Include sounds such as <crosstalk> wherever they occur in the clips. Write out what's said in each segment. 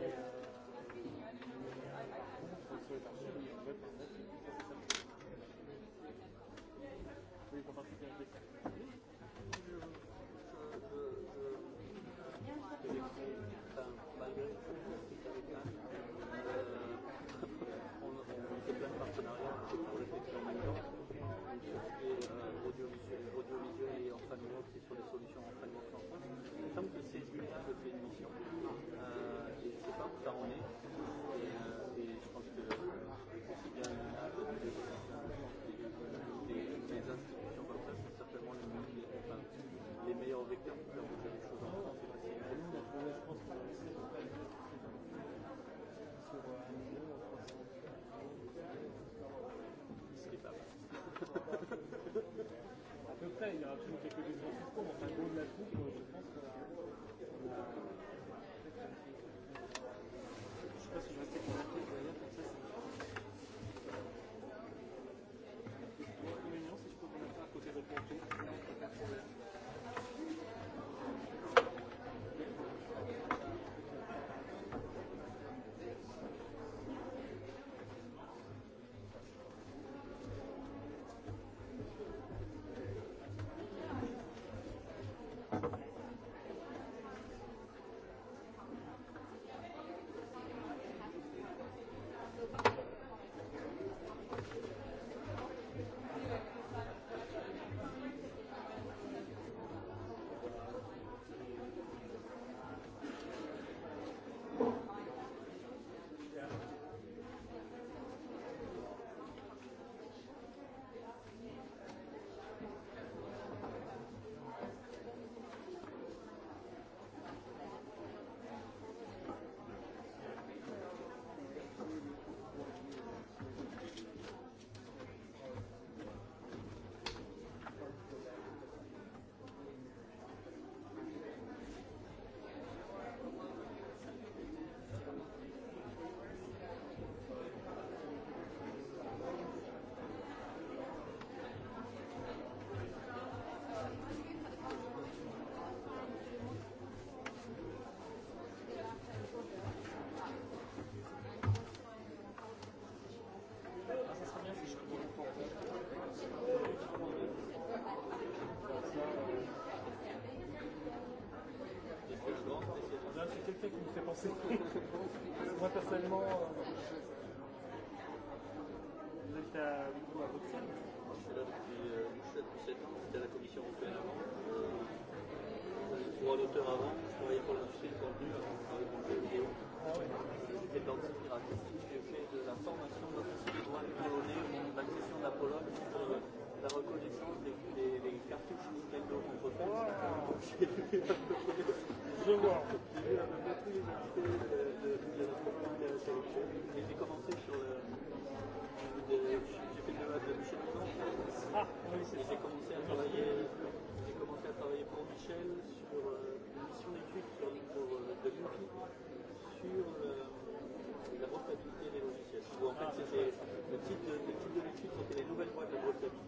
Yeah. c'est quelqu'un qui me fait penser. Moi, personnellement, vous êtes à, du coup, à Bruxelles Je suis là depuis euh, 7 ou 7 ans. J'étais à la Commission européenne avant. Euh, droit d'auteur avant. Je travaillais pour l'industrie du contenu avant de travailler pour le jeu vidéo. J'étais dans le J'ai fait de la formation d'officier de droit polonais, de l'accession de la Pologne, de la reconnaissance des cartouche Nintendo contre tête. J'ai eu la même maturité de, de, de la j'ai commencé sur le. J'ai fait de Michel Ah, J'ai commencé à travailler. J'ai commencé à travailler pour Michel sur une mission d'études pour, de l'INPI sur la rentabilité des logiciels. Où en fait, c'était le titre de, le de l'étude, c'était les nouvelles boîtes de rentabilité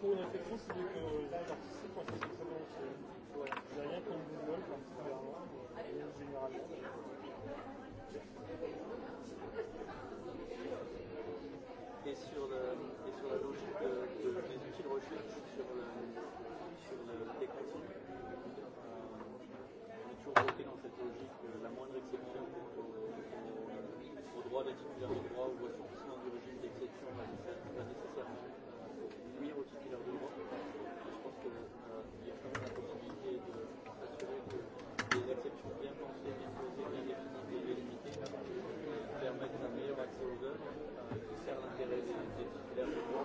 pour une réflexion, c'est que là, l'artistique, on fait très bien aussi. Il rien qu'on nous particulièrement, mais généralement. Et sur, le, et sur la logique de, de, des outils de recherche sur le, sur le décompte, euh, on est toujours bloqué dans cette logique, euh, la moindre exception au, droit d'être titulaires de droit ou à l'assouplissement du régime d'exception va nécessairement revenir aux titulaires de droit. Je pense qu'il y a quand même la possibilité de s'assurer que les exceptions bien pensées, bien posées, bien définies et limitées, permettent un meilleur accès aux œuvres qui sert l'intérêt des, des titulaires de droit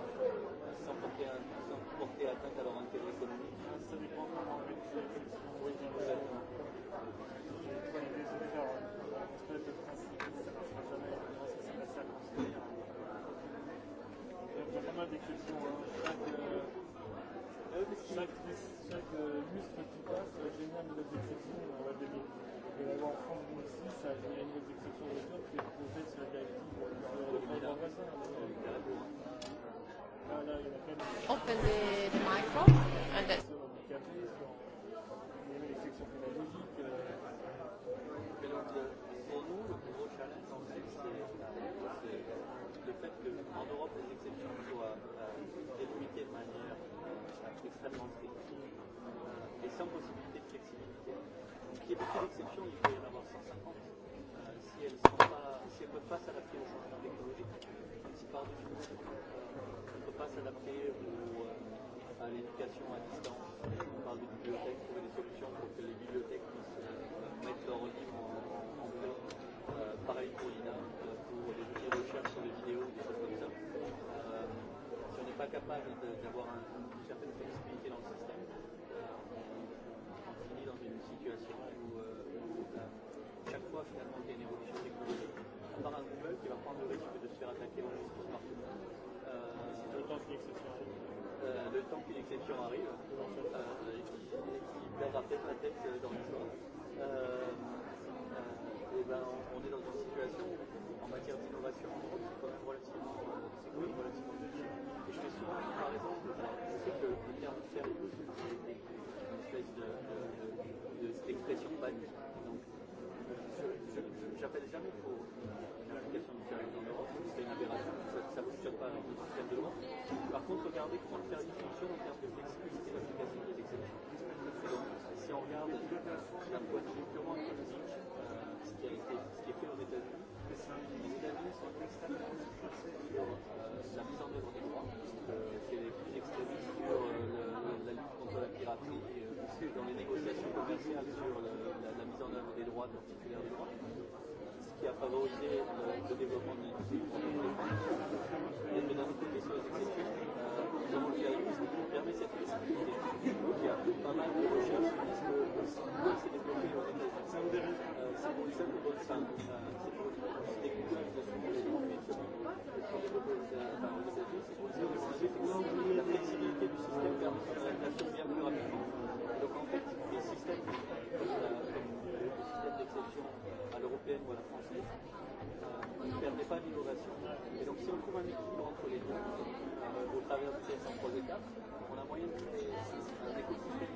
sans porter, sans porter atteinte à leur intérêt économique. Absolument. Open the, the micro and that's le fait qu'en Europe, les exceptions soient délimitées de manière extrêmement stricte et sans possibilité de flexibilité. Donc il y a beaucoup d'exceptions pas s'adapter au changement technologique. Si par défaut, on ne peut pas s'adapter à l'éducation à distance, on parle des bibliothèques, trouver des solutions pour que les bibliothèques puissent mettre leurs livres en, en blog. Euh, pareil pour l'INA, pour les outils de recherche sur les vidéos, des choses comme ça. Euh, si on n'est pas capable d'avoir un élections arrivent, ça, qui perdent la tête la tête dans l'histoire, euh, euh, et ben, on, on est dans une situation où, en matière d'innovation c'est quand même relativement, euh, quand même relativement Et je fais souvent une comparaison, je sais que le terme sérieux ça le, développement de l'industrie. Et d'un autre côté, sur les exceptions, nous avons le GIUS qui permet cette flexibilité. Donc il y a pas mal de recherches qui disent que si Google s'est développé aux États-Unis, euh, c'est pour ça que Google ça. C'est pour des Google qui sont la flexibilité du système plus rapidement. Donc en fait, les systèmes la française, qui ne perdrait pas d'innovation. Et donc si on trouve un équilibre entre les deux, euh, au travers de ces trois étapes, on a moyen de créer un écosystème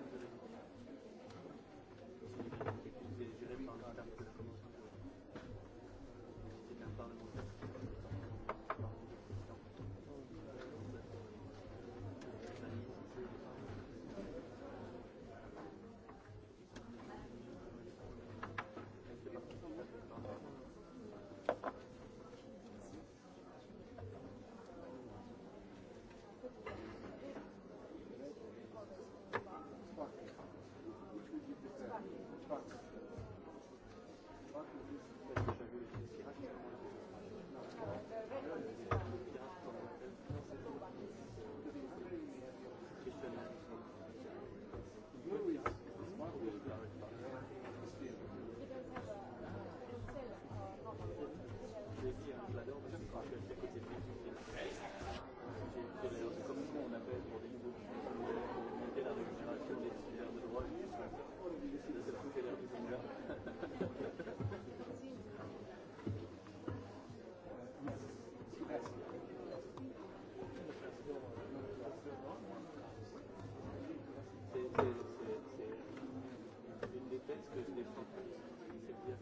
cest dire que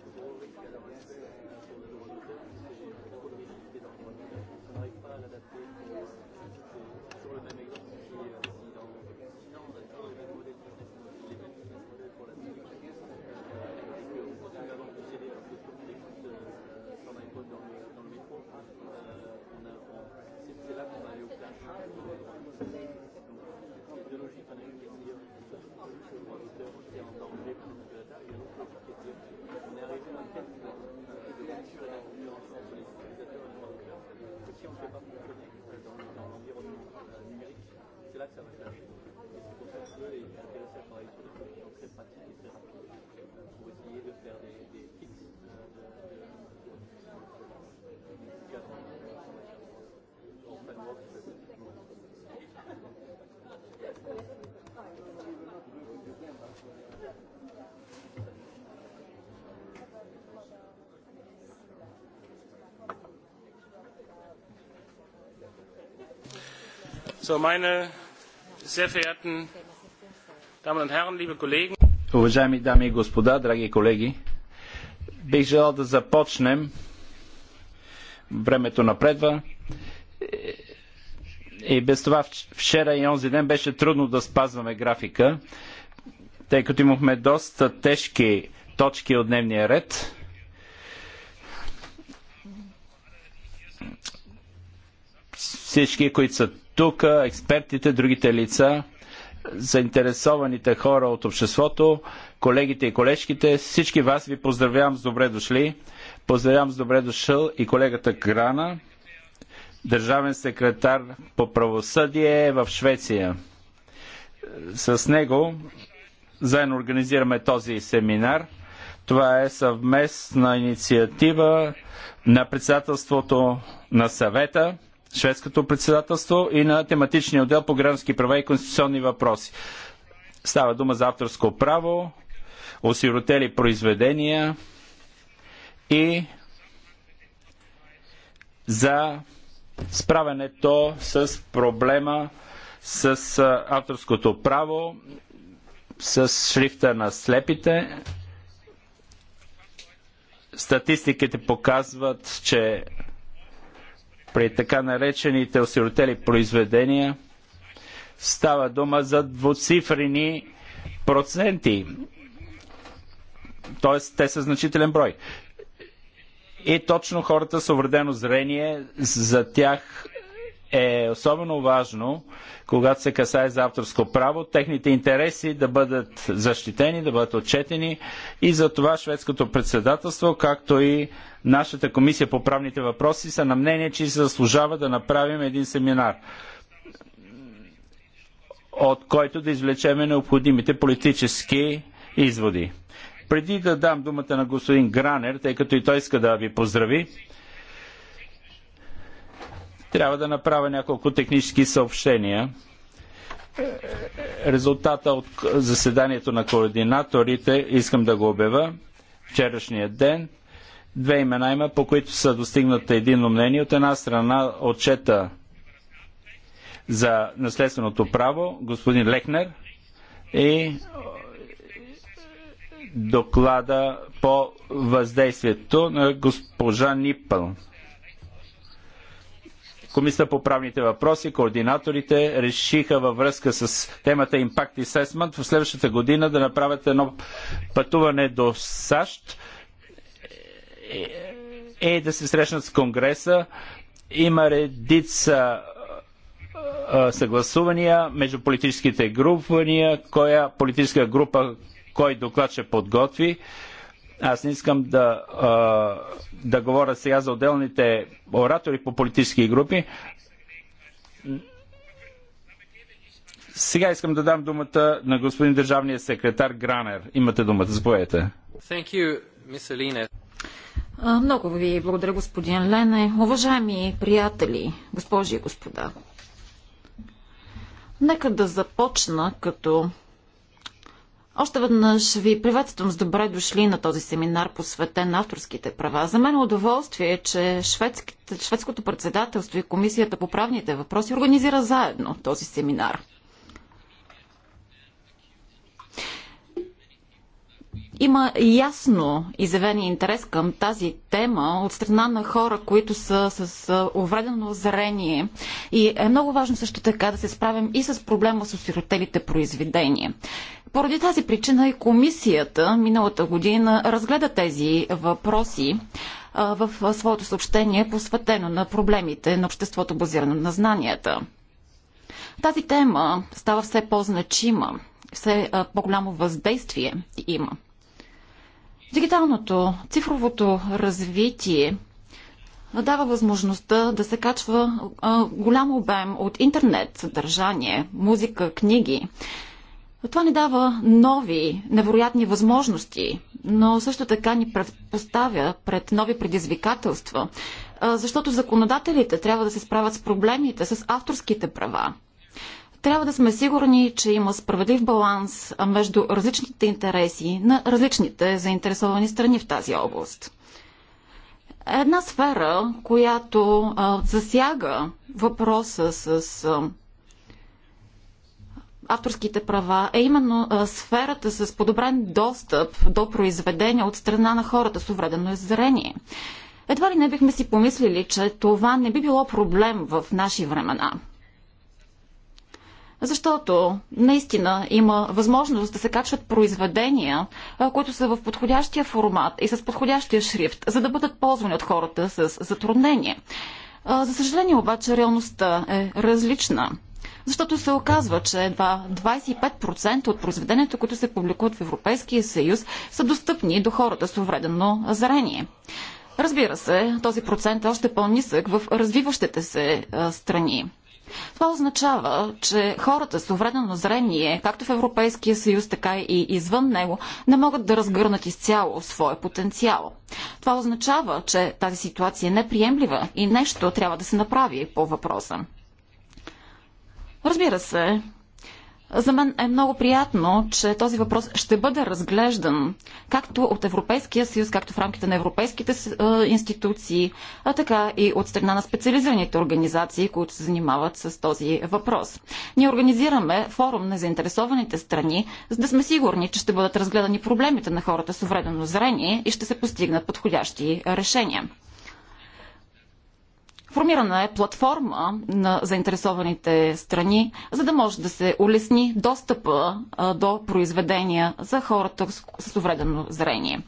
c'est trop risque à l'avance sur le droit d'auteur, parce dans le droit On n'arrive pas à l'adapter. si on ne fait pas fonctionner dans l'environnement numérique, c'est là que ça va se lâcher. c'est pour ça que les Уважаеми дами и господа, драги колеги, бих желал да започнем. Времето напредва. И без това вчера и онзи ден беше трудно да спазваме графика, тъй като имахме доста тежки точки от дневния ред. Всички, които са тук експертите, другите лица, заинтересованите хора от обществото, колегите и колежките, всички вас ви поздравявам с добре дошли. Поздравявам с добре дошъл и колегата Грана, държавен секретар по правосъдие в Швеция. С него заедно организираме този семинар. Това е съвместна инициатива на председателството на съвета – шведското председателство и на тематичния отдел по граждански права и конституционни въпроси. Става дума за авторско право, осиротели произведения и за справянето с проблема с авторското право, с шрифта на слепите. Статистиките показват, че при така наречените осиротели произведения става дума за двуцифрени проценти. Тоест, те са значителен брой. И точно хората с увредено зрение, за тях е особено важно, когато се касае за авторско право, техните интереси да бъдат защитени, да бъдат отчетени и за това шведското председателство, както и нашата комисия по правните въпроси са на мнение, че се заслужава да направим един семинар, от който да извлечеме необходимите политически изводи. Преди да дам думата на господин Гранер, тъй като и той иска да ви поздрави, трябва да направя няколко технически съобщения. Резултата от заседанието на координаторите искам да го обява. Вчерашния ден две имена има, по които са достигната едино мнение. От една страна отчета за наследственото право, господин Лехнер, и доклада по въздействието на госпожа Нипъл. Комисията по правните въпроси, координаторите решиха във връзка с темата Impact Assessment в следващата година да направят едно пътуване до САЩ и е, е да се срещнат с Конгреса. Има редица съгласувания между политическите групвания, коя политическа група кой доклад ще подготви. Аз не искам да, да говоря сега за отделните оратори по политически групи. Сега искам да дам думата на господин държавния секретар Гранер. Имате думата, заповядайте. Много ви благодаря, господин Лене. Уважаеми приятели, госпожи и господа, нека да започна като още веднъж ви приветствам с добре дошли на този семинар посветен на авторските права. За мен е удоволствие, че шведското председателство и Комисията по правните въпроси организира заедно този семинар – Има ясно изявен интерес към тази тема от страна на хора, които са с увредено зрение. И е много важно също така да се справим и с проблема с осиротелите произведения. Поради тази причина и комисията миналата година разгледа тези въпроси в своето съобщение, посветено на проблемите на обществото, базирано на знанията. Тази тема става все по-значима, все по-голямо въздействие има. Дигиталното, цифровото развитие дава възможността да се качва а, голям обем от интернет съдържание, музика, книги. Това ни дава нови, невероятни възможности, но също така ни поставя пред нови предизвикателства, защото законодателите трябва да се справят с проблемите с авторските права. Трябва да сме сигурни, че има справедлив баланс между различните интереси на различните заинтересовани страни в тази област. Една сфера, която а, засяга въпроса с а, авторските права е именно а, сферата с подобрен достъп до произведения от страна на хората с увредено зрение. Едва ли не бихме си помислили, че това не би било проблем в наши времена. Защото наистина има възможност да се качват произведения, които са в подходящия формат и с подходящия шрифт, за да бъдат ползвани от хората с затруднение. За съжаление обаче реалността е различна. Защото се оказва, че едва 25% от произведенията, които се публикуват в Европейския съюз, са достъпни до хората с увредено зрение. Разбира се, този процент е още по-нисък в развиващите се страни. Това означава, че хората с увредено зрение, както в Европейския съюз, така и извън него, не могат да разгърнат изцяло своя потенциал. Това означава, че тази ситуация е неприемлива и нещо трябва да се направи по въпроса. Разбира се, за мен е много приятно, че този въпрос ще бъде разглеждан както от Европейския съюз, както в рамките на европейските институции, а така и от страна на специализираните организации, които се занимават с този въпрос. Ние организираме форум на заинтересованите страни, за да сме сигурни, че ще бъдат разгледани проблемите на хората с увредено зрение и ще се постигнат подходящи решения. Формирана е платформа на заинтересованите страни, за да може да се улесни достъпа до произведения за хората с увредено зрение.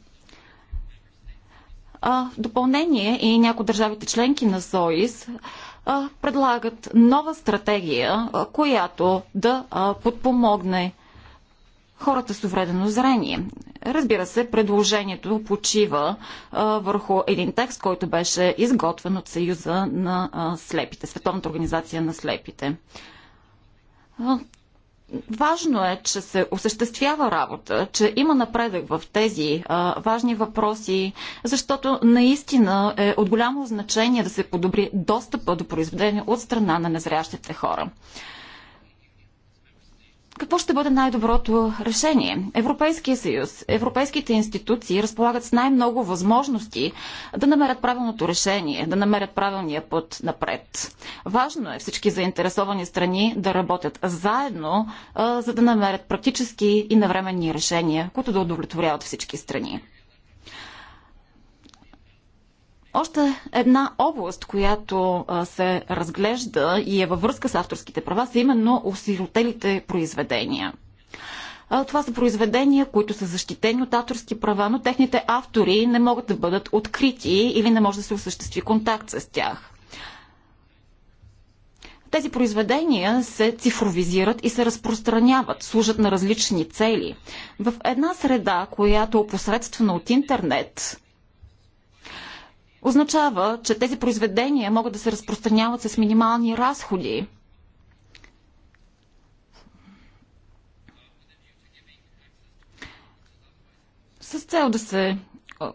В допълнение и някои държавите членки на СОИС предлагат нова стратегия, която да подпомогне хората с увредено зрение. Разбира се, предложението почива а, върху един текст, който беше изготвен от Съюза на а, слепите, Световната организация на слепите. важно е, че се осъществява работа, че има напредък в тези а, важни въпроси, защото наистина е от голямо значение да се подобри достъпа до произведения от страна на незрящите хора какво ще бъде най-доброто решение? Европейския съюз, европейските институции разполагат с най-много възможности да намерят правилното решение, да намерят правилния път напред. Важно е всички заинтересовани страни да работят заедно, за да намерят практически и навременни решения, които да удовлетворяват всички страни. Още една област, която се разглежда и е във връзка с авторските права, са именно осиротелите произведения. Това са произведения, които са защитени от авторски права, но техните автори не могат да бъдат открити или не може да се осъществи контакт с тях. Тези произведения се цифровизират и се разпространяват, служат на различни цели. В една среда, която е от интернет, означава, че тези произведения могат да се разпространяват с минимални разходи. С цел да се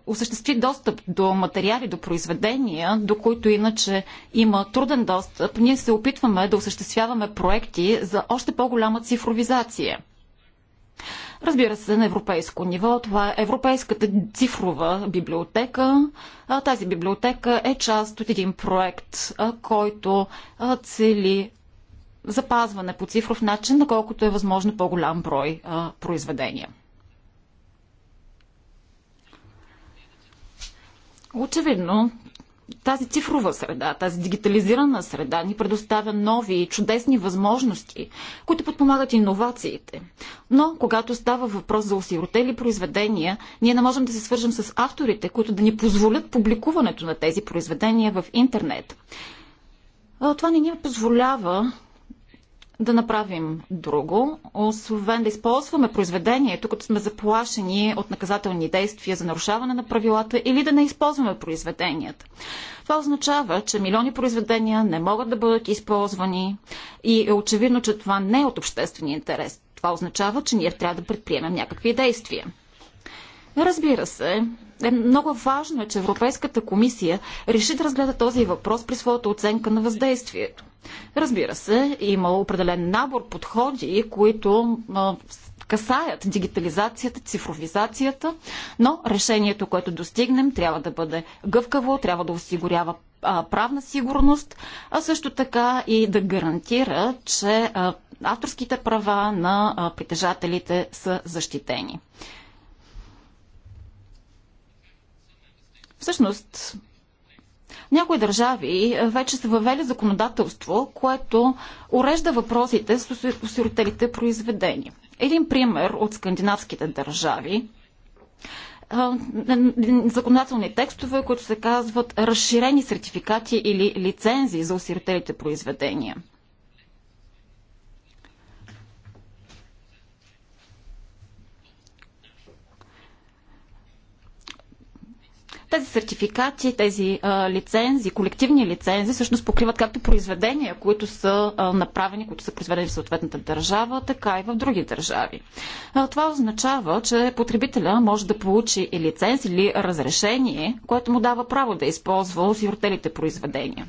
осъществи достъп до материали, до произведения, до които иначе има труден достъп, ние се опитваме да осъществяваме проекти за още по-голяма цифровизация – Разбира се, на европейско ниво. Това е Европейската цифрова библиотека. Тази библиотека е част от един проект, който цели запазване по цифров начин, наколкото е възможно по-голям брой произведения. Очевидно, тази цифрова среда, тази дигитализирана среда ни предоставя нови и чудесни възможности, които подпомагат иновациите. Но когато става въпрос за осиротели произведения, ние не можем да се свържем с авторите, които да ни позволят публикуването на тези произведения в интернет. Това не ни позволява да направим друго, освен да използваме произведението, като сме заплашени от наказателни действия за нарушаване на правилата или да не използваме произведенията. Това означава, че милиони произведения не могат да бъдат използвани и е очевидно, че това не е от обществения интерес. Това означава, че ние трябва да предприемем някакви действия. Разбира се, е много важно е, че Европейската комисия реши да разгледа този въпрос при своята оценка на въздействието. Разбира се, има определен набор подходи, които а, касаят дигитализацията, цифровизацията, но решението, което достигнем, трябва да бъде гъвкаво, трябва да осигурява а, правна сигурност, а също така и да гарантира, че а, авторските права на притежателите са защитени. Всъщност, някои държави вече са въвели законодателство, което урежда въпросите с осиротелите произведения. Един пример от скандинавските държави законодателни текстове, които се казват разширени сертификати или лицензии за осиротелите произведения – Тези сертификати, тези а, лицензи, колективни лицензи, всъщност покриват както произведения, които са а, направени, които са произведени в съответната държава, така и в други държави. А, това означава, че потребителя може да получи и лиценз или разрешение, което му дава право да използва сиротелите произведения.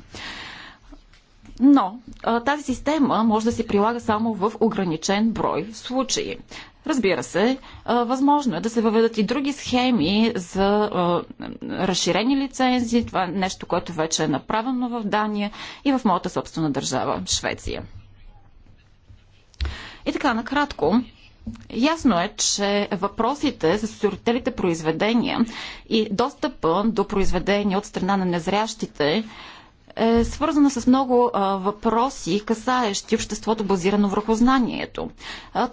Но а, тази система може да се прилага само в ограничен брой случаи. Разбира се, възможно е да се въведат и други схеми за разширени лицензии. Това е нещо, което вече е направено в Дания и в моята собствена държава, Швеция. И така, накратко, Ясно е, че въпросите с сиротелите произведения и достъпа до произведения от страна на незрящите е свързана с много въпроси, касаещи обществото базирано върху знанието.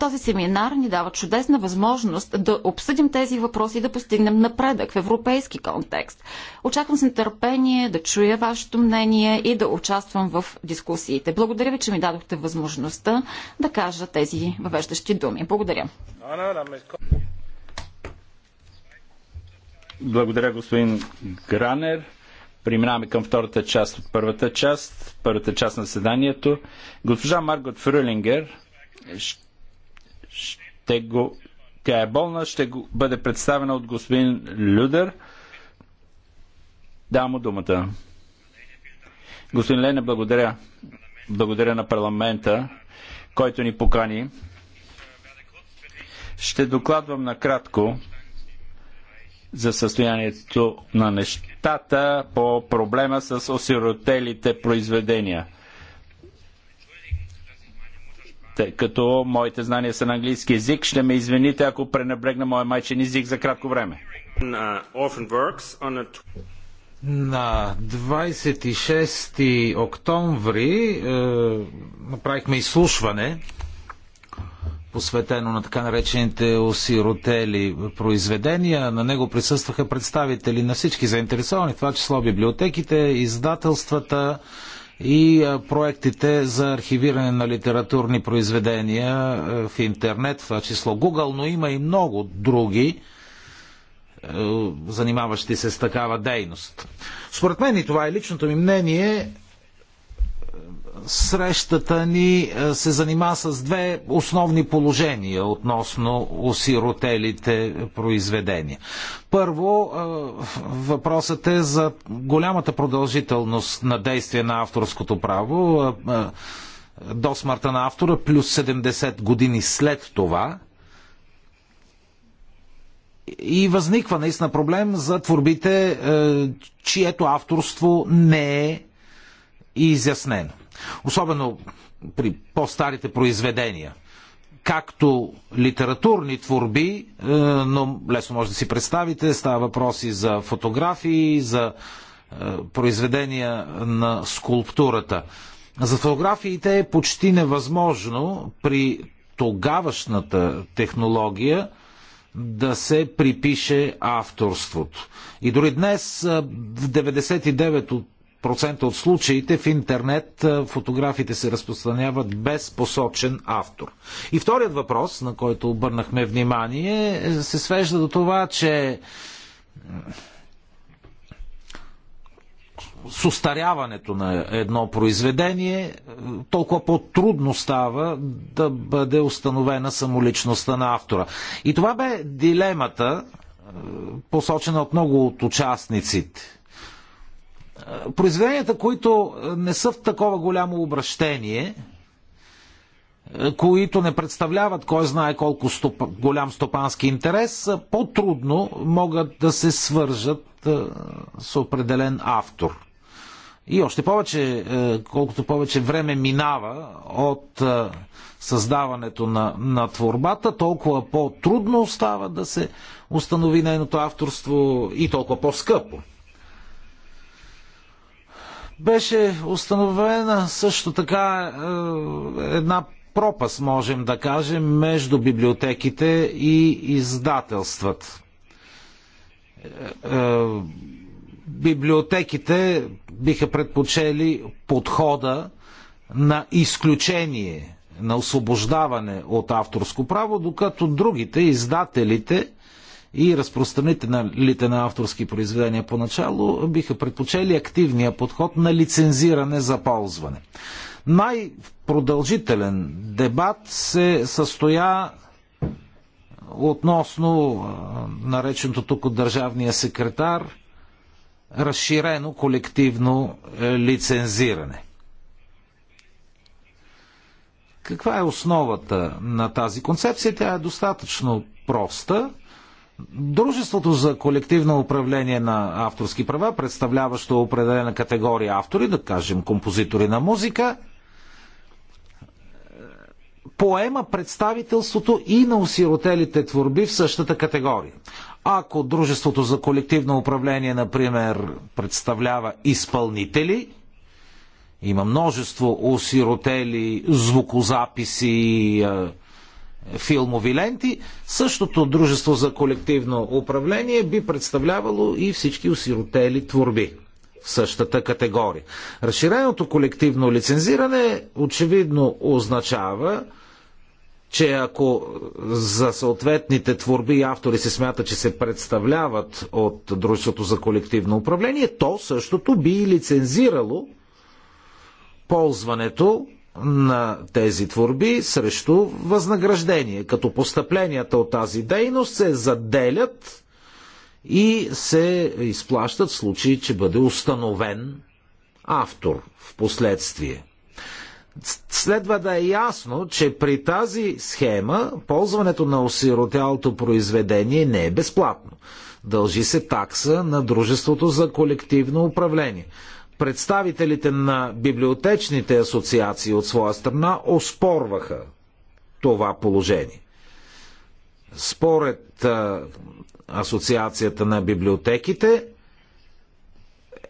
този семинар ни дава чудесна възможност да обсъдим тези въпроси и да постигнем напредък в европейски контекст. Очаквам с нетърпение да чуя вашето мнение и да участвам в дискусиите. Благодаря ви, че ми дадохте възможността да кажа тези въвеждащи думи. Благодаря. Благодаря, господин Гранер. Преминаваме към втората част от първата част, първата част на заседанието. Госпожа Маргот Фрюлингер ще го... Тя е болна, ще го, бъде представена от господин Людер. Дам му думата. Господин Лене, благодаря. Благодаря на парламента, който ни покани. Ще докладвам накратко за състоянието на нещата щата по проблема с осиротелите произведения. Тъй като моите знания са на английски язик, ще ме извините, ако пренебрегна моя майчин език за кратко време. На 26 октомври е, направихме изслушване посветено на така наречените осиротели произведения. На него присъстваха представители на всички заинтересовани, това число библиотеките, издателствата и проектите за архивиране на литературни произведения в интернет, това число Google, но има и много други, занимаващи се с такава дейност. Според мен и това е личното ми мнение, срещата ни е, се занима с две основни положения относно осиротелите произведения. Първо, е, въпросът е за голямата продължителност на действие на авторското право е, до смъртта на автора, плюс 70 години след това. И възниква наистина проблем за творбите, чието авторство не е изяснено. Особено при по-старите произведения. Както литературни творби, е, но лесно може да си представите, става въпроси за фотографии, за е, произведения на скулптурата. За фотографиите е почти невъзможно при тогавашната технология да се припише авторството. И дори днес е, в 99 от процента от случаите в интернет фотографите се разпространяват без посочен автор. И вторият въпрос, на който обърнахме внимание, е, се свежда до това, че с устаряването на едно произведение, толкова по-трудно става да бъде установена самоличността на автора. И това бе дилемата, посочена от много от участниците произведенията, които е, не са в такова голямо обращение, е, които не представляват кой знае колко стоп, голям стопански интерес, е, по-трудно могат да се свържат с определен автор. И още повече, колкото повече време минава от създаването на, на творбата, толкова по-трудно става да се установи нейното авторство и толкова по-скъпо. Беше установена също така е, една пропаст, можем да кажем, между библиотеките и издателстват. Е, е, библиотеките биха предпочели подхода на изключение, на освобождаване от авторско право, докато другите, издателите, и разпространителите на авторски произведения поначало биха предпочели активния подход на лицензиране за ползване. Най-продължителен дебат се състоя относно нареченото тук от държавния секретар разширено колективно е, лицензиране. Каква е основата на тази концепция? Тя е достатъчно проста – Дружеството за колективно управление на авторски права, представляващо определена категория автори, да кажем композитори на музика, поема представителството и на осиротелите творби в същата категория. Ако Дружеството за колективно управление, например, представлява изпълнители, има множество осиротели звукозаписи, филмови ленти, същото дружество за колективно управление би представлявало и всички осиротели творби в същата категория. Разширеното колективно лицензиране очевидно означава, че ако за съответните творби и автори се смята, че се представляват от Дружеството за колективно управление, то същото би лицензирало ползването на тези творби срещу възнаграждение, като постъпленията от тази дейност се заделят и се изплащат в случай, че бъде установен автор в последствие. Следва да е ясно, че при тази схема ползването на осиротялото произведение не е безплатно. Дължи се такса на дружеството за колективно управление. Представителите на библиотечните асоциации от своя страна оспорваха това положение. Според а, Асоциацията на библиотеките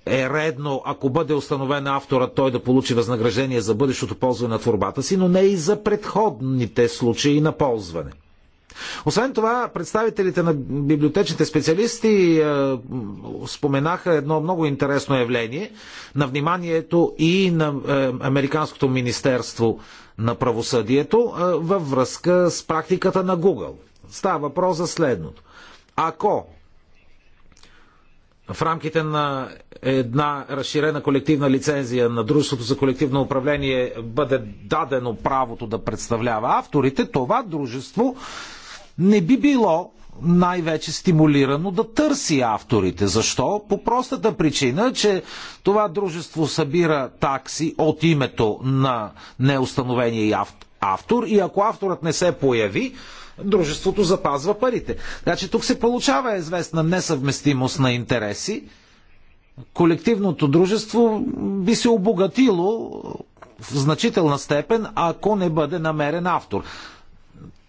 е редно, ако бъде установен автора, той да получи възнаграждение за бъдещото ползване на творбата си, но не и за предходните случаи на ползване – освен това, представителите на библиотечните специалисти е, споменаха едно много интересно явление на вниманието и на е, Американското министерство на правосъдието е, във връзка с практиката на Google. Става въпрос за следното. Ако в рамките на една разширена колективна лицензия на Дружеството за колективно управление бъде дадено правото да представлява авторите, това дружество не би било най-вече стимулирано да търси авторите. Защо? По простата причина, че това дружество събира такси от името на неустановения автор и ако авторът не се появи, дружеството запазва парите. Така значи, че тук се получава известна несъвместимост на интереси. Колективното дружество би се обогатило в значителна степен, ако не бъде намерен автор.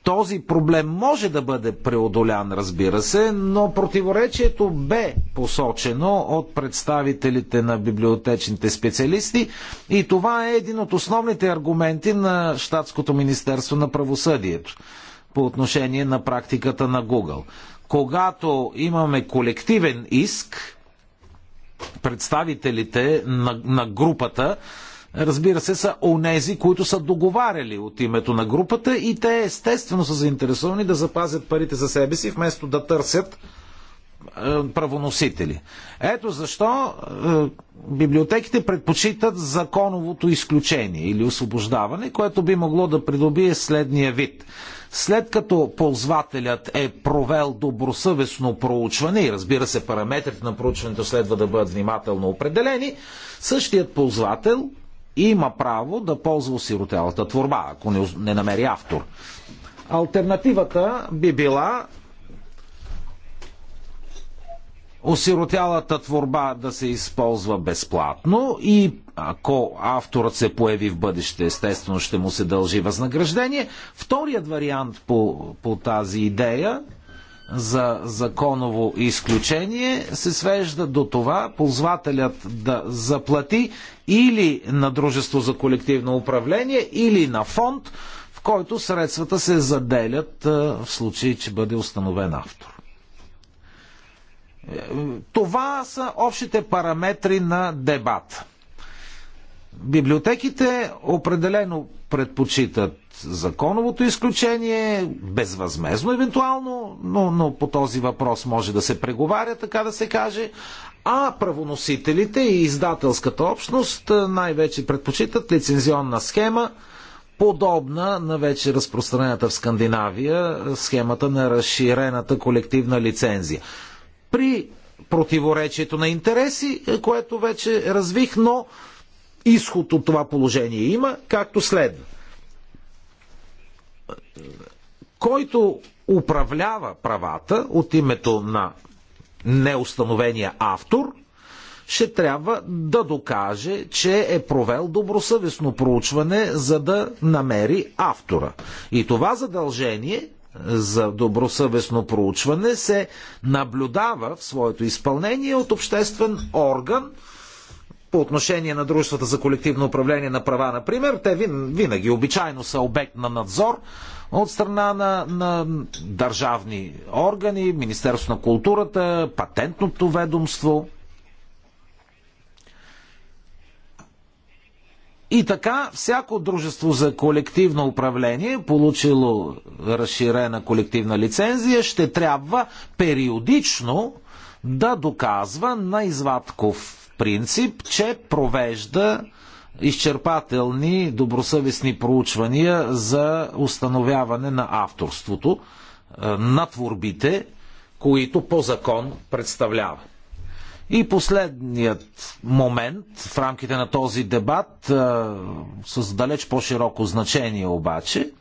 Този проблем може да бъде преодолян, разбира се, но противоречието бе посочено от представителите на библиотечните специалисти и това е един от основните аргументи на Штатското министерство на правосъдието по отношение на практиката на Google. Когато имаме колективен иск, представителите на, на групата разбира се, са онези, които са договаряли от името на групата и те естествено са заинтересовани да запазят парите за себе си, вместо да търсят е, правоносители. Ето защо е, библиотеките предпочитат законовото изключение или освобождаване, което би могло да придобие следния вид. След като ползвателят е провел добросъвестно проучване и разбира се параметрите на проучването следва да бъдат внимателно определени, същият ползвател има право да ползва осиротялата творба, ако не, не намери автор. Альтернативата би била осиротялата творба да се използва безплатно и ако авторът се появи в бъдеще, естествено ще му се дължи възнаграждение. Вторият вариант по, по тази идея за законово изключение се свежда до това ползвателят да заплати или на дружество за колективно управление, или на фонд, в който средствата се заделят в случай, че бъде установен автор. Това са общите параметри на дебата. Библиотеките определено предпочитат законовото изключение, безвъзмезно евентуално, но, но по този въпрос може да се преговаря, така да се каже. А правоносителите и издателската общност най-вече предпочитат лицензионна схема, подобна на вече разпространената в Скандинавия схемата на разширената колективна лицензия. При противоречието на интереси, което вече развих, но изход от това положение има, както следва който управлява правата от името на неустановения автор, ще трябва да докаже, че е провел добросъвестно проучване, за да намери автора. И това задължение за добросъвестно проучване се наблюдава в своето изпълнение от обществен орган, по отношение на дружествата за колективно управление на права, например, те винаги обичайно са обект на надзор от страна на, на държавни органи, Министерство на културата, патентното ведомство. И така, всяко дружество за колективно управление, получило разширена колективна лицензия, ще трябва периодично да доказва на извадков принцип, че провежда изчерпателни, добросъвестни проучвания за установяване на авторството е, на творбите, които по закон представлява. И последният момент в рамките на този дебат, е, с далеч по-широко значение обаче,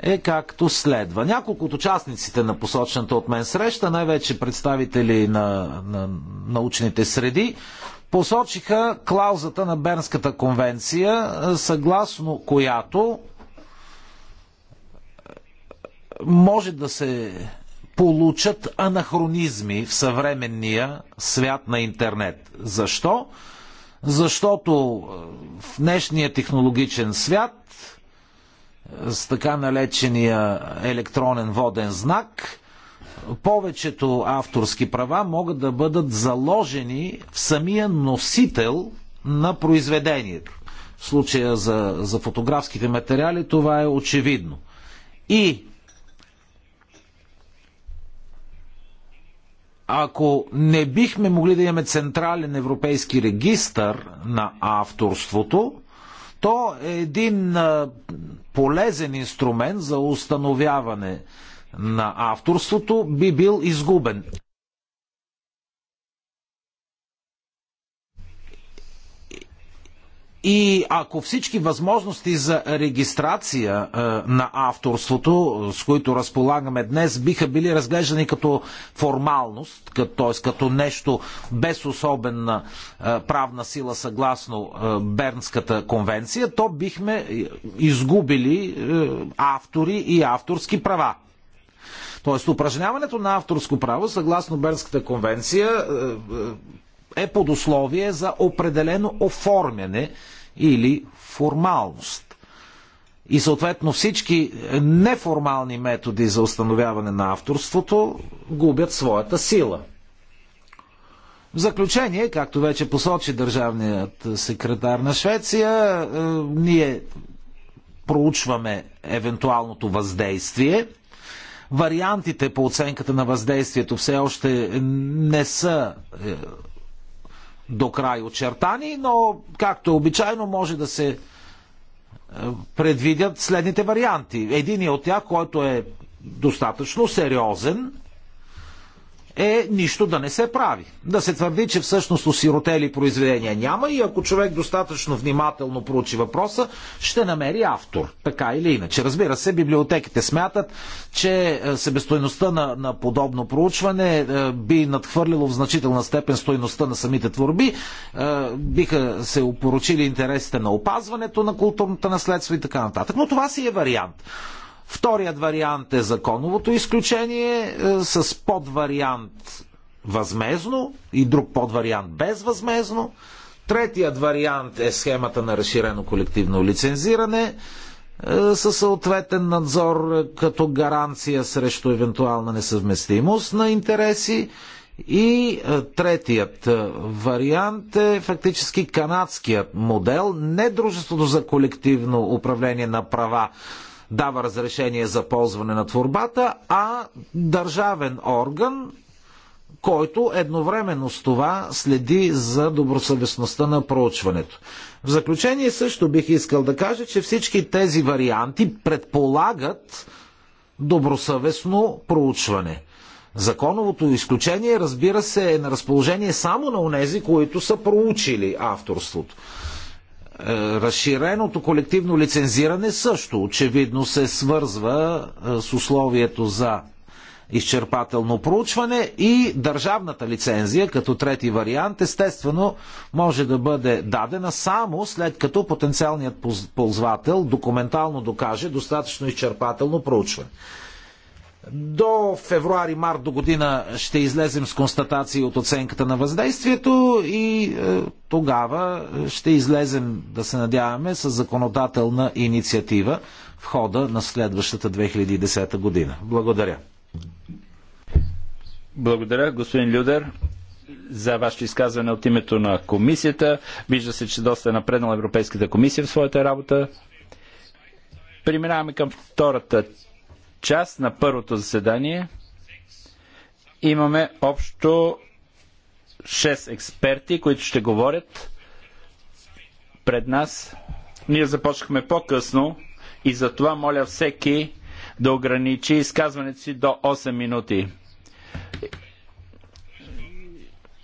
е както следва. Няколко от участниците на посочената от мен среща, най-вече представители на, на научните среди, посочиха клаузата на Бернската конвенция, е, съгласно която може да се получат анахронизми в съвременния свят на интернет. Защо? Защото е, в днешния технологичен свят е, с така наречения електронен воден знак повечето авторски права могат да бъдат заложени в самия носител на произведението. В случая за, за фотографските материали това е очевидно. И ако не бихме могли да имаме централен европейски регистър на авторството, то е един полезен инструмент за установяване на авторството би бил изгубен. И ако всички възможности за регистрация е, на авторството, с които разполагаме днес, биха били разглеждани като формалност, т.е. като нещо без особена е, правна сила съгласно е, Бернската конвенция, то бихме е, изгубили е, автори и авторски права. Тоест, упражняването на авторско право, съгласно Бернската конвенция, е, е, е под условие за определено оформяне или формалност. И съответно всички неформални методи за установяване на авторството губят своята сила. В заключение, както вече посочи държавният секретар на Швеция, е, ние проучваме евентуалното въздействие Вариантите по оценката на въздействието все още не са е, до край очертани, но както е обичайно може да се е, предвидят следните варианти. Единият от тях, който е достатъчно сериозен, е нищо да не се прави. Да се твърди, че всъщност осиротели произведения няма и ако човек достатъчно внимателно проучи въпроса, ще намери автор, така или иначе. Разбира се, библиотеките смятат, че е, себестойността на, на подобно проучване е, би надхвърлило в значителна степен стойността на самите творби, е, биха се опорочили интересите на опазването на културната наследство и така нататък. Но това си е вариант. Вторият вариант е законовото изключение е, с подвариант възмезно и друг подвариант безвъзмезно. Третият вариант е схемата на разширено колективно лицензиране е, със съответен надзор е, като гаранция срещу евентуална несъвместимост на интереси. И третият вариант е фактически канадският модел, не дружеството за колективно управление на права дава разрешение за ползване на творбата, а държавен орган, който едновременно с това следи за добросъвестността на проучването. В заключение също бих искал да кажа, че всички тези варианти предполагат добросъвестно проучване. Законовото изключение, разбира се, е на разположение само на онези, които са проучили авторството. Е, разширеното колективно лицензиране също очевидно се свързва е, с условието за изчерпателно проучване и държавната лицензия като трети вариант естествено може да бъде дадена само след като потенциалният ползвател документално докаже достатъчно изчерпателно проучване. До февруари-март до година ще излезем с констатации от оценката на въздействието и е, тогава е, ще излезем, да се надяваме, с законодателна инициатива в хода на следващата 2010 година. Благодаря. Благодаря, господин Людер, за вашето изказване от името на комисията. Вижда се, че доста е напреднала Европейската комисия в своята работа. Преминаваме към втората част на първото заседание имаме общо 6 експерти, които ще говорят пред нас. Ние започнахме по-късно и затова моля всеки да ограничи изказването си до 8 минути.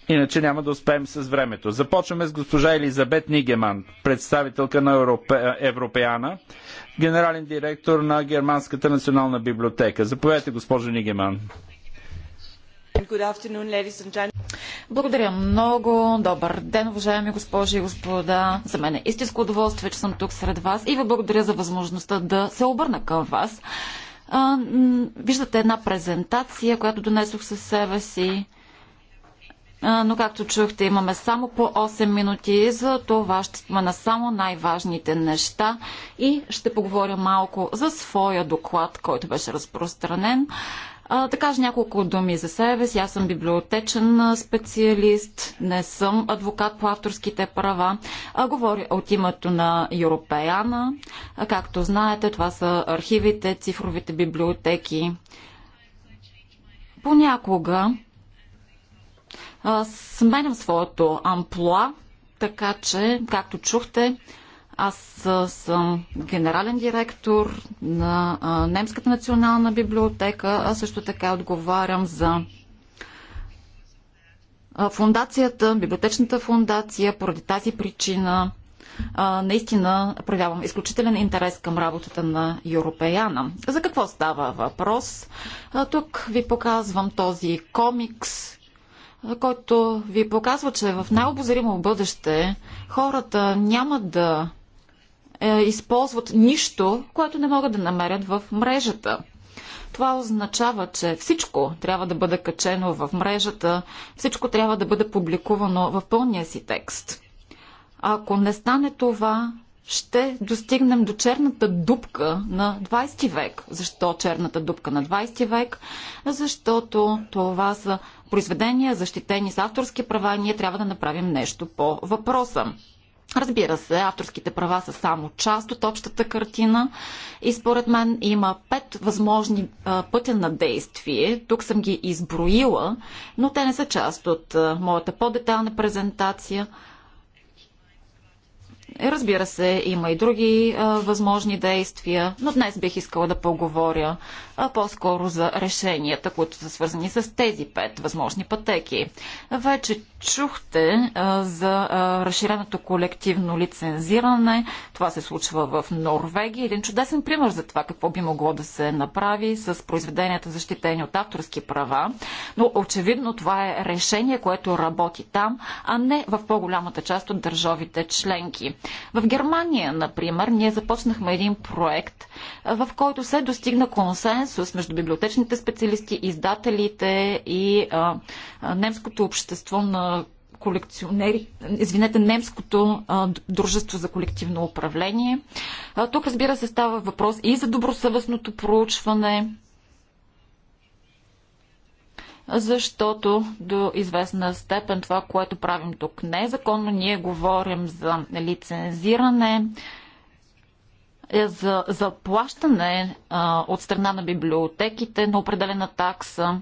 Иначе няма да успеем с времето. Започваме с госпожа Елизабет Нигеман, представителка на Европе... Европеана, генерален директор на Германската национална библиотека. Заповядайте, госпожо Нигеман. Благодаря много. Добър ден, уважаеми госпожи и господа. За мен е истинско удоволствие, че съм тук сред вас и ви благодаря за възможността да се обърна към вас. Виждате една презентация, която донесох със себе си но както чухте, имаме само по 8 минути, за това ще сме на само най-важните неща и ще поговоря малко за своя доклад, който беше разпространен. Да кажа няколко думи за себе си. Аз съм библиотечен специалист, не съм адвокат по авторските права. Говоря от името на Европеяна. Както знаете, това са архивите, цифровите библиотеки. Понякога сменям своето амплуа, така че, както чухте, аз съм генерален директор на Немската национална библиотека, а също така отговарям за фундацията, библиотечната фундация. Поради тази причина наистина проявявам изключителен интерес към работата на Европеяна. За какво става въпрос? Тук ви показвам този комикс, който ви показва, че в най-обозримо бъдеще хората няма да е, използват нищо, което не могат да намерят в мрежата. Това означава, че всичко трябва да бъде качено в мрежата, всичко трябва да бъде публикувано в пълния си текст. А ако не стане това, ще достигнем до черната дупка на 20 век. Защо черната дупка на 20 век? Защото това са произведения, защитени с авторски права, ние трябва да направим нещо по въпроса. Разбира се, авторските права са само част от общата картина и според мен има пет възможни пътя на действие. Тук съм ги изброила, но те не са част от моята по-детална презентация. Е, разбира се, има и други а, възможни действия, но днес бих искала да поговоря по-скоро за решенията, които са свързани с тези пет възможни пътеки. Вече чухте а, за а, разширеното колективно лицензиране. Това се случва в Норвегия. Един чудесен пример за това какво би могло да се направи с произведенията защитени от авторски права. Но очевидно това е решение, което работи там, а не в по-голямата част от държавите членки. В Германия, например, ние започнахме един проект, в който се достигна консенсус между библиотечните специалисти, издателите и а, а, немското общество на колекционери, извинете, немското а, дружество за колективно управление. А, тук, разбира се, става въпрос и за добросъвестното проучване, защото до известна степен това, което правим тук не е законно. Ние говорим за лицензиране, е за заплащане от страна на библиотеките на определена такса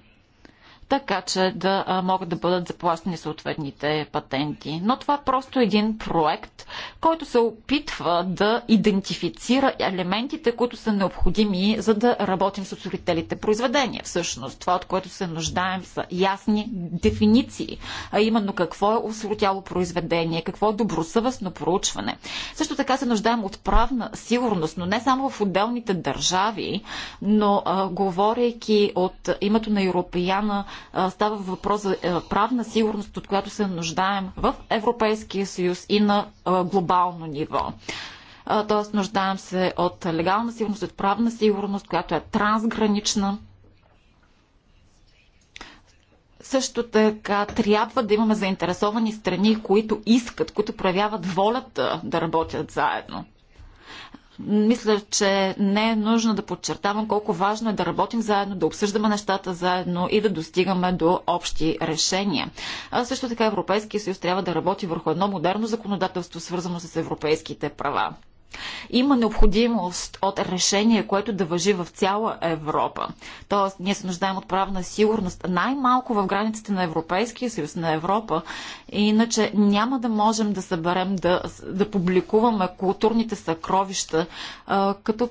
така че да могат да бъдат заплащани съответните патенти. Но това е просто един проект, който се опитва да идентифицира елементите, които са необходими, за да работим с осорителите произведения. Всъщност, това, от което се нуждаем, са ясни дефиниции, а именно какво е осоротяло произведение, какво е добросъвестно проучване. Също така се нуждаем от правна сигурност, но не само в отделните държави, но а, говорейки от името на Европеяна, Става въпрос за е, правна сигурност, от която се нуждаем в Европейския съюз и на глобално ниво. Тоест, нуждаем се от легална сигурност, от правна сигурност, която е трансгранична. Също така трябва да имаме заинтересовани страни, които искат, които проявяват волята да работят заедно мисля, че не е нужно да подчертавам колко важно е да работим заедно, да обсъждаме нещата заедно и да достигаме до общи решения. А също така Европейския съюз трябва да работи върху едно модерно законодателство, свързано с европейските права. Има необходимост от решение, което да въжи в цяла Европа. Тоест, ние се нуждаем от правна сигурност, най-малко в границите на Европейския съюз, на Европа. Иначе няма да можем да съберем, да, да публикуваме културните съкровища, а, като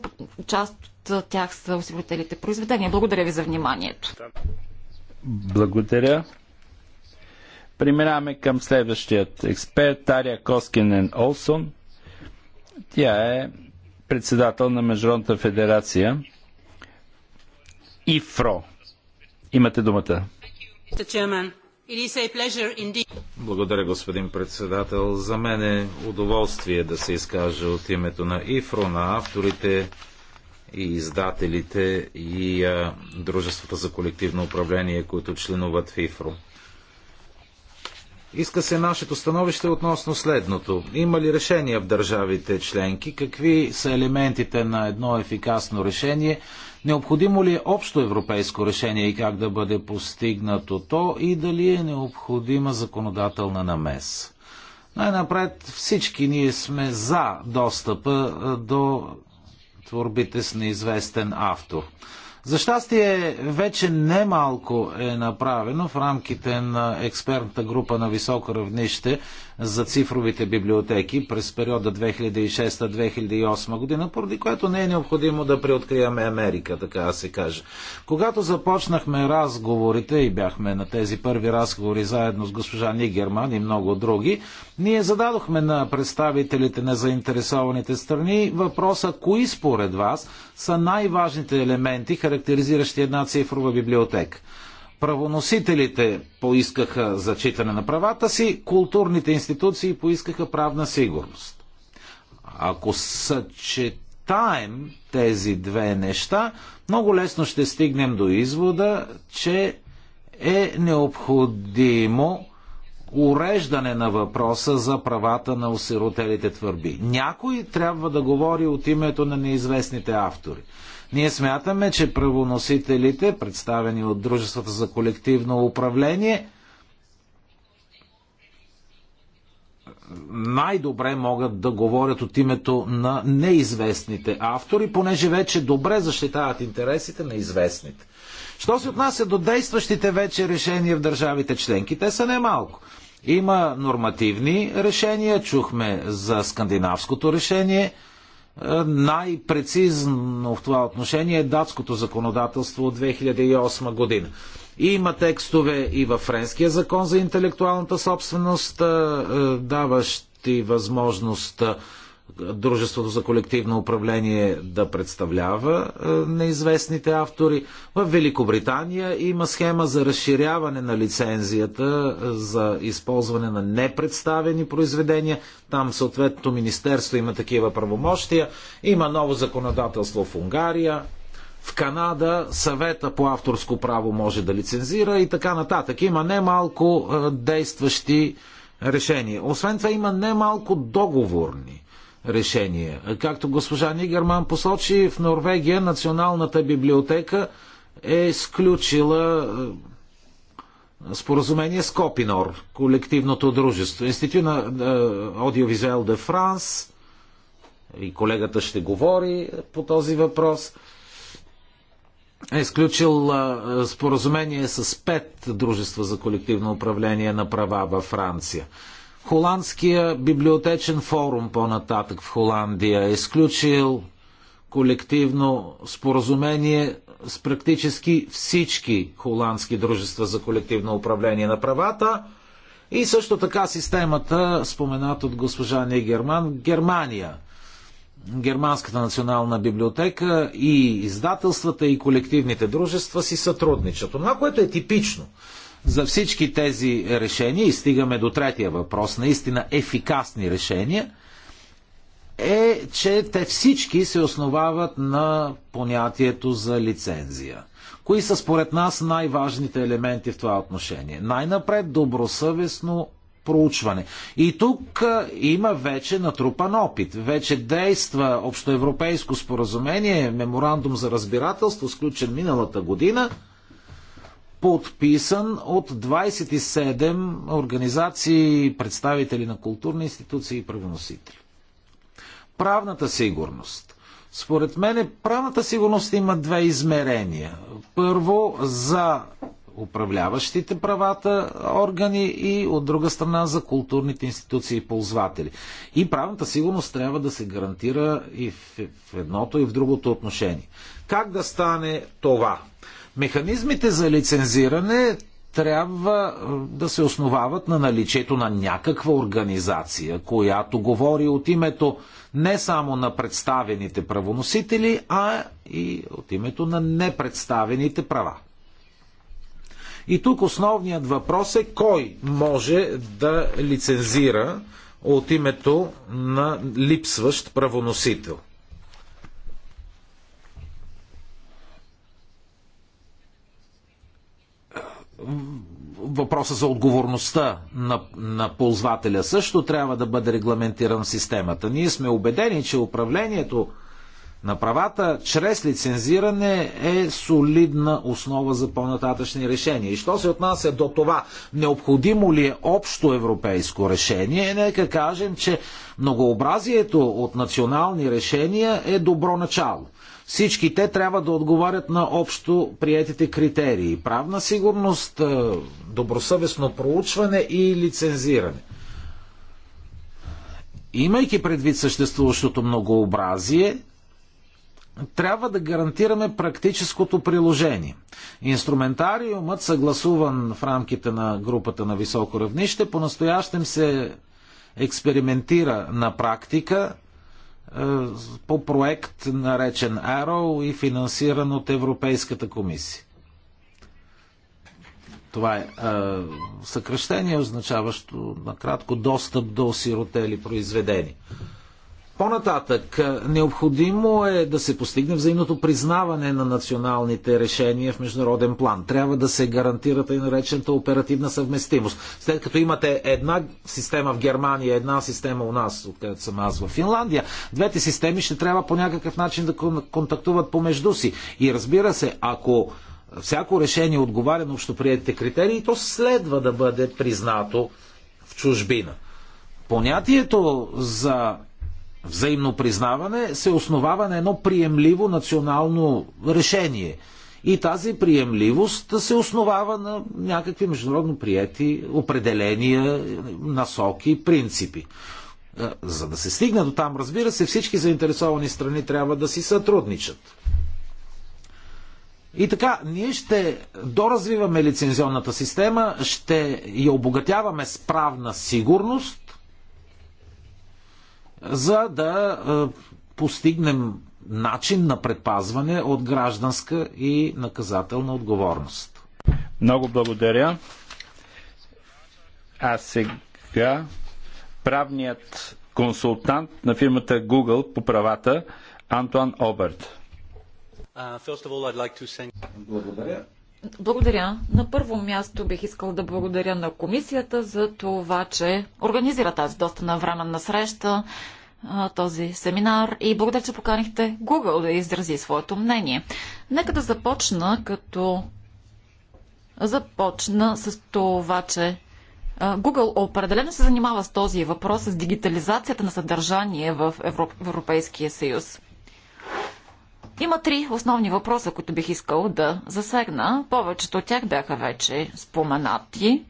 част от тях са осигурителите произведения. Благодаря ви за вниманието. Благодаря. Преминаваме към следващият експерт Тария Коскинен Олсон – тя е председател на Международната федерация ИФРО. Имате думата. Благодаря, господин председател. За мен е удоволствие да се изкаже от името на ИФРО, на авторите и издателите и а, дружествата за колективно управление, които членуват в ИФРО. Иска се нашето становище относно следното. Има ли решения в държавите членки? Какви са елементите на едно ефикасно решение? Необходимо ли е общо европейско решение и как да бъде постигнато то? И дали е необходима законодателна намес? Най-напред всички ние сме за достъпа до творбите с неизвестен автор. За щастие, вече немалко е направено в рамките на експертната група на високо равнище за цифровите библиотеки през периода 2006-2008 година, поради което не е необходимо да преоткриваме Америка, така да се каже. Когато започнахме разговорите и бяхме на тези първи разговори заедно с госпожа Нигерман и много други, ние зададохме на представителите на заинтересованите страни въпроса, кои според вас са най-важните елементи, характеризиращи една цифрова библиотека. Правоносителите поискаха зачитане на правата си, културните институции поискаха правна сигурност. Ако съчетаем тези две неща, много лесно ще стигнем до извода, че е необходимо уреждане на въпроса за правата на осиротелите твърби. Някой трябва да говори от името на неизвестните автори. Ние смятаме, че правоносителите, представени от Дружествата за колективно управление, най-добре могат да говорят от името на неизвестните автори, понеже вече добре защитават интересите на известните. Що се отнася до действащите вече решения в държавите членки, те са немалко. Има нормативни решения, чухме за скандинавското решение – най-прецизно в това отношение е датското законодателство от 2008 година. Има текстове и във френския закон за интелектуалната собственост, даващи възможност Дружеството за колективно управление да представлява е, неизвестните автори. В Великобритания има схема за разширяване на лицензията е, за използване на непредставени произведения. Там съответното министерство има такива правомощия. Има ново законодателство в Унгария. В Канада съвета по авторско право може да лицензира и така нататък. Има немалко е, действащи решения. Освен това има немалко договорни решение. Както госпожа Нигерман посочи, в Норвегия Националната библиотека е изключила е, споразумение с Копинор, колективното дружество. Институт на Аудиовизуел де Франс и колегата ще говори по този въпрос е изключил е, споразумение с пет дружества за колективно управление на права във Франция. Холандския библиотечен форум по-нататък в Холандия е изключил колективно споразумение с практически всички холандски дружества за колективно управление на правата и също така системата, споменат от госпожа Герман, Германия. Германската национална библиотека и издателствата и колективните дружества си сътрудничат. Това, което е типично за всички тези решения, и стигаме до третия въпрос, наистина ефикасни решения, е, че те всички се основават на понятието за лицензия. Кои са според нас най-важните елементи в това отношение? Най-напред добросъвестно проучване. И тук има вече натрупан опит. Вече действа общоевропейско споразумение, меморандум за разбирателство, сключен миналата година – подписан от 27 организации, представители на културни институции и правоносители. Правната сигурност. Според мен правната сигурност има две измерения. Първо за управляващите правата органи и от друга страна за културните институции и ползватели. И правната сигурност трябва да се гарантира и в едното и в другото отношение. Как да стане това? Механизмите за лицензиране трябва е, да се основават на наличието на някаква организация, която говори от името не само на представените правоносители, а и от името на непредставените права. И тук основният въпрос е кой може да лицензира от името на липсващ правоносител. въпроса за отговорността на, на ползвателя също трябва да бъде регламентиран в системата. Ние сме убедени, че управлението на правата чрез лицензиране е солидна основа за по-нататъчни решения. И що се отнася до това, необходимо ли е общо европейско решение, нека кажем, че многообразието от национални решения е добро начало. Всички те трябва да отговарят на общо приятите критерии. Правна сигурност, е, добросъвестно проучване и лицензиране. Имайки предвид съществуващото многообразие, трябва да гарантираме практическото приложение. Инструментариумът, съгласуван в рамките на групата на високо равнище, по-настоящем се експериментира на практика е, по проект наречен Arrow и финансиран от Европейската комисия. Това е, е съкръщение, означаващо накратко достъп до сиротели произведения. По-нататък, е, необходимо е да се постигне взаимното признаване на националните решения в международен план. Трябва да се гарантира и наречената оперативна съвместимост. След като имате една система в Германия, една система у нас, откъдето съм аз в Финландия, двете системи ще трябва по някакъв начин да контактуват помежду си. И разбира се, ако всяко решение отговаря на общоприетите критерии, то следва да бъде признато в чужбина. Понятието за взаимно признаване се основава на едно приемливо национално решение. И тази приемливост се основава на някакви международно прияти определения, насоки, принципи. Е, за да се стигне до там, разбира се, всички заинтересовани страни трябва да си сътрудничат. И така, ние ще доразвиваме лицензионната система, ще я обогатяваме с правна сигурност, за да е, постигнем начин на предпазване от гражданска и наказателна отговорност. Много благодаря. А сега правният консултант на фирмата Google по правата Антуан Оберт. Uh, благодаря. Благодаря. На първо място бих искал да благодаря на комисията за това, че организира тази доста навременна среща, този семинар и благодаря, че поканихте Google да изрази своето мнение. Нека да започна като започна с това, че Google определено се занимава с този въпрос, с дигитализацията на съдържание в Европейския съюз. Има три основни въпроса, които бих искал да засегна. Повечето от тях бяха вече споменати.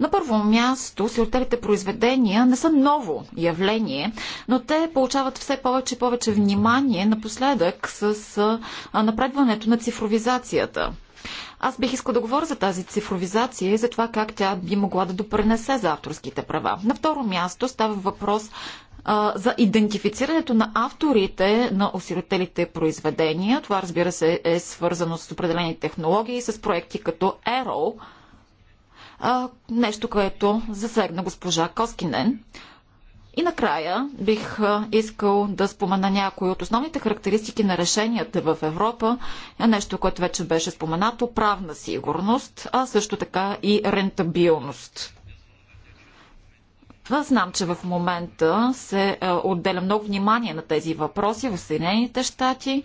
На първо място, сиротелите произведения не са ново явление, но те получават все повече и повече внимание напоследък с напредването на цифровизацията. Аз бих искал да говоря за тази цифровизация и за това как тя би могла да допренесе за авторските права. На второ място става въпрос а, за идентифицирането на авторите на осиротелите произведения. Това, разбира се, е свързано с определени технологии, с проекти като Arrow, а, нещо, което засегна госпожа Коскинен. И накрая бих искал да спомена някои от основните характеристики на решенията в Европа, е, нещо, което вече беше споменато, правна сигурност, а също така и рентабилност. Знам, че в момента се е, отделя много внимание на тези въпроси в Съединените щати,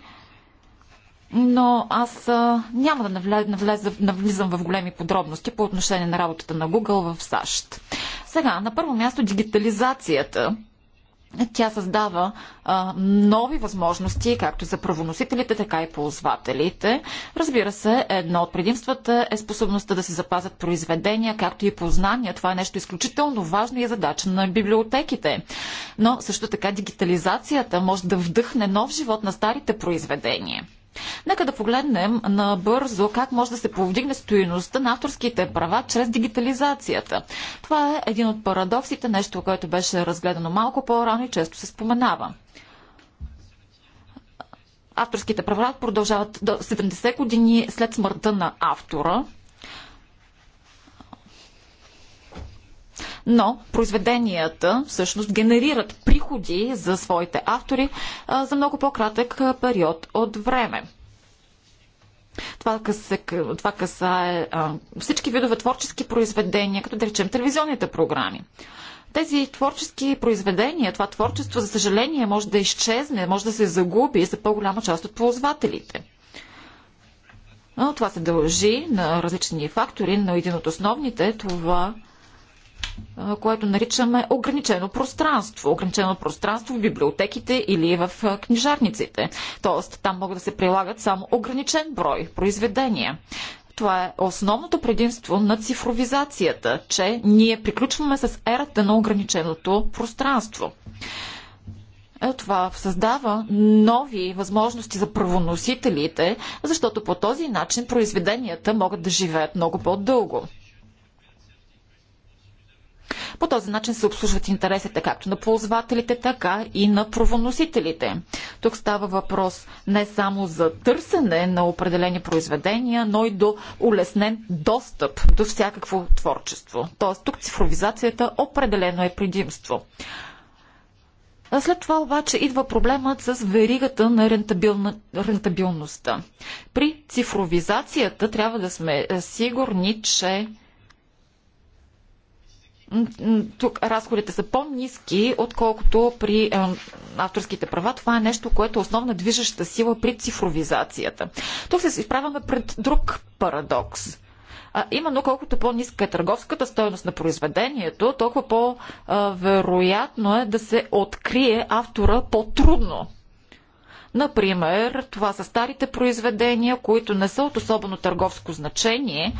но аз е, няма да навлизам в големи подробности по отношение на работата на Google в САЩ. Сега, на първо място дигитализацията – тя създава а, нови възможности, както за правоносителите, така и ползвателите. Разбира се, едно от предимствата е способността да се запазят произведения, както и познания. Това е нещо изключително важно и е задача на библиотеките. Но също така дигитализацията може да вдъхне нов живот на старите произведения. Нека да погледнем набързо как може да се повдигне стоиността на авторските права чрез дигитализацията. Това е един от парадоксите, нещо, което беше разгледано малко по-рано и често се споменава авторските права продължават до 70 години след смъртта на автора. но произведенията всъщност генерират приходи за своите автори а, за много по-кратък период от време. Това, къса, това касае а, всички видове творчески произведения, като да речем телевизионните програми тези творчески произведения, това творчество, за съжаление, може да изчезне, може да се загуби за по-голяма част от ползвателите. Но това се дължи на различни фактори, но един от основните е това което наричаме ограничено пространство. Ограничено пространство в библиотеките или в книжарниците. Тоест, там могат да се прилагат само ограничен брой произведения. Това е основното предимство на цифровизацията, че ние приключваме с ерата на ограниченото пространство. Е, това създава нови възможности за правоносителите, защото по този начин произведенията могат да живеят много по-дълго. По този начин се обслужват интересите както на ползвателите, така и на правоносителите. Тук става въпрос не само за търсене на определени произведения, но и до улеснен достъп до всякакво творчество. Тоест тук цифровизацията определено е предимство. След това обаче идва проблемът с веригата на рентабилна... рентабилността. При цифровизацията трябва да сме е, сигурни, че тук разходите са по-низки, отколкото при е, авторските права. Това е нещо, което е основна движеща сила при цифровизацията. Тук се изправяме пред друг парадокс. А, именно колкото по-ниска е търговската стоеност на произведението, толкова по-вероятно е да се открие автора по-трудно. Например, това са старите произведения, които не са от особено търговско значение,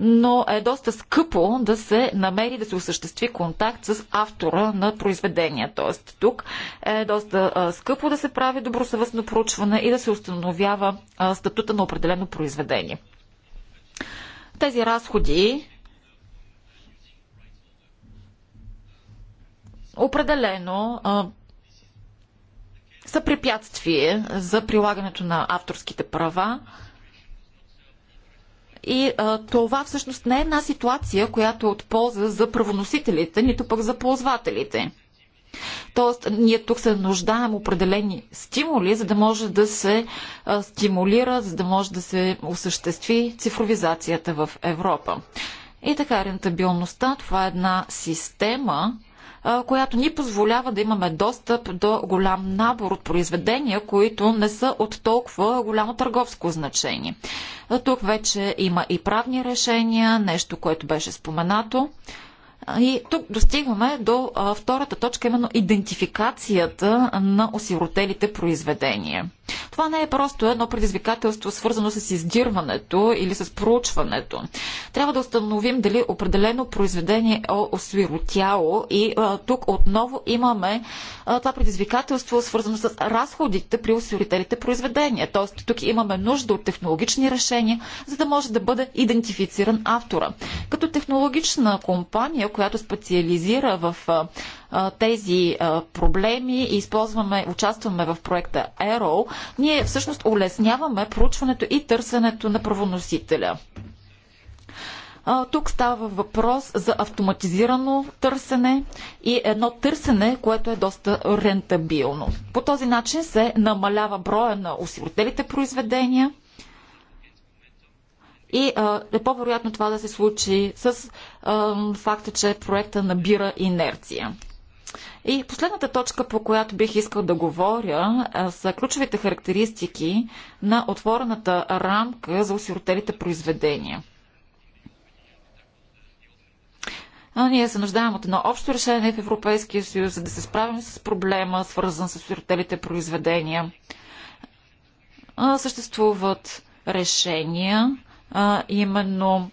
но е доста скъпо да се намери, да се осъществи контакт с автора на произведения. Тоест, тук е доста скъпо да се прави добросъвестно проучване и да се установява статута на определено произведение. Тези разходи определено а, са препятствие за прилагането на авторските права и а, това всъщност не е една ситуация, която е от полза за правоносителите, нито пък за ползвателите. Тоест, ние тук се нуждаем определени стимули, за да може да се а, стимулира, за да може да се осъществи цифровизацията в Европа. И така, рентабилността, това е една система, която ни позволява да имаме достъп до голям набор от произведения, които не са от толкова голямо търговско значение. Тук вече има и правни решения, нещо, което беше споменато. И тук достигаме до втората точка, именно идентификацията на осиротелите произведения. Това не е просто едно предизвикателство, свързано с издирването или с проучването. Трябва да установим дали определено произведение е освиротяло и а, тук отново имаме а, това предизвикателство, свързано с разходите при освирителите произведения. Тоест, тук имаме нужда от технологични решения, за да може да бъде идентифициран автора. Като технологична компания, която специализира в тези проблеми и използваме, участваме в проекта ERO, ние всъщност улесняваме проучването и търсенето на правоносителя. Тук става въпрос за автоматизирано търсене и едно търсене, което е доста рентабилно. По този начин се намалява броя на осиротелите произведения и е по-вероятно това да се случи с факта, че проекта набира инерция. И последната точка, по която бих искал да говоря, са ключовите характеристики на отворената рамка за осиротелите произведения. Но ние се нуждаем от едно общо решение в Европейския съюз, за да се справим с проблема, свързан с осиротелите произведения. съществуват решения, именно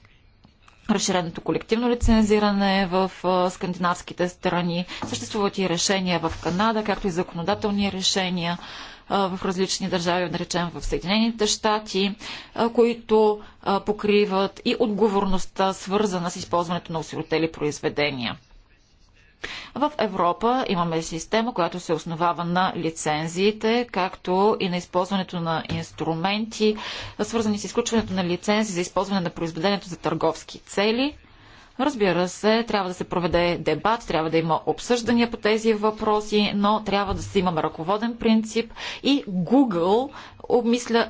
разширеното колективно лицензиране в скандинавските страни. Съществуват и решения в Канада, както и законодателни решения в различни държави, наречем в Съединените щати, които покриват и отговорността, свързана с използването на осиротели произведения. В Европа имаме система, която се основава на лицензиите, както и на използването на инструменти, свързани с изключването на лицензи за използване на произведението за търговски цели. Разбира се, трябва да се проведе дебат, трябва да има обсъждания по тези въпроси, но трябва да се имаме ръководен принцип и Google обмисля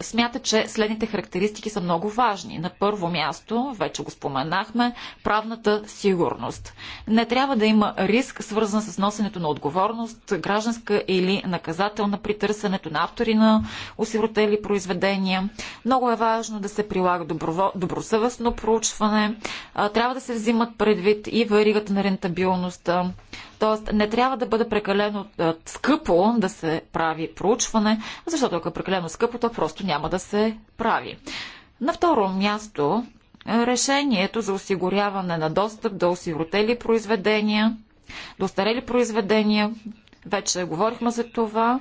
смята, че следните характеристики са много важни. На първо място, вече го споменахме, правната сигурност. Не трябва да има риск, свързан с носенето на отговорност, гражданска или наказателна при търсенето на автори на осиротели произведения. Много е важно да се прилага добросъвестно проучване. Трябва да се взимат предвид и варигата на рентабилността Тоест, не трябва да бъде прекалено е, скъпо да се прави проучване, защото ако е прекалено скъпо, то просто няма да се прави. На второ място, решението за осигуряване на достъп до осиротели произведения, до старели произведения. Вече говорихме за това.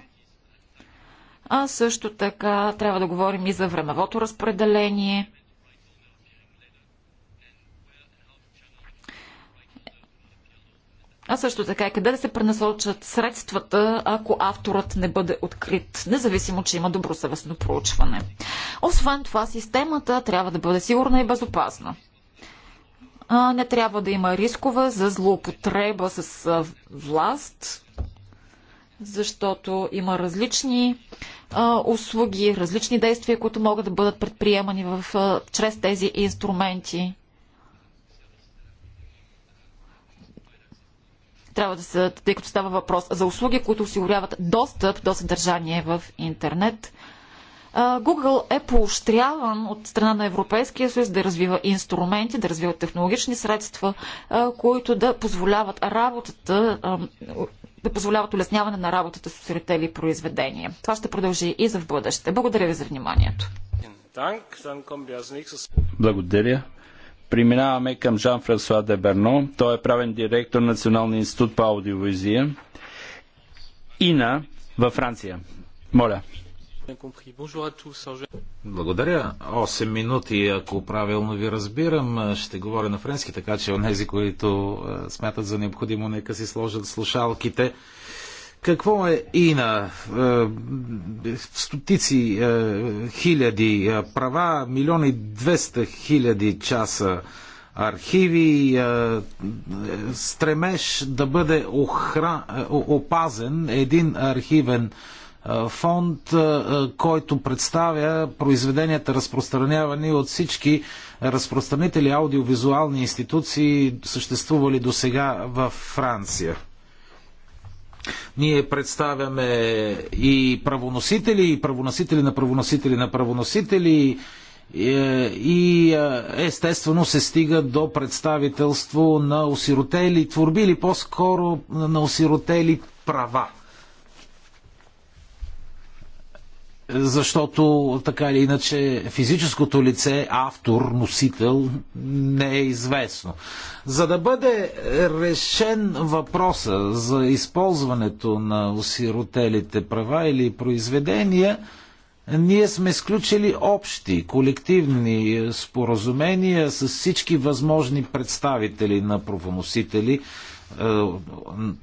А също така трябва да говорим и за времевото разпределение – А също така и къде да се пренасочат средствата, ако авторът не бъде открит, независимо, че има добросъвестно проучване. Освен това, системата трябва да бъде сигурна и безопасна. Не трябва да има рискове за злоупотреба с власт, защото има различни а, услуги, различни действия, които могат да бъдат предприемани в, а, чрез тези инструменти. трябва да се, тъй като става въпрос за услуги, които осигуряват достъп до съдържание в интернет. Google е поощряван от страна на Европейския съюз да развива инструменти, да развива технологични средства, които да позволяват работата, да позволяват улесняване на работата с усилители и произведения. Това ще продължи и за в бъдеще. Благодаря ви за вниманието. Благодаря. Преминаваме към Жан-Франсуа де Берно. Той е правен директор на Националния институт по аудиовизия и на във Франция. Моля. Благодаря. 8 минути, ако правилно ви разбирам, ще говоря на френски, така че онези, които е, смятат за необходимо, нека си сложат слушалките. Какво е ИНА? Е, стотици е, хиляди е, права, милиони двеста хиляди часа архиви, Стремеш да бъде охра... опазен един архивен фонд, който представя произведенията разпространявани от всички разпространители аудиовизуални институции, съществували до сега в Франция. Ние представяме и правоносители, и правоносители на правоносители на правоносители е, и е, естествено се стига до представителство на осиротели творби или по-скоро на осиротели права. защото така или иначе физическото лице, автор, носител, не е известно. За да бъде решен въпроса за използването на осиротелите права или произведения, ние сме сключили общи колективни споразумения с всички възможни представители на правоносители е,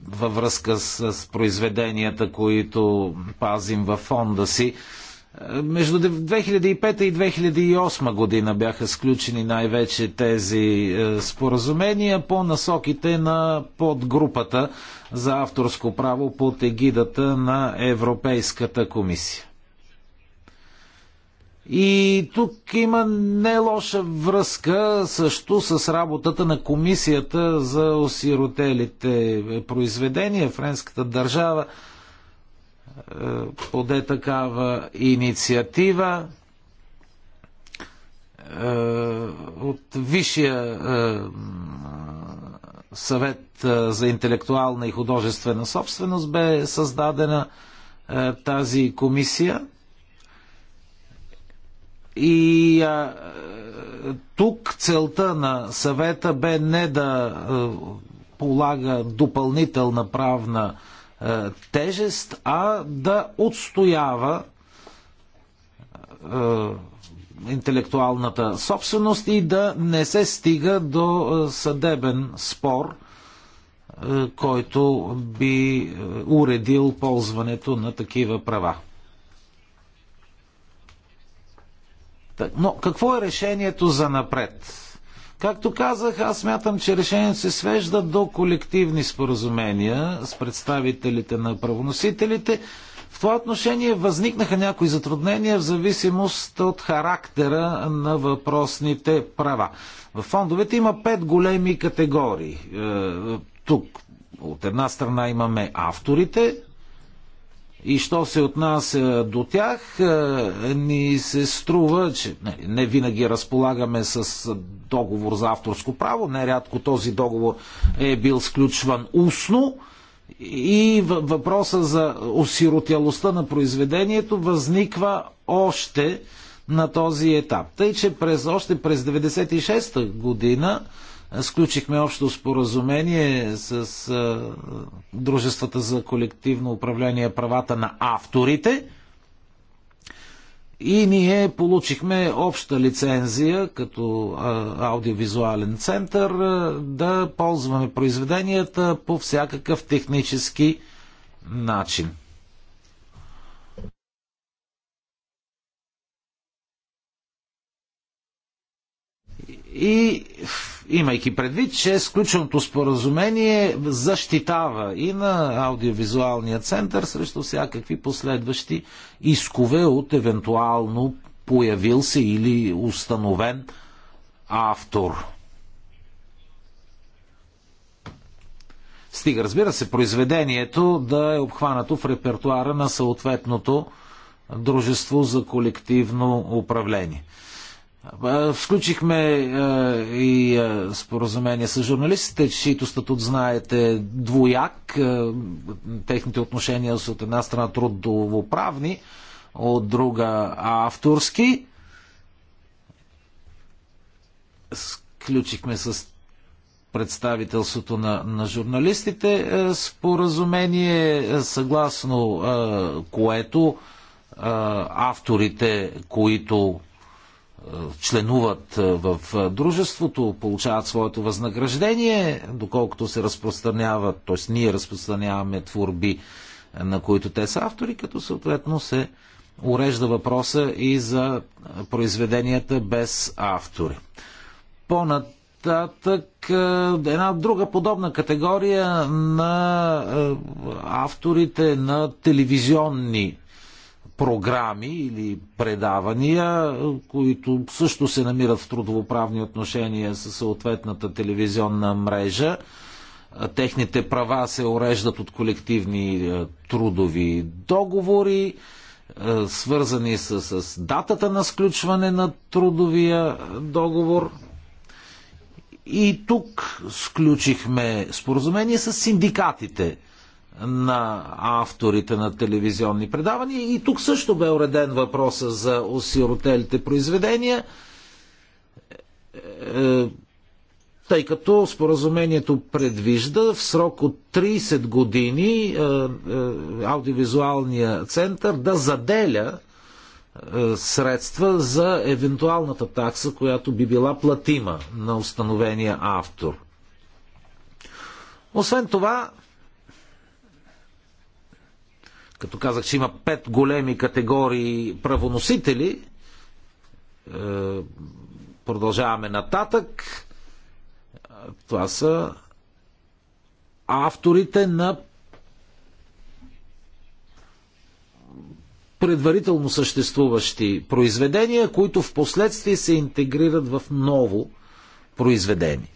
във връзка с, произведенията, които пазим във фонда си. Е, между 2005 и 2008 година бяха сключени най-вече тези е, споразумения по насоките на подгрупата за авторско право под егидата на Европейската комисия. И тук има не лоша връзка също с работата на комисията за осиротелите произведения. Френската държава е, поде такава инициатива е, от Висшия е, съвет за интелектуална и художествена собственост бе създадена тази комисия и а, тук целта на съвета бе не да а, полага допълнителна правна а, тежест, а да отстоява а, интелектуалната собственост и да не се стига до съдебен спор, който би уредил ползването на такива права. Так, но какво е решението за напред? Както казах, аз смятам, че решението се свежда до колективни споразумения с представителите на правоносителите. В това отношение възникнаха някои затруднения в зависимост от характера на въпросните права. В фондовете има пет големи категории. Е, тук от една страна имаме авторите и що се отнася до тях, е, ни се струва, че не винаги разполагаме с договор за авторско право. Нерядко този договор е бил сключван устно. И въпроса за осиротялостта на произведението възниква още на този етап. Тъй, че през, още през 96-та година Сключихме общо споразумение с дружествата за колективно управление правата на авторите. И ние получихме обща лицензия като аудиовизуален център да ползваме произведенията по всякакъв технически начин. И имайки предвид, че сключеното споразумение защитава и на аудиовизуалния център срещу всякакви последващи искове от евентуално появил се или установен автор. Стига, разбира се, произведението да е обхванато в репертуара на съответното дружество за колективно управление. Включихме и споразумение с журналистите, чието статут, знаете, двояк. Техните отношения са от една страна трудовоправни, от друга авторски. Сключихме с представителството на, на журналистите споразумение, съгласно което авторите, които членуват в дружеството, получават своето възнаграждение, доколкото се разпространяват, т.е. ние разпространяваме творби, на които те са автори, като съответно се урежда въпроса и за произведенията без автори. Понататък една друга подобна категория на авторите на телевизионни програми или предавания, които също се намират в трудовоправни отношения с съответната телевизионна мрежа. Техните права се уреждат от колективни е, трудови договори, е, свързани с, с датата на сключване на трудовия договор. И тук сключихме споразумение с синдикатите – на авторите на телевизионни предавания. И тук също бе уреден въпроса за осиротелите произведения, е, е, тъй като споразумението предвижда в срок от 30 години е, аудиовизуалния център да заделя средства за евентуалната такса, която би била платима на установения автор. Освен това, като казах, че има пет големи категории правоносители, е, продължаваме нататък. Това са авторите на предварително съществуващи произведения, които в последствие се интегрират в ново произведение.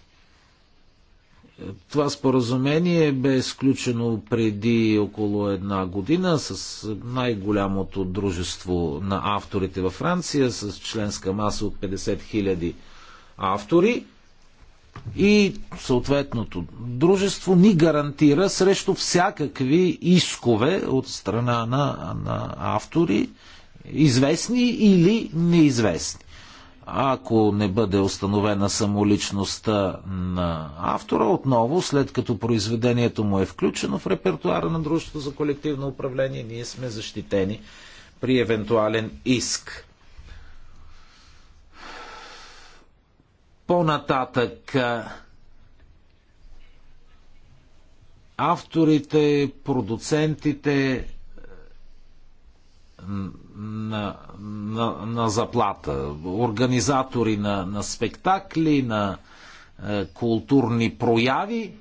Това споразумение бе изключено преди около една година с най-голямото дружество на авторите във Франция, с членска маса от 50 000 автори. И съответното дружество ни гарантира срещу всякакви искове от страна на, на автори, известни или неизвестни. Ако не бъде установена самоличността на автора, отново, след като произведението му е включено в репертуара на Дружеството за колективно управление, ние сме защитени при евентуален иск. По-нататък авторите, продуцентите на, на, на заплата. Организатори на, на спектакли, на е, културни прояви.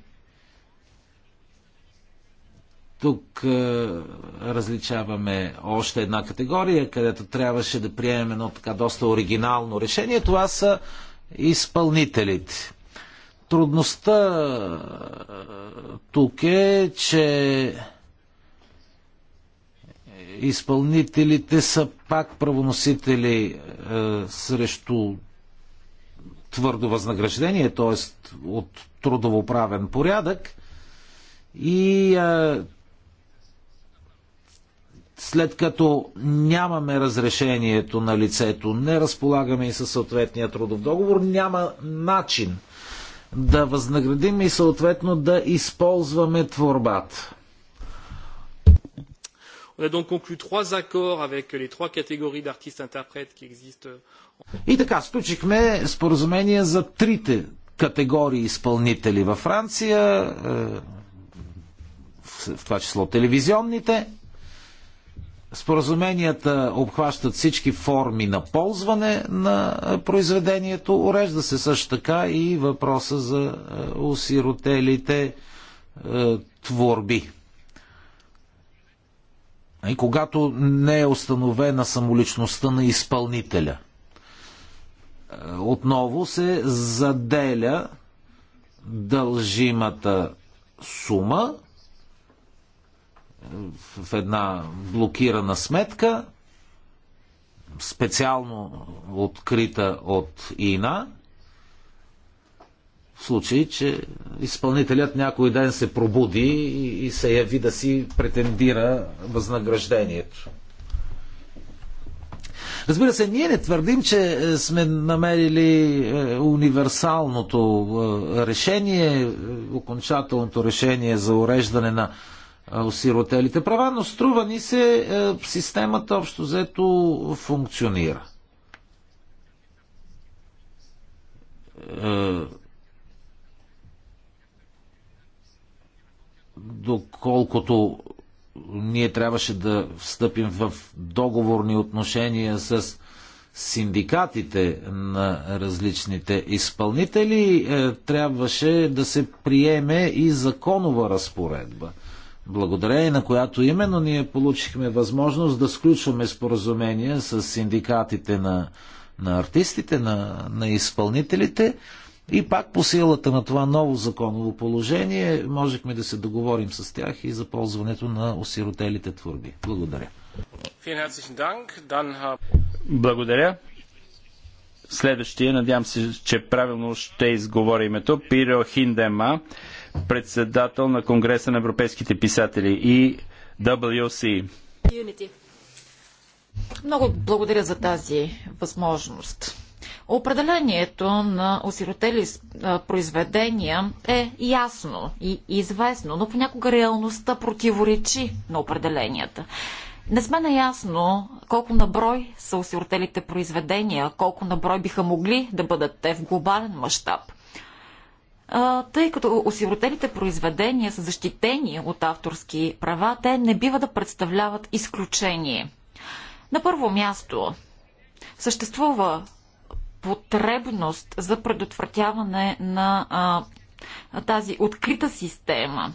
Тук е, различаваме още една категория, където трябваше да приемем едно така доста оригинално решение. Това са изпълнителите. Трудността е, тук е, че изпълнителите са пак правоносители е, срещу твърдо възнаграждение, т.е. от трудовоправен порядък. И е, след като нямаме разрешението на лицето, не разполагаме и със съответния трудов договор, няма начин да възнаградим и съответно да използваме творбата. On a donc conclu trois accords avec les trois catégories d'artistes-interprètes qui existent. И така, сключихме споразумение за трите категории изпълнители във Франция, е, в това число телевизионните. Споразуменията обхващат всички форми на ползване на произведението. Урежда се също така и въпроса за е, осиротелите е, творби. И когато не е установена самоличността на изпълнителя, е, отново се заделя дължимата сума е, в една блокирана сметка, специално открита от ИНА, случай, че изпълнителят някой ден се пробуди и се яви да си претендира възнаграждението. Разбира се, ние не твърдим, че е, сме намерили е, универсалното е, решение, окончателното решение за уреждане на осиротелите права, но струва ни се системата общо взето функционира. доколкото ние трябваше да встъпим в договорни отношения с синдикатите на различните изпълнители, е, трябваше да се приеме и законова разпоредба, благодарение на която именно ние получихме възможност да сключваме споразумения с синдикатите на, на артистите, на, на изпълнителите, и пак по силата на това ново законово положение можехме да се договорим с тях и за ползването на осиротелите творби. Благодаря. Благодаря. Следващия, надявам се, че правилно ще изговоря името, Пиро Хиндема, председател на Конгреса на европейските писатели и WC. Unity. Много благодаря за тази възможност. Определението на осиротели произведения е ясно и известно, но понякога реалността противоречи на определенията. Не сме наясно колко на брой са осиротелите произведения, колко на брой биха могли да бъдат те в глобален мащаб тъй като осиротелите произведения са защитени от авторски права, те не бива да представляват изключение. На първо място съществува потребност за предотвратяване на а, тази открита система.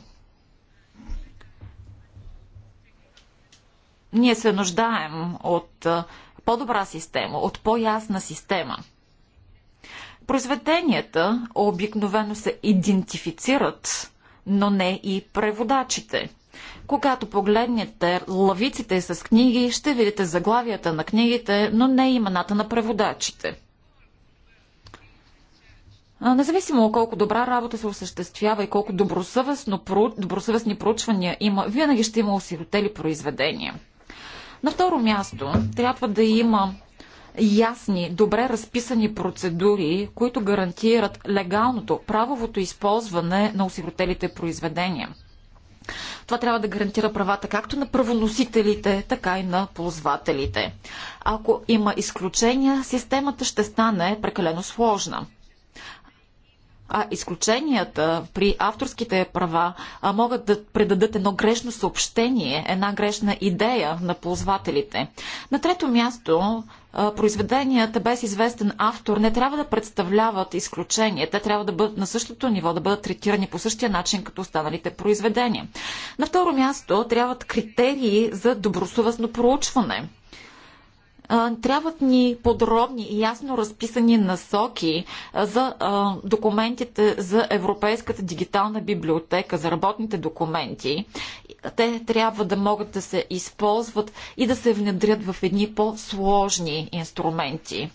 Ние се нуждаем от по-добра система, от по-ясна система. Произведенията обикновено се идентифицират, но не и преводачите. Когато погледнете лавиците с книги, ще видите заглавията на книгите, но не имената на преводачите – Независимо колко добра работа се осъществява и колко добросъвестно, добросъвестни проучвания има, винаги ще има осиротели произведения. На второ място, трябва да има ясни, добре разписани процедури, които гарантират легалното, правовото използване на осиротелите произведения. Това трябва да гарантира правата както на правоносителите, така и на ползвателите. Ако има изключения, системата ще стане прекалено сложна а изключенията при авторските права а, могат да предадат едно грешно съобщение, една грешна идея на ползвателите. На трето място, произведенията без известен автор не трябва да представляват изключение. Те трябва да бъдат на същото ниво, да бъдат третирани по същия начин, като останалите произведения. На второ място, трябват критерии за добросъвестно проучване. Трябват ни подробни и ясно разписани насоки за документите за Европейската дигитална библиотека, за работните документи. Те трябва да могат да се използват и да се внедрят в едни по-сложни инструменти.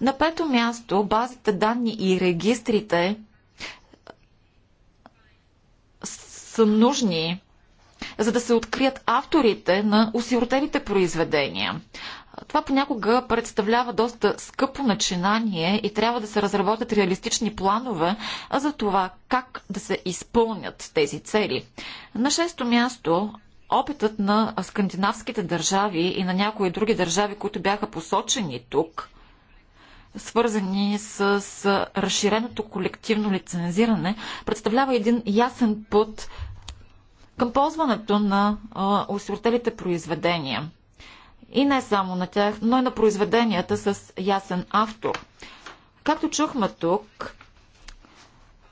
На пето място, базите данни и регистрите са нужни, за да се открият авторите на осиротените произведения това понякога представлява доста скъпо начинание и трябва да се разработят реалистични планове за това как да се изпълнят тези цели. На шесто място опитът на скандинавските държави и на някои други държави, които бяха посочени тук, свързани с, с разширеното колективно лицензиране, представлява един ясен път към ползването на осиротелите произведения. И не само на тях, но и на произведенията с ясен автор. Както чухме тук,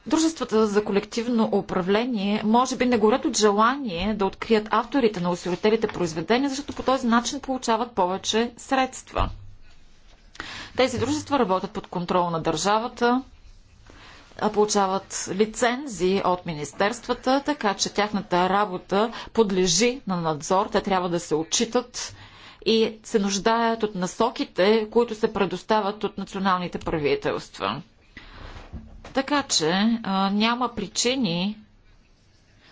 Дружествата за колективно управление може би не горят от желание да открият авторите на осиротелите произведения, защото по този начин получават повече средства. Тези дружества работят под контрол на държавата, получават лицензии от министерствата, така че тяхната работа подлежи на надзор. Те трябва да се отчитат и се нуждаят от насоките, които се предоставят от националните правителства. Така че а, няма причини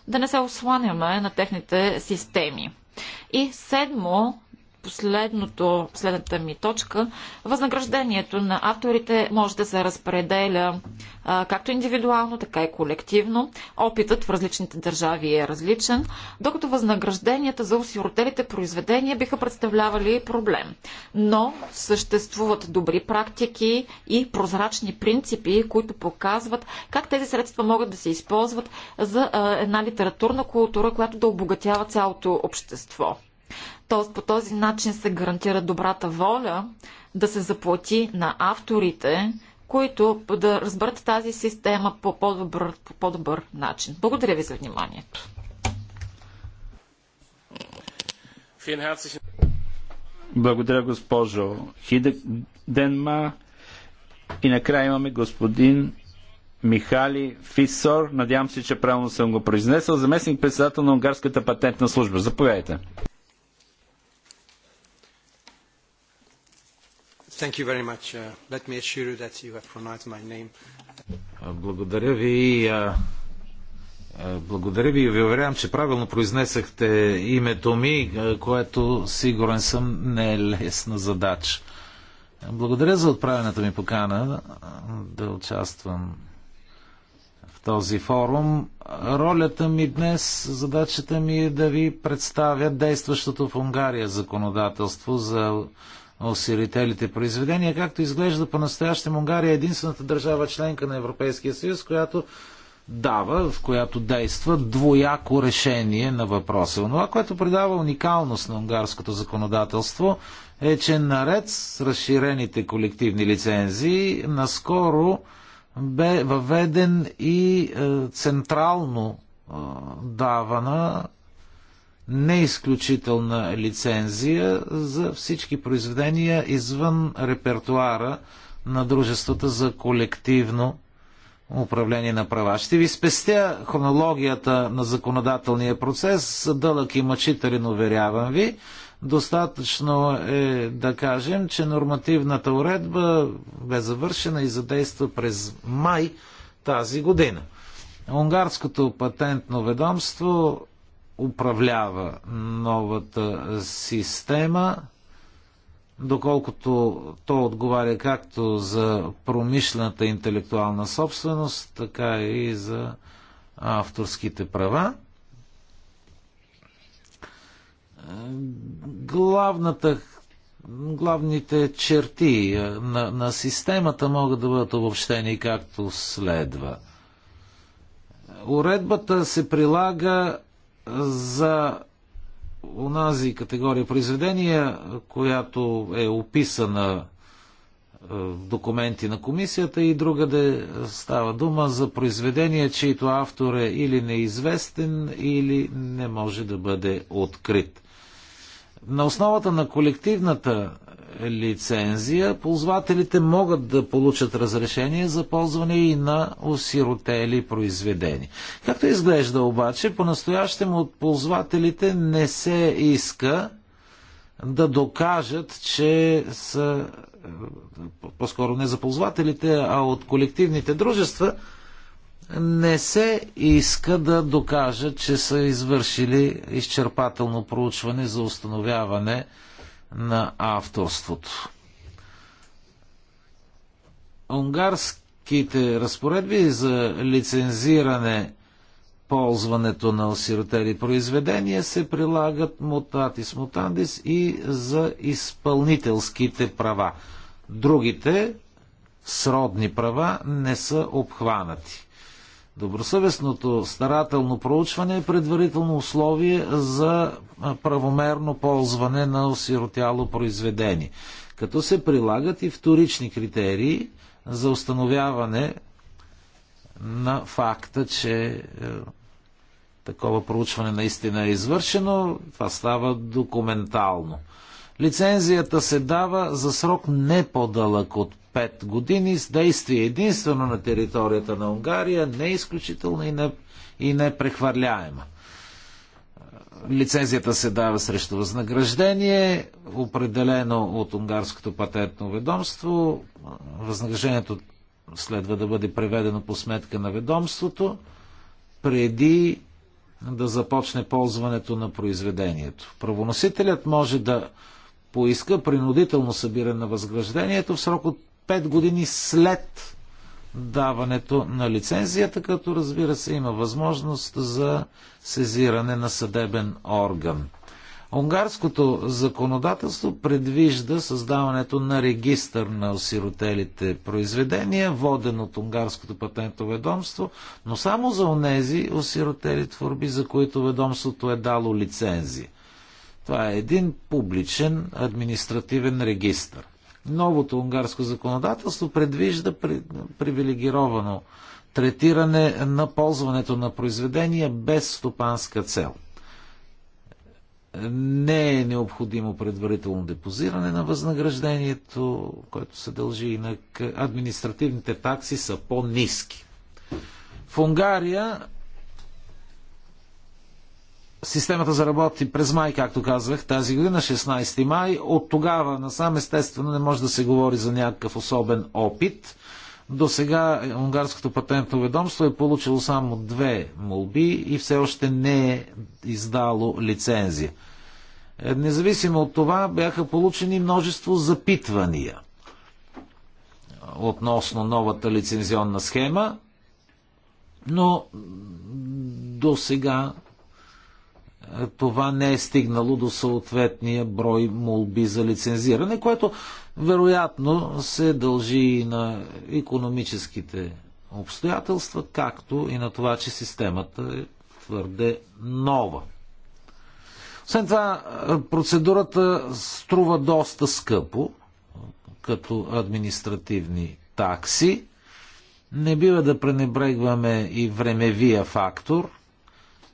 да не се осланяме на техните системи. И седмо, последното, последната ми точка, възнаграждението на авторите може да се разпределя а, както индивидуално, така и колективно. Опитът в различните държави е различен, докато възнагражденията за усиротелите произведения биха представлявали проблем. Но съществуват добри практики и прозрачни принципи, които показват как тези средства могат да се използват за а, една литературна култура, която да обогатява цялото общество. Тоест по този начин се гарантира добрата воля да се заплати на авторите, които да разберат тази система по по-добър, по по-добър начин. Благодаря ви за вниманието. Благодаря, госпожо Хиденма. И накрая имаме господин Михали Фисор. Надявам се, че правилно съм го произнесъл. Заместник председател на Унгарската патентна служба. Заповядайте. Thank you very much. Uh, let me assure you that you have pronounced my name. Благодаря ви. Благодаря ви и ви уверявам, че правилно произнесахте името ми, което сигурен съм не е лесна задача. Благодаря за отправената ми покана да участвам в този форум. Ролята ми днес, задачата ми е да ви представя действащото в Унгария законодателство за осирителите произведения. Както изглежда по-настоящем Унгария е единствената държава членка на Европейския съюз, която дава, в която действа двояко решение на въпроса. Това, което придава уникалност на унгарското законодателство, е, че наред с разширените колективни лицензии, наскоро бе въведен и е, централно е, давана неизключителна лицензия за всички произведения извън репертуара на дружествата за колективно управление на права. Ще ви спестя хронологията на законодателния процес, дълъг и мъчителен, уверявам ви. Достатъчно е да кажем, че нормативната уредба бе завършена и задейства през май тази година. Унгарското патентно ведомство управлява новата система, доколкото то отговаря както за промишлената интелектуална собственост, така и за авторските права. Главната, главните черти на, на системата могат да бъдат обобщени както следва. Уредбата се прилага за онази категория произведения, която е описана е, в документи на комисията и другаде става дума за произведение, чието автор е или неизвестен, или не може да бъде открит. На основата на колективната лицензия, ползвателите могат да получат разрешение за ползване и на осиротели произведения. Както изглежда обаче, по-настоящем от ползвателите не се иска да докажат, че са е, по-скоро не за ползвателите, а от колективните дружества, не се иска да докажат, че са извършили изчерпателно проучване за установяване на авторството. Унгарските разпоредби за лицензиране ползването на осиротели произведения се прилагат мутатис мутандис и за изпълнителските права. Другите сродни права не са обхванати. Добросъвестното старателно проучване е предварително условие за правомерно ползване на осиротяло произведение, като се прилагат и вторични критерии за установяване на факта, че е, такова проучване наистина е извършено. Това става документално. Лицензията се дава за срок не по-дълъг от 5 години с действие единствено на територията на Унгария, не изключително и, не, и непрехвърляема. Лицензията се дава срещу възнаграждение, определено от Унгарското патентно ведомство. Възнаграждението следва да бъде преведено по сметка на ведомството преди да започне ползването на произведението. Правоносителят може да поиска принудително събиране на възграждението в срок от 5 години след даването на лицензията, като разбира се има възможност за сезиране на съдебен орган. Унгарското законодателство предвижда създаването на регистър на осиротелите произведения, воден от Унгарското патентно ведомство, но само за онези осиротели творби, за които ведомството е дало лицензия. Това е един публичен административен регистр. Новото унгарско законодателство предвижда привилегировано третиране на ползването на произведения без стопанска цел. Не е необходимо предварително депозиране на възнаграждението, което се дължи и на административните такси са по-низки. В Унгария Системата заработи през май, както казах, тази година, 16 май. От тогава насам, естествено, не може да се говори за някакъв особен опит. До сега е, Унгарското патентно ведомство е получило само две молби и все още не е издало лицензия. Е, независимо от това, бяха получени множество запитвания относно новата лицензионна схема, но до сега това не е стигнало до съответния брой молби за лицензиране, което вероятно се дължи и на економическите обстоятелства, както и на това, че системата е твърде нова. Освен това, процедурата струва доста скъпо, като административни такси. Не бива да пренебрегваме и времевия фактор –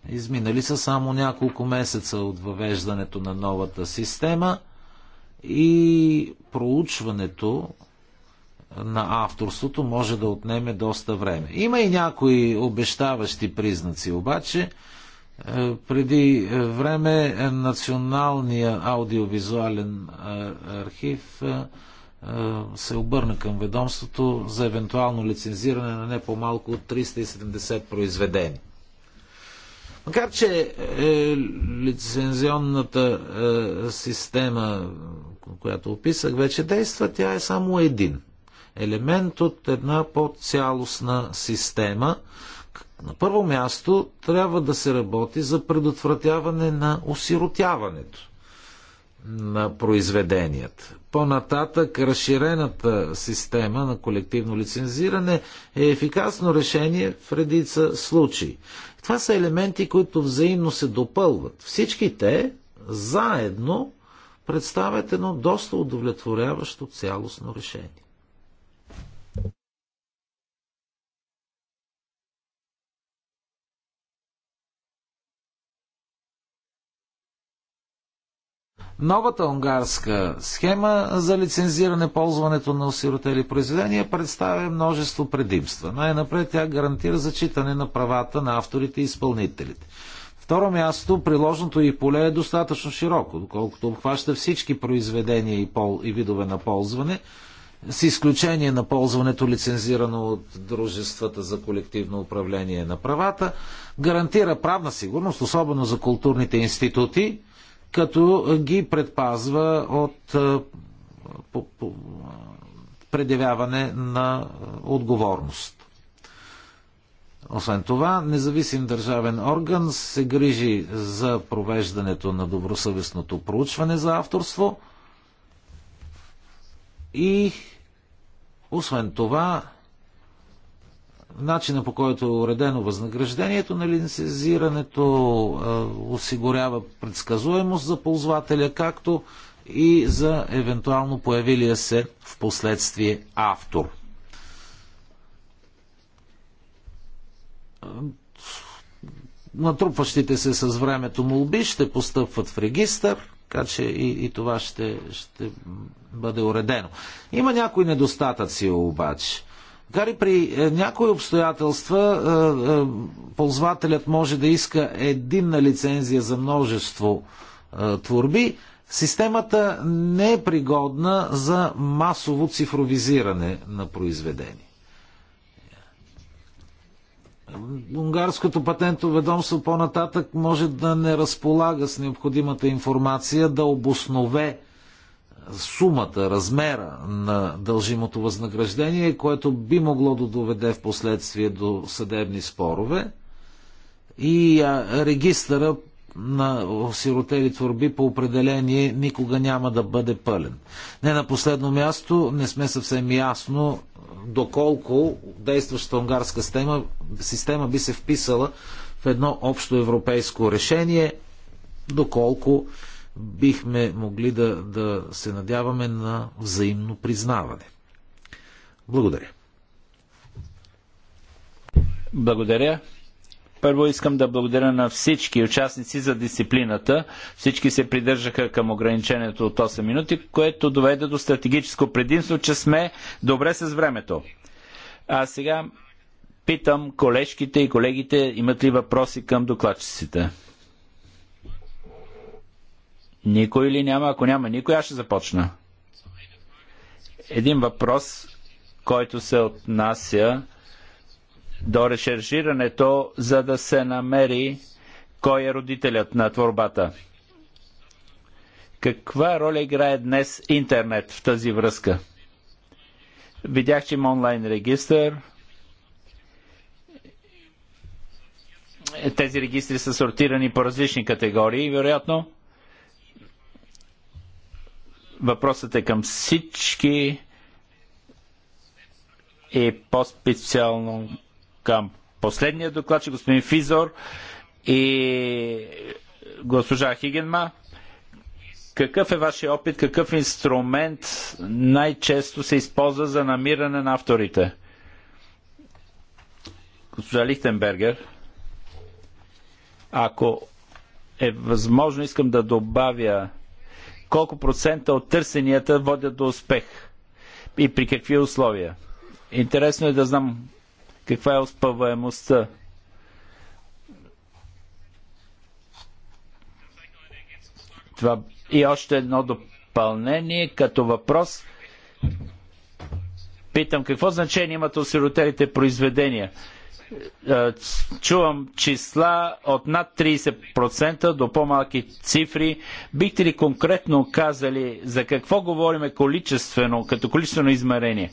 Изминали са само няколко месеца от въвеждането на новата система и проучването на авторството може да отнеме доста време. Има и някои обещаващи признаци, обаче е, преди време Националния аудиовизуален е, архив е, се обърна към ведомството за евентуално лицензиране на не по-малко от 370 произведения. Макар, че е, е, лицензионната е, система, която описах, вече действа, тя е само един елемент от една по-цялостна система. На първо място трябва да се работи за предотвратяване на осиротяването на произведенията. По-нататък разширената система на колективно лицензиране е ефикасно решение в редица случаи. Това са елементи, които взаимно се допълват. Всички те заедно представят едно доста удовлетворяващо цялостно решение. Новата унгарска схема за лицензиране ползването на осиротели произведения представя множество предимства. Най-напред тя гарантира зачитане на правата на авторите и изпълнителите. Второ място, приложното и поле е достатъчно широко, доколкото обхваща всички произведения и, пол, и видове на ползване, с изключение на ползването лицензирано от дружествата за колективно управление на правата, гарантира правна сигурност, особено за културните институти, като ги предпазва от предявяване на отговорност. Освен това, независим държавен орган се грижи за провеждането на добросъвестното проучване за авторство и освен това начина по който е уредено възнаграждението на нали, лицензирането осигурява предсказуемост за ползвателя, както и за евентуално появилия се в последствие автор. Натрупващите се с времето молби ще постъпват в регистър, така че и, и това ще, ще бъде уредено. Има някои недостатъци обаче Макар при е, някои обстоятелства е, е, ползвателят може да иска единна лицензия за множество творби, системата не е пригодна за масово цифровизиране на произведения. Унгарското патентно ведомство по-нататък може да не разполага с необходимата информация да обоснове сумата, размера на дължимото възнаграждение, което би могло да доведе в последствие до съдебни спорове и регистъра на сиротели творби по определение никога няма да бъде пълен. Не на последно място, не сме съвсем ясно доколко действащата унгарска система, система би се вписала в едно общо европейско решение, доколко бихме могли да, да се надяваме на взаимно признаване. Благодаря. Благодаря. Първо искам да благодаря на всички участници за дисциплината. Всички се придържаха към ограничението от 8 минути, което доведе до стратегическо предимство, че сме добре с времето. А сега питам колежките и колегите имат ли въпроси към докладчиците. Никой ли няма? Ако няма никой, аз ще започна. Един въпрос, който се отнася до решержирането, за да се намери кой е родителят на творбата. Каква роля играе днес интернет в тази връзка? Видях, че има онлайн регистър. Тези регистри са сортирани по различни категории, вероятно. Въпросът е към всички и по-специално към последния доклад, че господин Физор и госпожа Хигенма. Какъв е вашия опит, какъв инструмент най-често се използва за намиране на авторите? Госпожа Лихтенбергер, ако е възможно, искам да добавя колко процента от търсенията водят до успех и при какви условия. Интересно е да знам каква е успеваемостта. Това и още едно допълнение като въпрос. Питам, какво значение имат осиротелите произведения? Е, чувам числа от над 30% до по-малки цифри. Бихте ли конкретно казали за какво говориме количествено, като количествено измерение?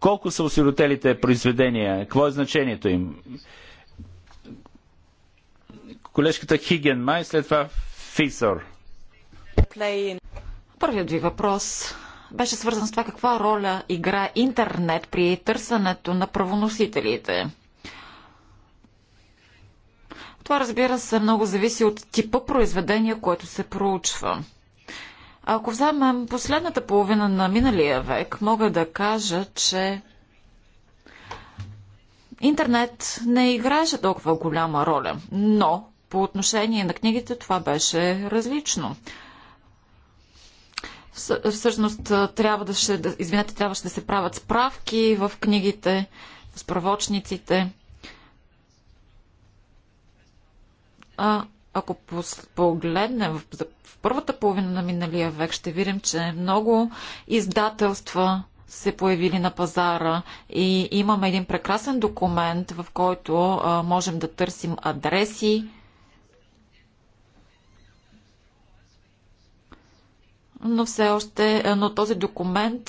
Колко са осиротелите произведения? Какво е значението им? Колежката Хиген Май, след това Фисор. Първият ви въпрос беше свързан с това каква роля игра интернет при търсенето на правоносителите. Това разбира се много зависи от типа произведения, което се проучва. Ако вземем последната половина на миналия век, мога да кажа, че интернет не играеше толкова голяма роля, но по отношение на книгите това беше различно. Всъщност трябва да ще, извинете, трябваше да се правят справки в книгите, в справочниците. А, ако погледнем в, в първата половина на миналия век, ще видим, че много издателства се появили на пазара и имаме един прекрасен документ, в който а, можем да търсим адреси но все още, е, но този документ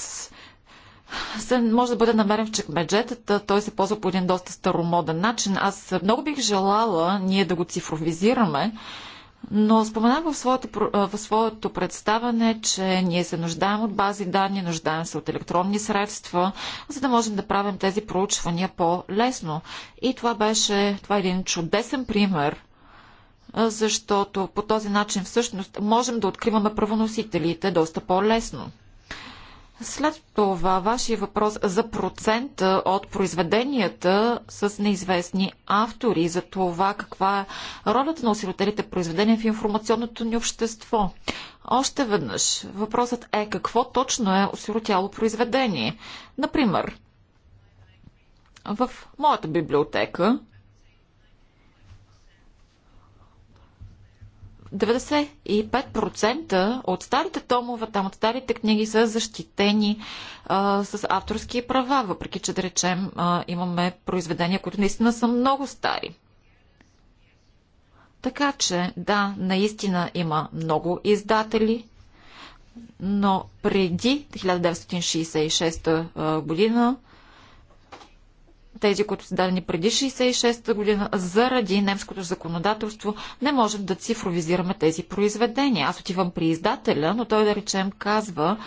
се, може да бъде намерен в чекмеджетата. Той се ползва по един доста старомоден начин. Аз много бих желала ние да го цифровизираме, но споменах в своето, в своето представане, че ние се нуждаем от бази данни, нуждаем се от електронни средства, за да можем да правим тези проучвания по-лесно. И това беше, това е един чудесен пример защото по този начин всъщност можем да откриваме правоносителите доста по-лесно. След това, вашия въпрос за процента от произведенията с неизвестни автори, за това каква е ролята на осиротелите произведения в информационното ни общество. Още веднъж, въпросът е какво точно е осиротяло произведение. Например, в моята библиотека 95% от старите томове, там от старите книги са защитени а, с авторски права, въпреки че да речем а, имаме произведения, които наистина са много стари. Така че, да, наистина има много издатели, но преди 1966 година тези, които са дадени преди 66-та година, заради немското законодателство не можем да цифровизираме тези произведения. Аз отивам при издателя, но той да речем казва,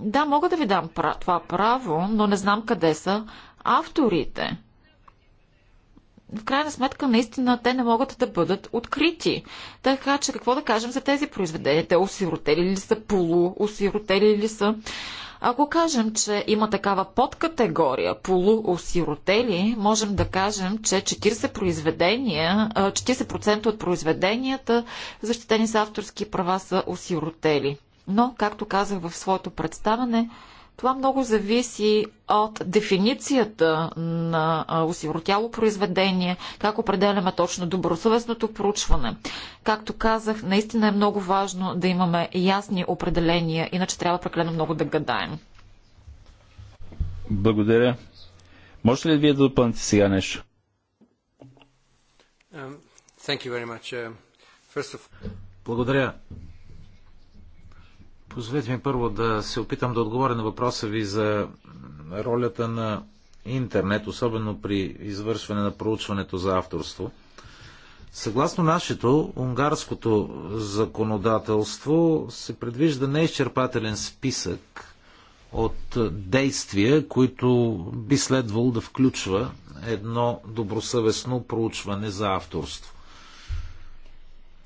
да, мога да ви дам това право, но не знам къде са авторите. В крайна сметка, наистина, те не могат да бъдат открити. Така че, какво да кажем за тези произведения? Те осиротели ли са, полуосиротели ли са? Ако кажем, че има такава подкатегория полуосиротели, можем да кажем, че 40%, произведения, 40% от произведенията, защитени с авторски права, са осиротели. Но, както казах в своето представане, това много зависи от дефиницията на осиротяло произведение, как определяме точно добросъвестното проучване. Както казах, наистина е много важно да имаме ясни определения, иначе трябва прекалено много да гадаем. Благодаря. Може ли вие да допълните сега нещо? Um, uh, Благодаря. Позволете ми първо да се опитам да отговоря на въпроса ви за ролята на интернет, особено при извършване на проучването за авторство. Съгласно нашето унгарското законодателство се предвижда неизчерпателен списък от действия, които би следвало да включва едно добросъвестно проучване за авторство.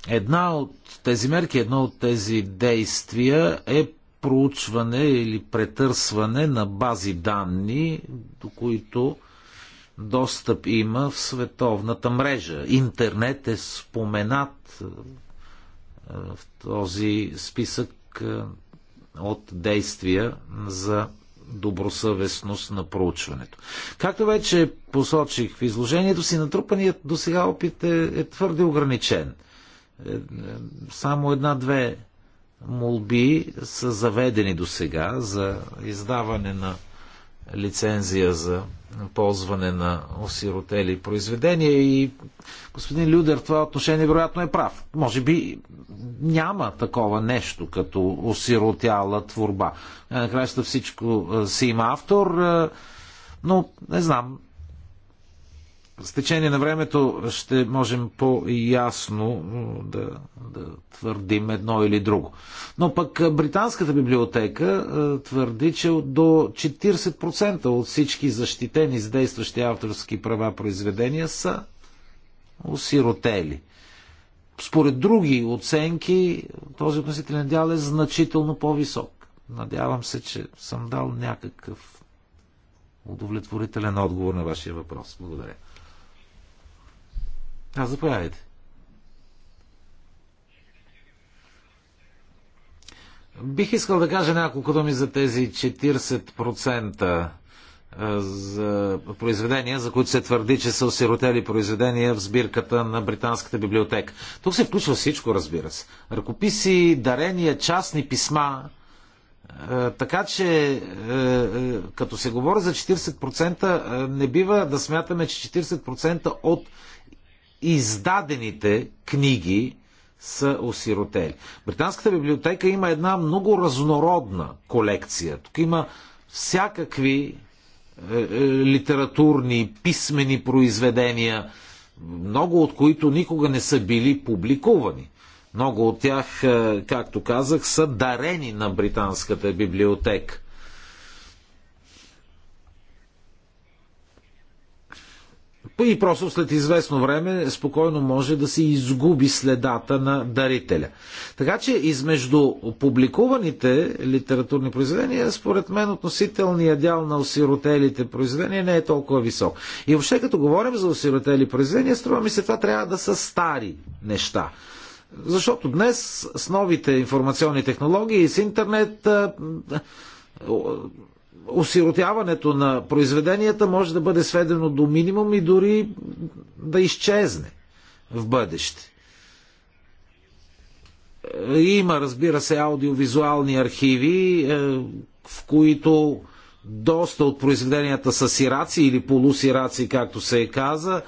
Една от тези мерки, едно от тези действия е проучване или претърсване на бази данни, до които достъп има в световната мрежа. Интернет е споменат е, в този списък е, от действия за добросъвестност на проучването. Както вече посочих в изложението си, натрупаният до сега опит е, е твърде ограничен – е, е, само една-две молби са заведени до сега за издаване на лицензия за ползване на осиротели произведения и господин Людер в това отношение вероятно е прав. Може би няма такова нещо като осиротяла творба. Е, накрая всичко си има автор, но не знам, с течение на времето ще можем по-ясно да, да твърдим едно или друго. Но пък Британската библиотека твърди, че до 40% от всички защитени с действащи авторски права произведения са осиротели. Според други оценки, този относителен дял е значително по-висок. Надявам се, че съм дал някакъв удовлетворителен отговор на вашия въпрос. Благодаря. А, заповядайте. Бих искал да кажа няколко думи за тези 40% за произведения, за които се твърди, че са осиротели произведения в сбирката на Британската библиотека. Тук се включва всичко, разбира се. Ръкописи, дарения, частни писма. Така че, е, е, като се говори за 40%, е, не бива да смятаме, че 40% от издадените книги са осиротели. Британската библиотека има една много разнородна колекция. Тук има всякакви е, е, литературни, писмени произведения, много от които никога не са били публикувани. Много от тях, е, както казах, са дарени на Британската библиотека. И просто след известно време спокойно може да се изгуби следата на дарителя. Така че измежду публикуваните литературни произведения, според мен относителният дял на осиротелите произведения не е толкова висок. И въобще като говорим за осиротели произведения, струва ми се това трябва да са стари неща. Защото днес с новите информационни технологии и с интернет осиротяването на произведенията може да бъде сведено до минимум и дори да изчезне в бъдеще. Е, има, разбира се, аудиовизуални архиви, е, в които доста от произведенията са сираци или полусираци, както се е каза.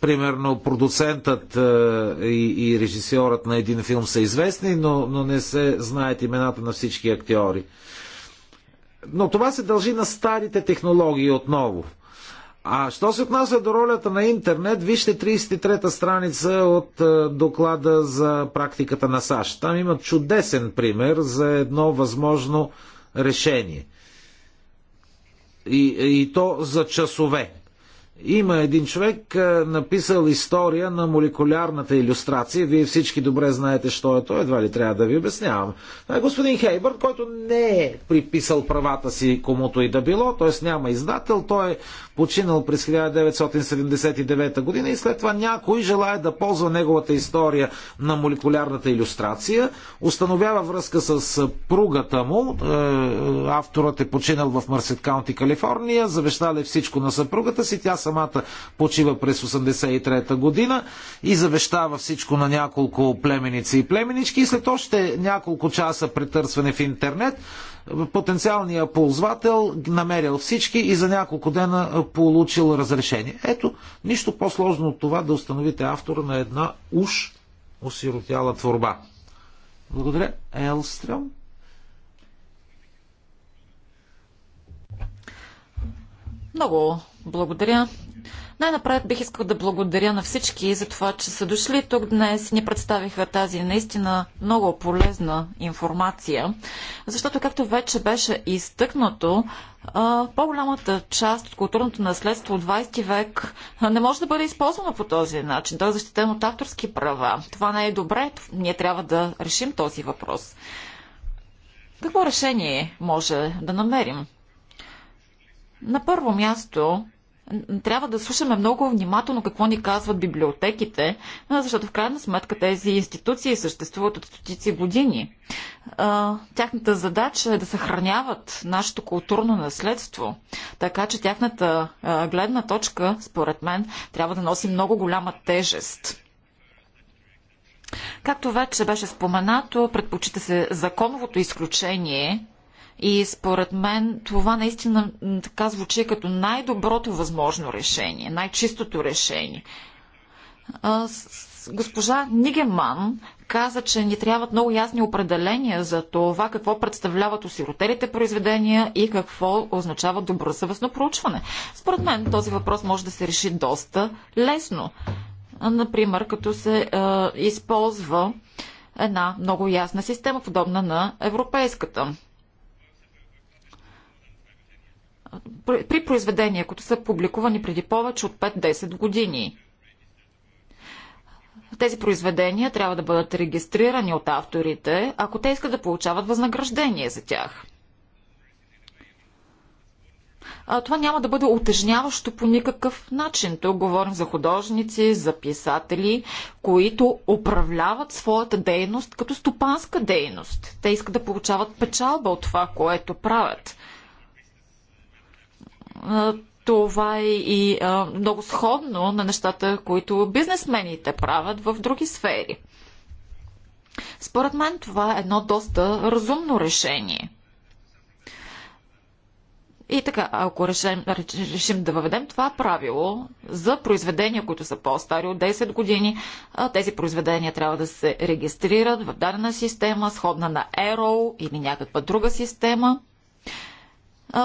Примерно продуцентът е, и, режисьорът на един филм са известни, но, но не се знаят имената на всички актьори. Но това се дължи на старите технологии отново. А що се отнася до ролята на интернет, вижте 33-та страница от е, доклада за практиката на САЩ. Там има чудесен пример за едно възможно решение. И, и то за часове. Има един човек написал история на молекулярната иллюстрация. Вие всички добре знаете, що е то. Едва ли трябва да ви обяснявам. Това е господин Хейбър, който не е приписал правата си комуто и да било, т.е. няма издател. Той е починал през 1979 година и след това някой желая да ползва неговата история на молекулярната иллюстрация. Установява връзка с пругата му. Е, авторът е починал в Мърсет Каунти, Калифорния. Завещал е всичко на съпругата си. Тя самата почива през 83-та година и завещава всичко на няколко племеници и племенички и след още няколко часа претърсване в интернет потенциалният ползвател намерил всички и за няколко дена получил разрешение. Ето, нищо по-сложно от това да установите автора на една уж осиротяла творба. Благодаря. Елстрем? Много благодаря. Най-напред бих искал да благодаря на всички за това, че са дошли тук днес и ни представиха тази наистина много полезна информация, защото, както вече беше изтъкнато, по-голямата част от културното наследство от 20 век не може да бъде използвано по този начин. Той е защитен от авторски права. Това не е добре. Ние трябва да решим този въпрос. Какво решение може да намерим? На първо място трябва да слушаме много внимателно какво ни казват библиотеките, защото в крайна сметка тези институции съществуват от стотици години. Тяхната задача е да съхраняват нашето културно наследство, така че тяхната гледна точка, според мен, трябва да носи много голяма тежест. Както вече беше споменато, предпочита се законовото изключение и според мен това наистина така звучи като най-доброто възможно решение, най-чистото решение. Госпожа Нигеман каза, че ни трябват много ясни определения за това какво представляват осиротелите произведения и какво означава добросъвестно проучване. Според мен този въпрос може да се реши доста лесно. Например, като се е, използва една много ясна система, подобна на европейската при произведения, които са публикувани преди повече от 5-10 години. Тези произведения трябва да бъдат регистрирани от авторите, ако те искат да получават възнаграждение за тях. А, това няма да бъде отежняващо по никакъв начин. Тук говорим за художници, за писатели, които управляват своята дейност като стопанска дейност. Те искат да получават печалба от това, което правят това е и а, много сходно на нещата, които бизнесмените правят в други сфери. Според мен това е едно доста разумно решение. И така, ако решим, решим да въведем това правило за произведения, които са по-стари от 10 години, тези произведения трябва да се регистрират в дадена система, сходна на Arrow или някаква друга система.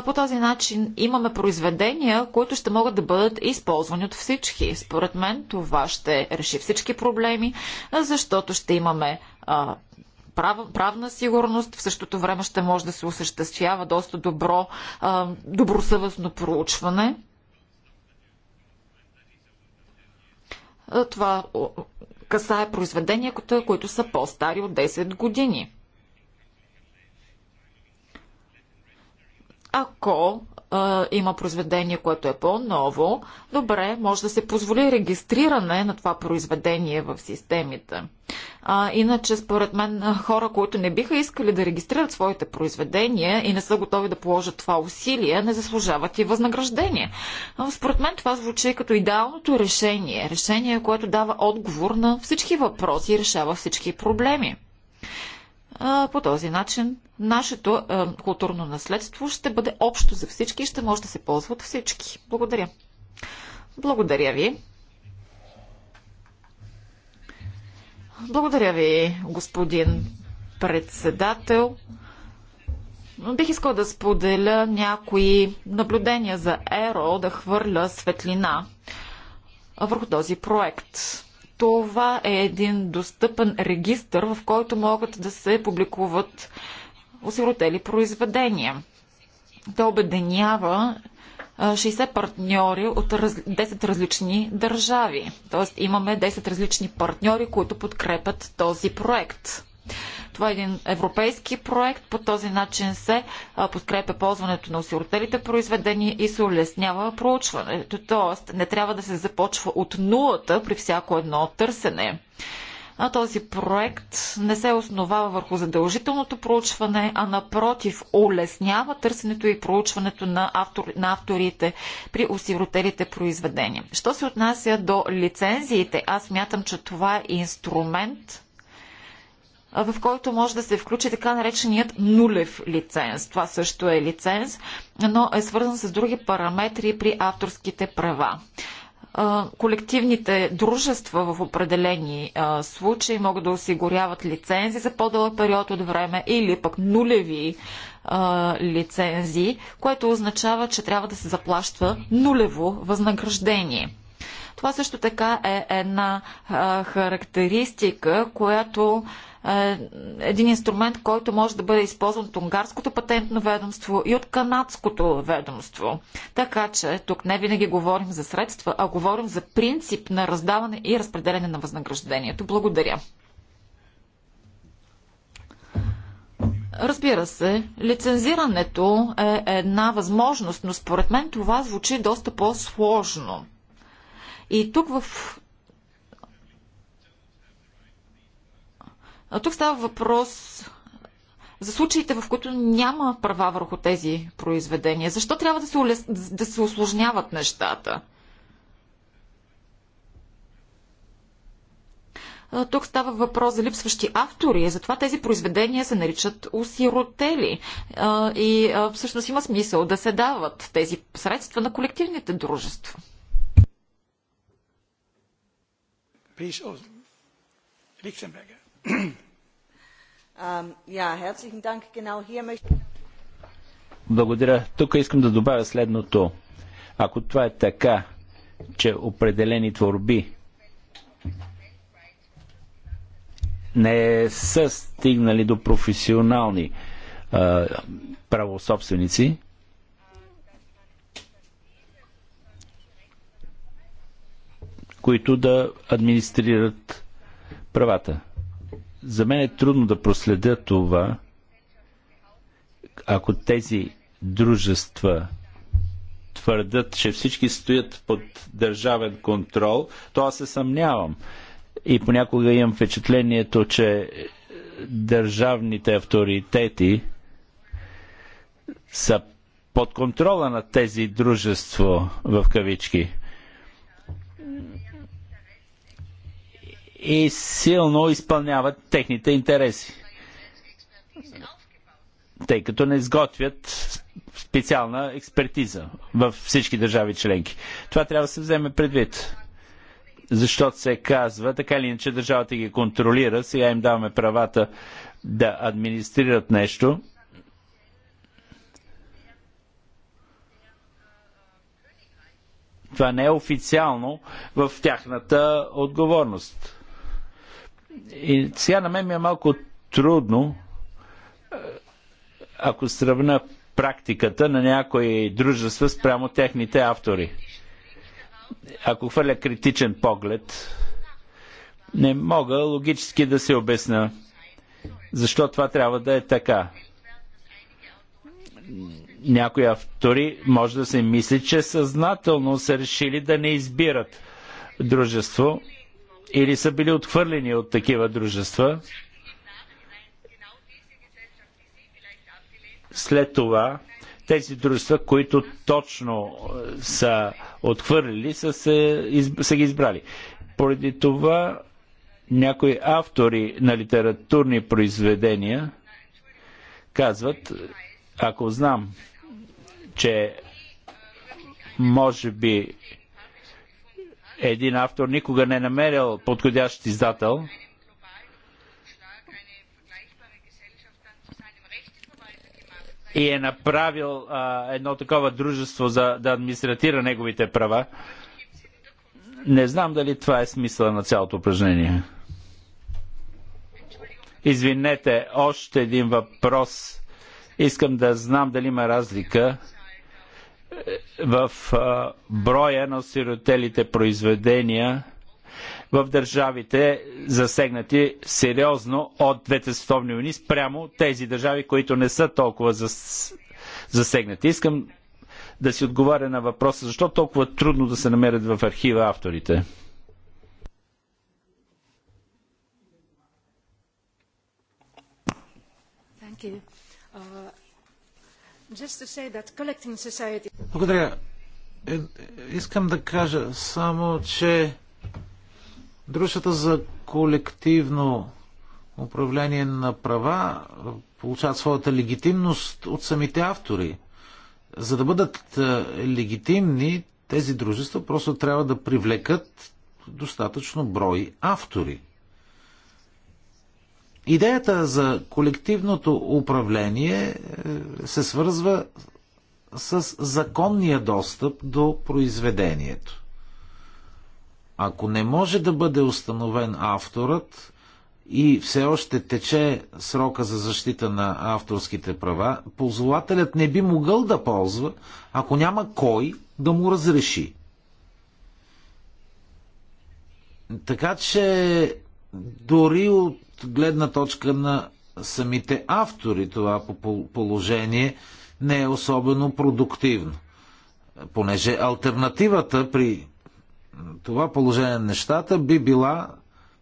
По този начин имаме произведения, които ще могат да бъдат използвани от всички. Според мен това ще реши всички проблеми, защото ще имаме прав, правна сигурност, в същото време ще може да се осъществява доста добро, добросъвестно проучване. Това касае произведения, които са по-стари от 10 години. Ако а, има произведение, което е по-ново, добре, може да се позволи регистриране на това произведение в системите. А, иначе, според мен, хора, които не биха искали да регистрират своите произведения и не са готови да положат това усилие, не заслужават и възнаграждение. А, според мен това звучи като идеалното решение. Решение, което дава отговор на всички въпроси и решава всички проблеми. А, по този начин нашето е, културно наследство ще бъде общо за всички и ще може да се ползва от всички. Благодаря. Благодаря ви. Благодаря ви, господин председател. Бих искал да споделя някои наблюдения за ЕРО, да хвърля светлина върху този проект. Това е един достъпен регистр, в който могат да се публикуват осиротели произведения. Той обединява 60 партньори от 10 различни държави. Тоест имаме 10 различни партньори, които подкрепят този проект. Това е един европейски проект. По този начин се подкрепя ползването на осиротелите произведения и се улеснява проучването. Тоест не трябва да се започва от нулата при всяко едно търсене а този проект не се основава върху задължителното проучване, а напротив улеснява търсенето и проучването на, автор, на авторите при осиротелите произведения. Що се отнася до лицензиите, аз мятам, че това е инструмент, в който може да се включи така нареченият нулев лиценз. Това също е лиценз, но е свързан с други параметри при авторските права колективните дружества в определени случаи могат да осигуряват лицензи за по-дълъг период от време или пък нулеви лицензи, което означава, че трябва да се заплаща нулево възнаграждение. Това също така е една характеристика, която е, един инструмент, който може да бъде използван от унгарското патентно ведомство и от канадското ведомство. Така че тук не винаги говорим за средства, а говорим за принцип на раздаване и разпределение на възнаграждението. Благодаря. Разбира се, лицензирането е една възможност, но според мен това звучи доста по-сложно. И тук в А тук става въпрос за случаите, в които няма права върху тези произведения. Защо трябва да се, улес... да се осложняват нещата? Тук става въпрос за липсващи автори, затова тези произведения се наричат осиротели. И всъщност има смисъл да се дават тези средства на колективните дружества. Лихтенбергер. Благодаря. Тук искам да добавя следното. Ако това е така, че определени творби не са стигнали до професионални а, правособственици, които да администрират правата за мен е трудно да проследя това, ако тези дружества твърдят, че всички стоят под държавен контрол, то аз се съмнявам. И понякога имам впечатлението, че държавните авторитети са под контрола на тези дружество в кавички и силно изпълняват техните интереси, тъй като не изготвят специална експертиза във всички държави членки. Това трябва да се вземе предвид. Защото се казва, така или иначе държавата ги контролира, сега им даваме правата да администрират нещо. Това не е официално в тяхната отговорност. И сега на мен ми е малко трудно, е, ако сравна практиката на някои дружества спрямо техните автори. Ако хвърля критичен поглед, не мога логически да се обясна защо това трябва да е така. Някои автори може да се мисли, че съзнателно са решили да не избират дружество, или са били отхвърлени от такива дружества. След това тези дружества, които точно е, са отхвърлили, са, се, са ги избрали. Поради това някои автори на литературни произведения казват, ако знам, че може би един автор никога не е намерил подходящ издател, и е направил а, едно такова дружество за да администратира неговите права. Не знам дали това е смисъла на цялото упражнение. Извинете, още един въпрос. Искам да знам дали има разлика в броя на сиротелите произведения в държавите засегнати сериозно от двете световни войни спрямо тези държави, които не са толкова засегнати. Искам да си отговаря на въпроса, защо толкова трудно да се намерят в архива авторите? Thank you. Благодаря. Е, искам да кажа само, че дружата за колективно управление на права получават своята легитимност от самите автори. За да бъдат е, легитимни, тези дружества просто трябва да привлекат достатъчно брой автори. Идеята за колективното управление е, се свързва с законния достъп до произведението. Ако не може да бъде установен авторът и все още тече срока за защита на авторските права, ползвателят не би могъл да ползва, ако няма кой да му разреши. Така че дори от гледна точка на самите автори това положение не е особено продуктивно. Понеже альтернативата при това положение на нещата би била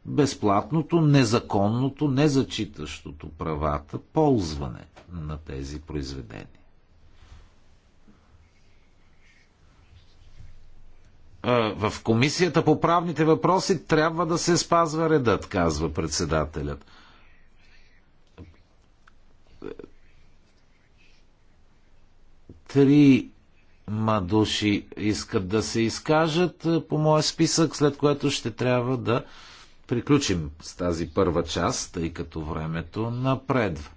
безплатното, незаконното, незачитащото правата ползване на тези произведения. в комисията по правните въпроси трябва да се спазва редът, казва председателят. Три ма души искат да се изкажат по моя списък, след което ще трябва да приключим с тази първа част, тъй като времето напредва.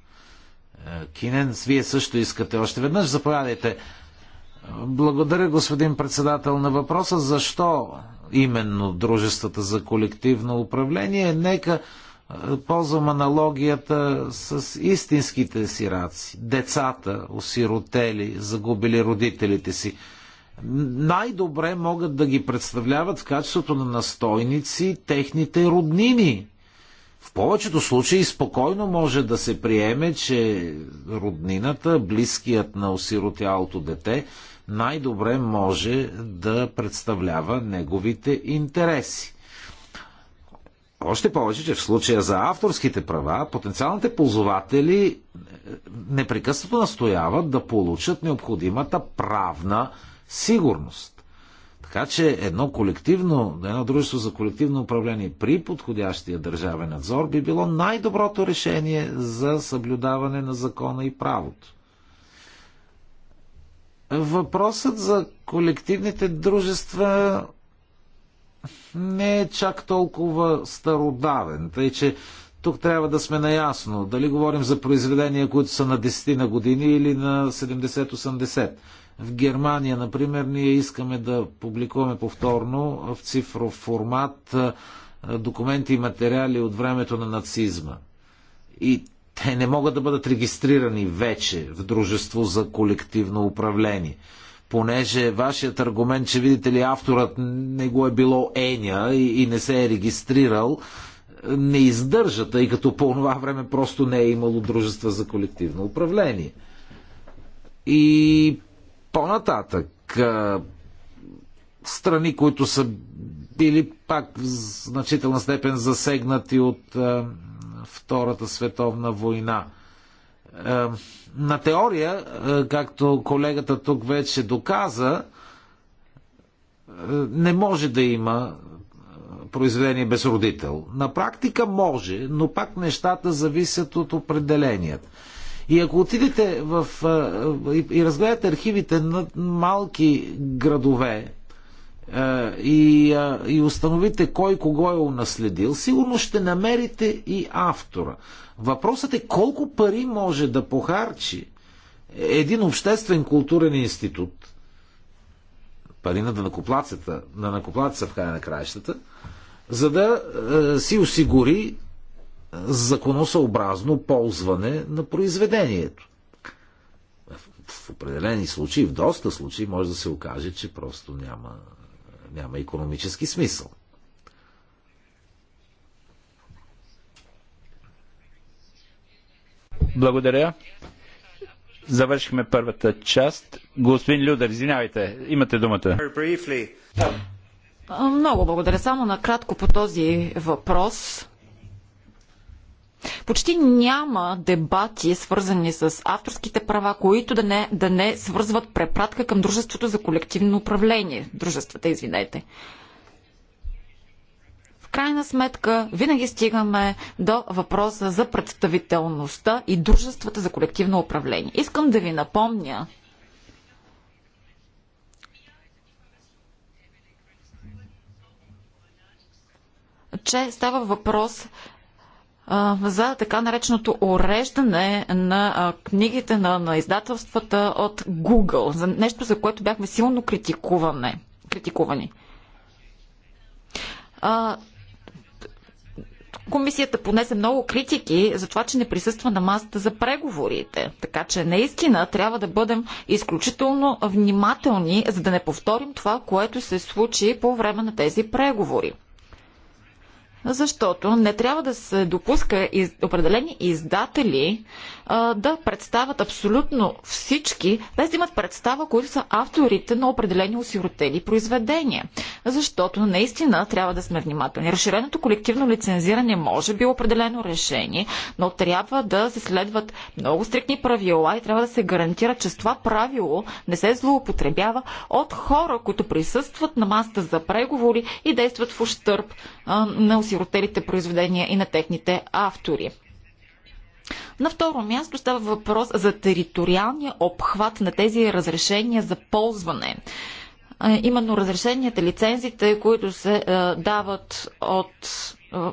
Е, Кинен, вие също искате още веднъж, заповядайте. Благодаря, господин председател, на въпроса защо именно дружествата за колективно управление. Нека е, ползвам аналогията с истинските сираци, децата, осиротели, загубили родителите си. Най-добре могат да ги представляват в качеството на настойници техните роднини. В повечето случаи спокойно може да се приеме, че роднината, близкият на осиротялото дете, най-добре може да представлява неговите интереси. Още повече, че в случая за авторските права, потенциалните ползватели е, непрекъснато настояват да получат необходимата правна сигурност. Така че едно колективно, едно дружество за колективно управление при подходящия държавен надзор би било най-доброто решение за съблюдаване на закона и правото. Въпросът за колективните дружества не е чак толкова стародавен, тъй че тук трябва да сме наясно. Дали говорим за произведения, които са на 10 на години или на 70-80. В Германия, например, ние искаме да публикуваме повторно в цифров формат документи и материали от времето на нацизма. И те не могат да бъдат регистрирани вече в дружество за колективно управление. Понеже вашият аргумент, че видите ли авторът не го е било Еня и, и не се е регистрирал, не издържа, тъй като по това време просто не е имало дружество за колективно управление. И по-нататък страни, които са били пак в значителна степен засегнати от Втората световна война. Е, на теория, е, както колегата тук вече доказа, е, не може да има произведение без родител. На практика може, но пак нещата зависят от определенията. И ако отидете в, и, и разгледате архивите на малки градове, и, и установите кой кого е унаследил, сигурно ще намерите и автора. Въпросът е колко пари може да похарчи един обществен културен институт, пари на накоплацата, на накоплацата в края на краищата, за да е, си осигури законосъобразно ползване на произведението. В, в определени случаи, в доста случаи, може да се окаже, че просто няма няма економически смисъл. Благодаря. Завършихме първата част. Господин Людър, извинявайте, имате думата. Много благодаря. Само накратко по този въпрос. Почти няма дебати, свързани с авторските права, които да не, да не свързват препратка към дружеството за колективно управление. Дружествата, извинете. В крайна сметка, винаги стигаме до въпроса за представителността и дружествата за колективно управление. Искам да ви напомня, че става въпрос за така нареченото уреждане на книгите на, на издателствата от Google. За нещо, за което бяхме силно критикуване, критикувани. А, комисията понесе много критики за това, че не присъства на масата за преговорите. Така че наистина трябва да бъдем изключително внимателни, за да не повторим това, което се случи по време на тези преговори защото не трябва да се допуска из... определени издатели а, да представят абсолютно всички, без да имат представа, които са авторите на определени осиротели произведения. Защото наистина трябва да сме внимателни. Разширеното колективно лицензиране може би е определено решение, но трябва да се следват много стрикни правила и трябва да се гарантира, че с това правило не се злоупотребява от хора, които присъстват на масата за преговори и действат в ущърп на осиротелите произведения и на техните автори. На второ място става въпрос за териториалния обхват на тези разрешения за ползване. Именно разрешенията, лицензите, които се дават от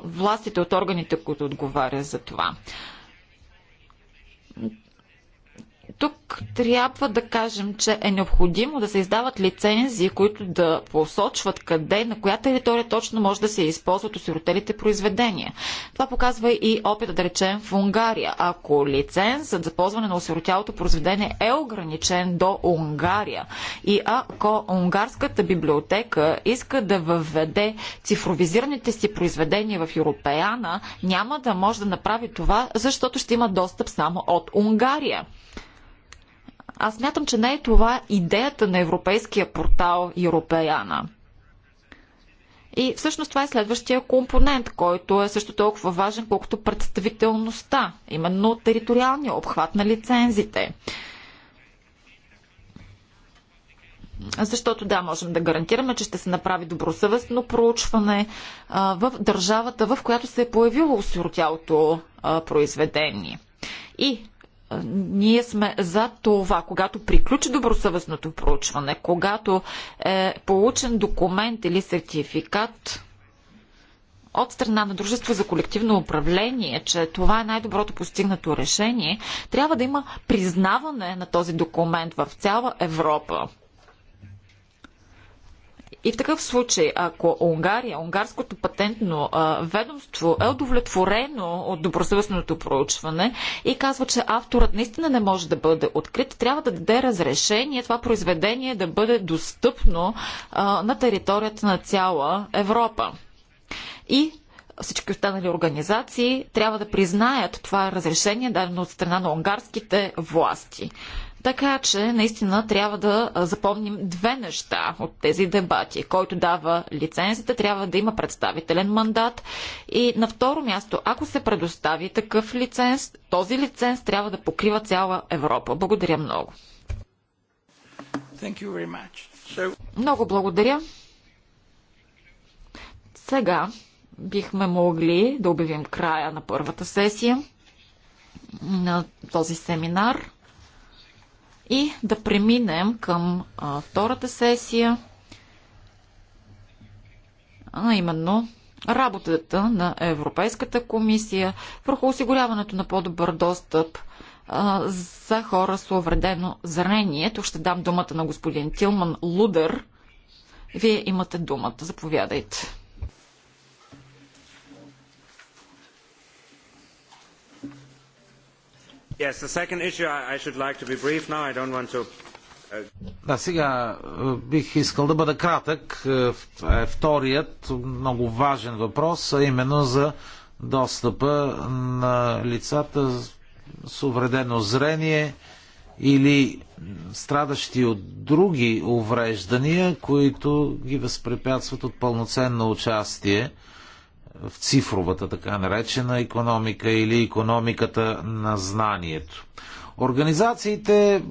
властите, от органите, които отговарят за това тук трябва да кажем, че е необходимо да се издават лицензии, които да посочват къде, на коя територия точно може да се използват осиротелите произведения. Това показва и опита, да речем, в Унгария. Ако лицензът за ползване на осиротялото произведение е ограничен до Унгария и ако унгарската библиотека иска да въведе цифровизираните си произведения в Европеяна, няма да може да направи това, защото ще има достъп само от Унгария. Аз мятам, че не е това идеята на европейския портал Европеяна. И всъщност това е следващия компонент, който е също толкова важен, колкото представителността, именно териториалния обхват на лицензите. Защото да, можем да гарантираме, че ще се направи добросъвестно проучване а, в държавата, в която се е появило осиротялото произведение. И ние сме за това, когато приключи добросъвестното проучване, когато е получен документ или сертификат от страна на дружество за колективно управление, че това е най-доброто постигнато решение, трябва да има признаване на този документ в цяла Европа. И в такъв случай, ако Унгария, унгарското патентно ведомство е удовлетворено от добросъвестното проучване и казва, че авторът наистина не може да бъде открит, трябва да даде разрешение това произведение да бъде достъпно на територията на цяла Европа. И всички останали организации трябва да признаят това разрешение, дадено от страна на унгарските власти. Така че наистина трябва да запомним две неща от тези дебати. Който дава лицензите, трябва да има представителен мандат. И на второ място, ако се предостави такъв лиценз, този лиценз трябва да покрива цяла Европа. Благодаря много. So... Много благодаря. Сега бихме могли да обявим края на първата сесия на този семинар и да преминем към а, втората сесия, а именно работата на Европейската комисия върху осигуряването на по-добър достъп а, за хора с увредено зрение. Тук ще дам думата на господин Тилман Лудър. Вие имате думата. Заповядайте. Yes, the second issue I, should like to be brief now. I don't want to uh, да, сега е, бих искал да бъда кратък. Е, е вторият много важен въпрос, а именно за достъпа на лицата с увредено зрение или страдащи от други увреждания, които ги възпрепятстват от пълноценно участие в цифровата така наречена економика или економиката на знанието. Организациите,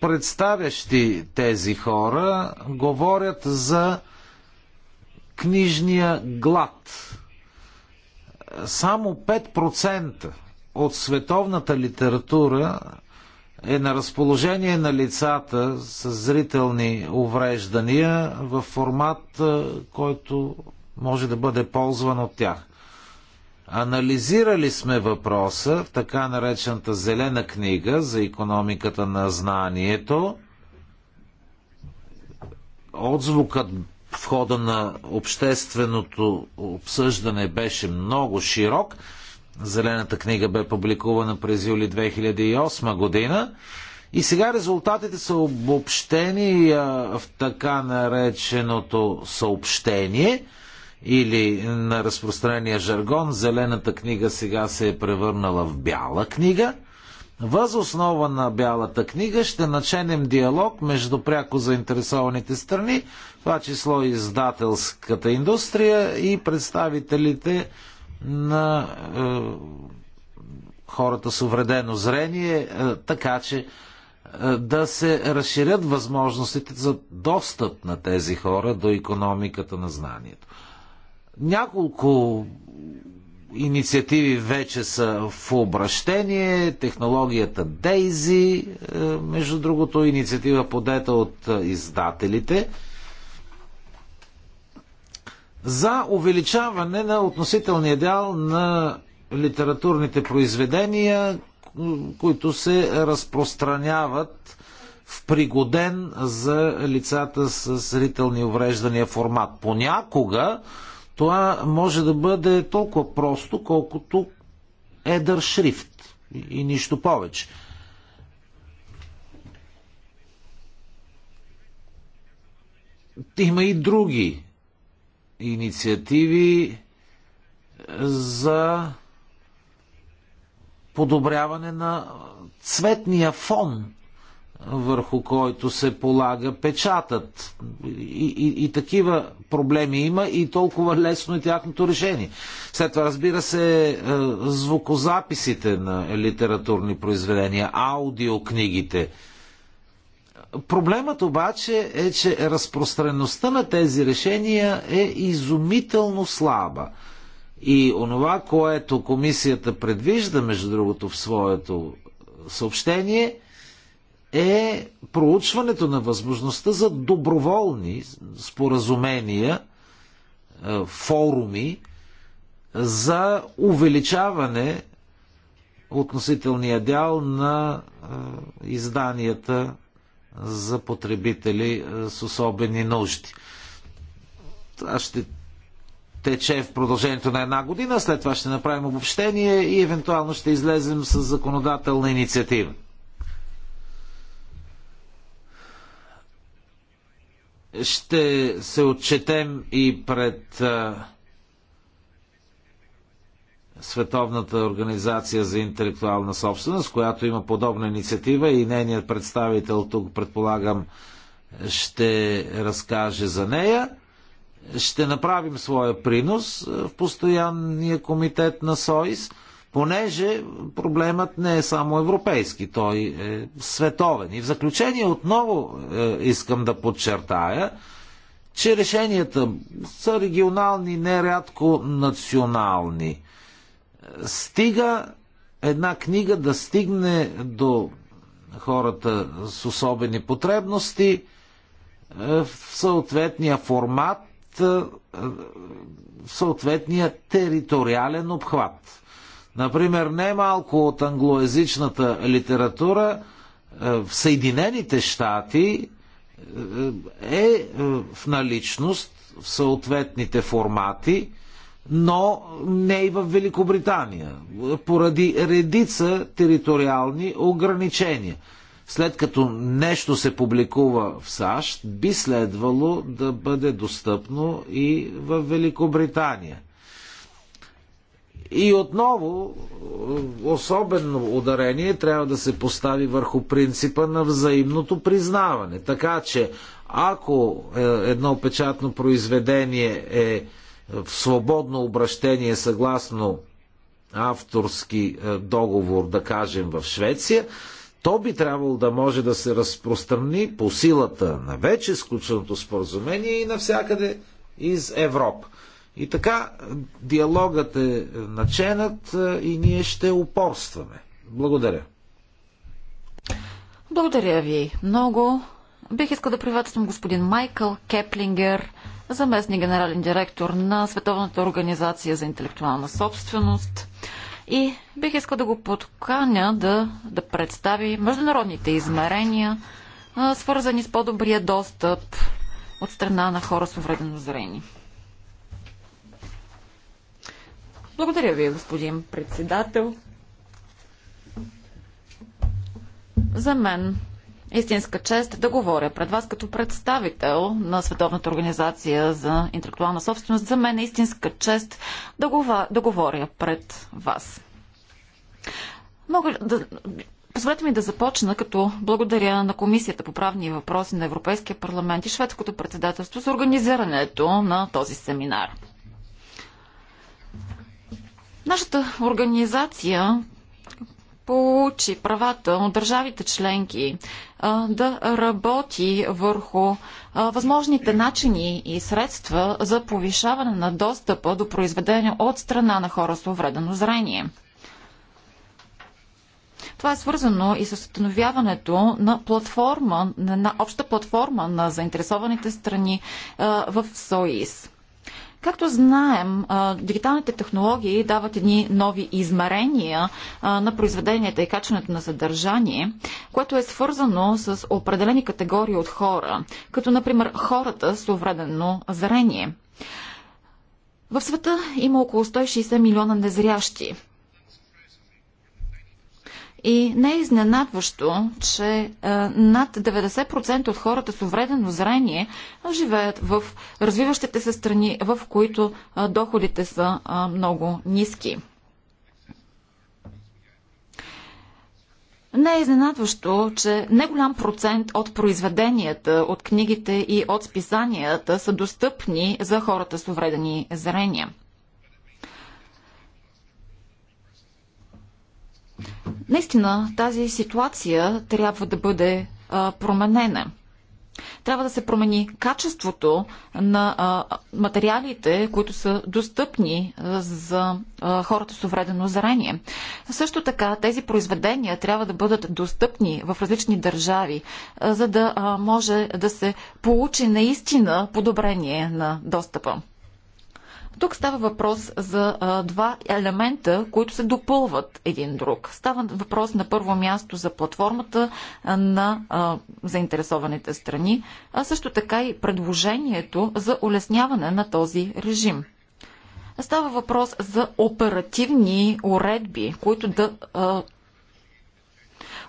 представящи тези хора, говорят за книжния глад. Само 5% от световната литература е на разположение на лицата с зрителни увреждания в формат, който може да бъде ползван от тях. Анализирали сме въпроса в така наречената зелена книга за економиката на знанието. Отзвукът в хода на общественото обсъждане беше много широк. Зелената книга бе публикувана през юли 2008 година. И сега резултатите са обобщени в така нареченото съобщение – или на разпространения жаргон, зелената книга сега се е превърнала в бяла книга. Въз основа на бялата книга ще наченем диалог между пряко заинтересованите страни, това число издателската индустрия и представителите на е, хората с увредено зрение, е, така че е, да се разширят възможностите за достъп на тези хора до економиката на знанието. Няколко инициативи вече са в обращение. Технологията Дейзи, е, между другото, инициатива подета от е, издателите за увеличаване на относителния дял на литературните произведения, които се разпространяват в пригоден за лицата с зрителни увреждания формат. Понякога това може да бъде толкова просто, колкото едър шрифт и нищо повече. Има и други инициативи е, за подобряване на цветния фон върху който се полага печатът. И, и, и такива проблеми има и толкова лесно е тяхното решение. След това, разбира се, е, звукозаписите на литературни произведения, аудиокнигите. Проблемът обаче е, че разпространеността на тези решения е изумително слаба. И онова, което комисията предвижда, между другото, в своето съобщение – е проучването на възможността за доброволни споразумения, е, форуми за увеличаване относителния дял на е, изданията за потребители е, с особени нужди. Това ще тече в продължението на една година, след това ще направим обобщение и евентуално ще излезем с законодателна инициатива. ще се отчетем и пред Световната организация за интелектуална собственост, която има подобна инициатива и нейният представител тук, предполагам, ще разкаже за нея. Ще направим своя принос в постоянния комитет на СОИС – понеже проблемът не е само европейски, той е световен. И в заключение отново е, искам да подчертая, че решенията са регионални, нерядко национални. Стига една книга да стигне до хората с особени потребности е, в съответния формат, е, в съответния териториален обхват. Например, немалко от англоязичната литература е, в Съединените щати е, е, е в наличност в съответните формати, но не и в Великобритания, поради редица териториални ограничения. След като нещо се публикува в САЩ, би следвало да бъде достъпно и в Великобритания – и отново, особено ударение трябва да се постави върху принципа на взаимното признаване. Така че, ако е, едно печатно произведение е, е в свободно обращение съгласно авторски е, договор, да кажем, в Швеция, то би трябвало да може да се разпространи по силата на вече сключеното споразумение и навсякъде из Европа. И така, диалогът е наченът е, и ние ще упорстваме. Благодаря. Благодаря ви много. Бих искал да приветствам господин Майкъл Кеплингер, заместник генерален директор на Световната организация за интелектуална собственост. И бих искал да го подканя да, да представи международните измерения, е, свързани с по-добрия достъп от страна на хора с увредено зрение. Благодаря ви, господин председател. За мен истинска чест да говоря пред вас като представител на Световната организация за интелектуална собственост. За мен е истинска чест да, гова, да говоря пред вас. Мога да, Позволете ми да започна като благодаря на Комисията по правни въпроси на Европейския парламент и Шведското председателство за организирането на този семинар. Нашата организация получи правата от държавите членки а, да работи върху а, възможните начини и средства за повишаване на достъпа до произведения от страна на хора с увредено зрение. Това е свързано и с установяването на платформа, на обща платформа на заинтересованите страни а, в СОИС. Както знаем, дигиталните технологии дават едни нови измерения на произведенията и качването на съдържание, което е свързано с определени категории от хора, като например хората с увредено зрение. В света има около 160 милиона незрящи. И не е изненадващо, че е, над 90% от хората с увредено зрение живеят в развиващите се страни, в които доходите са много ниски. Не е изненадващо, че неголям процент от произведенията, от книгите и от списанията са достъпни за хората с увредени зрения. Наистина тази ситуация трябва да бъде а, променена. Трябва да се промени качеството на а, материалите, които са достъпни а, за а, хората с увредено зрение. Също така, тези произведения трябва да бъдат достъпни в различни държави, а, за да а, може да се получи наистина подобрение на достъпа. Тук става въпрос за а, два елемента, които се допълват един друг. Става въпрос на първо място за платформата а, на а, заинтересованите страни, а също така и предложението за улесняване на този режим. Става въпрос за оперативни уредби, които да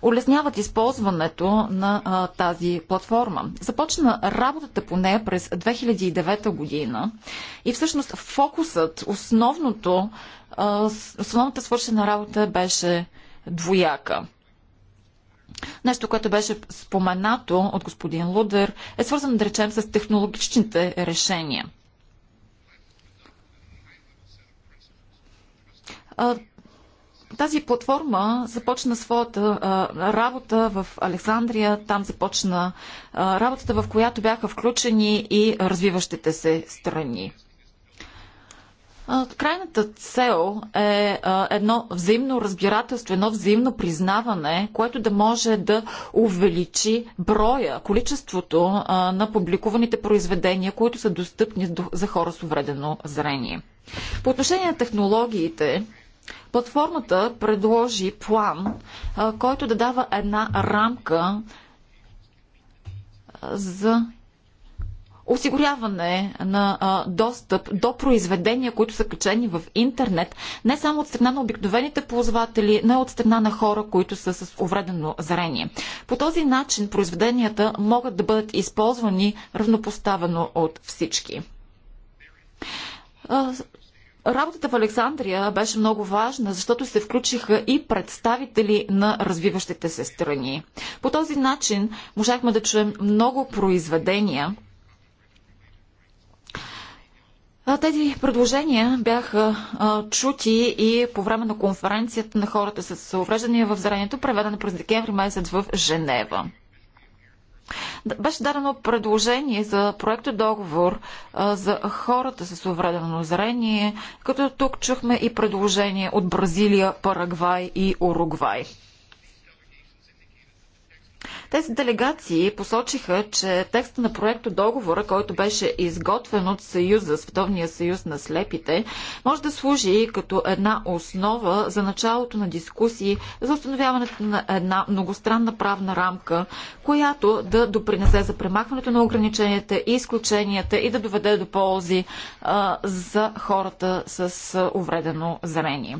улесняват използването на а, тази платформа. Започна работата по нея през 2009 година и всъщност фокусът, основното, а, основната свършена работа беше двояка. Нещо, което беше споменато от господин Лудер, е свързано, да речем, с технологичните решения. Тази платформа започна своята а, работа в Александрия, там започна а, работата, в която бяха включени и развиващите се страни. А, крайната цел е а, едно взаимно разбирателство, едно взаимно признаване, което да може да увеличи броя, количеството а, на публикуваните произведения, които са достъпни за хора с увредено зрение. По отношение на технологиите, Платформата предложи план, който да дава една рамка за осигуряване на достъп до произведения, които са качени в интернет, не само от страна на обикновените ползватели, но и от страна на хора, които са с увредено зрение. По този начин произведенията могат да бъдат използвани равнопоставено от всички. Работата в Александрия беше много важна, защото се включиха и представители на развиващите се страни. По този начин можахме да чуем много произведения. Тези предложения бяха чути и по време на конференцията на хората с увреждания в зрението, преведена през декември месец в Женева. Беше дадено предложение за проекта договор за хората с увредено зрение, като тук чухме и предложение от Бразилия, Парагвай и Уругвай. Тези делегации посочиха, че текста на проекто договора, който беше изготвен от Съюза, Световния съюз на слепите, може да служи като една основа за началото на дискусии за установяването на една многостранна правна рамка, която да допринесе за премахването на ограниченията и изключенията и да доведе до ползи а, за хората с увредено зрение.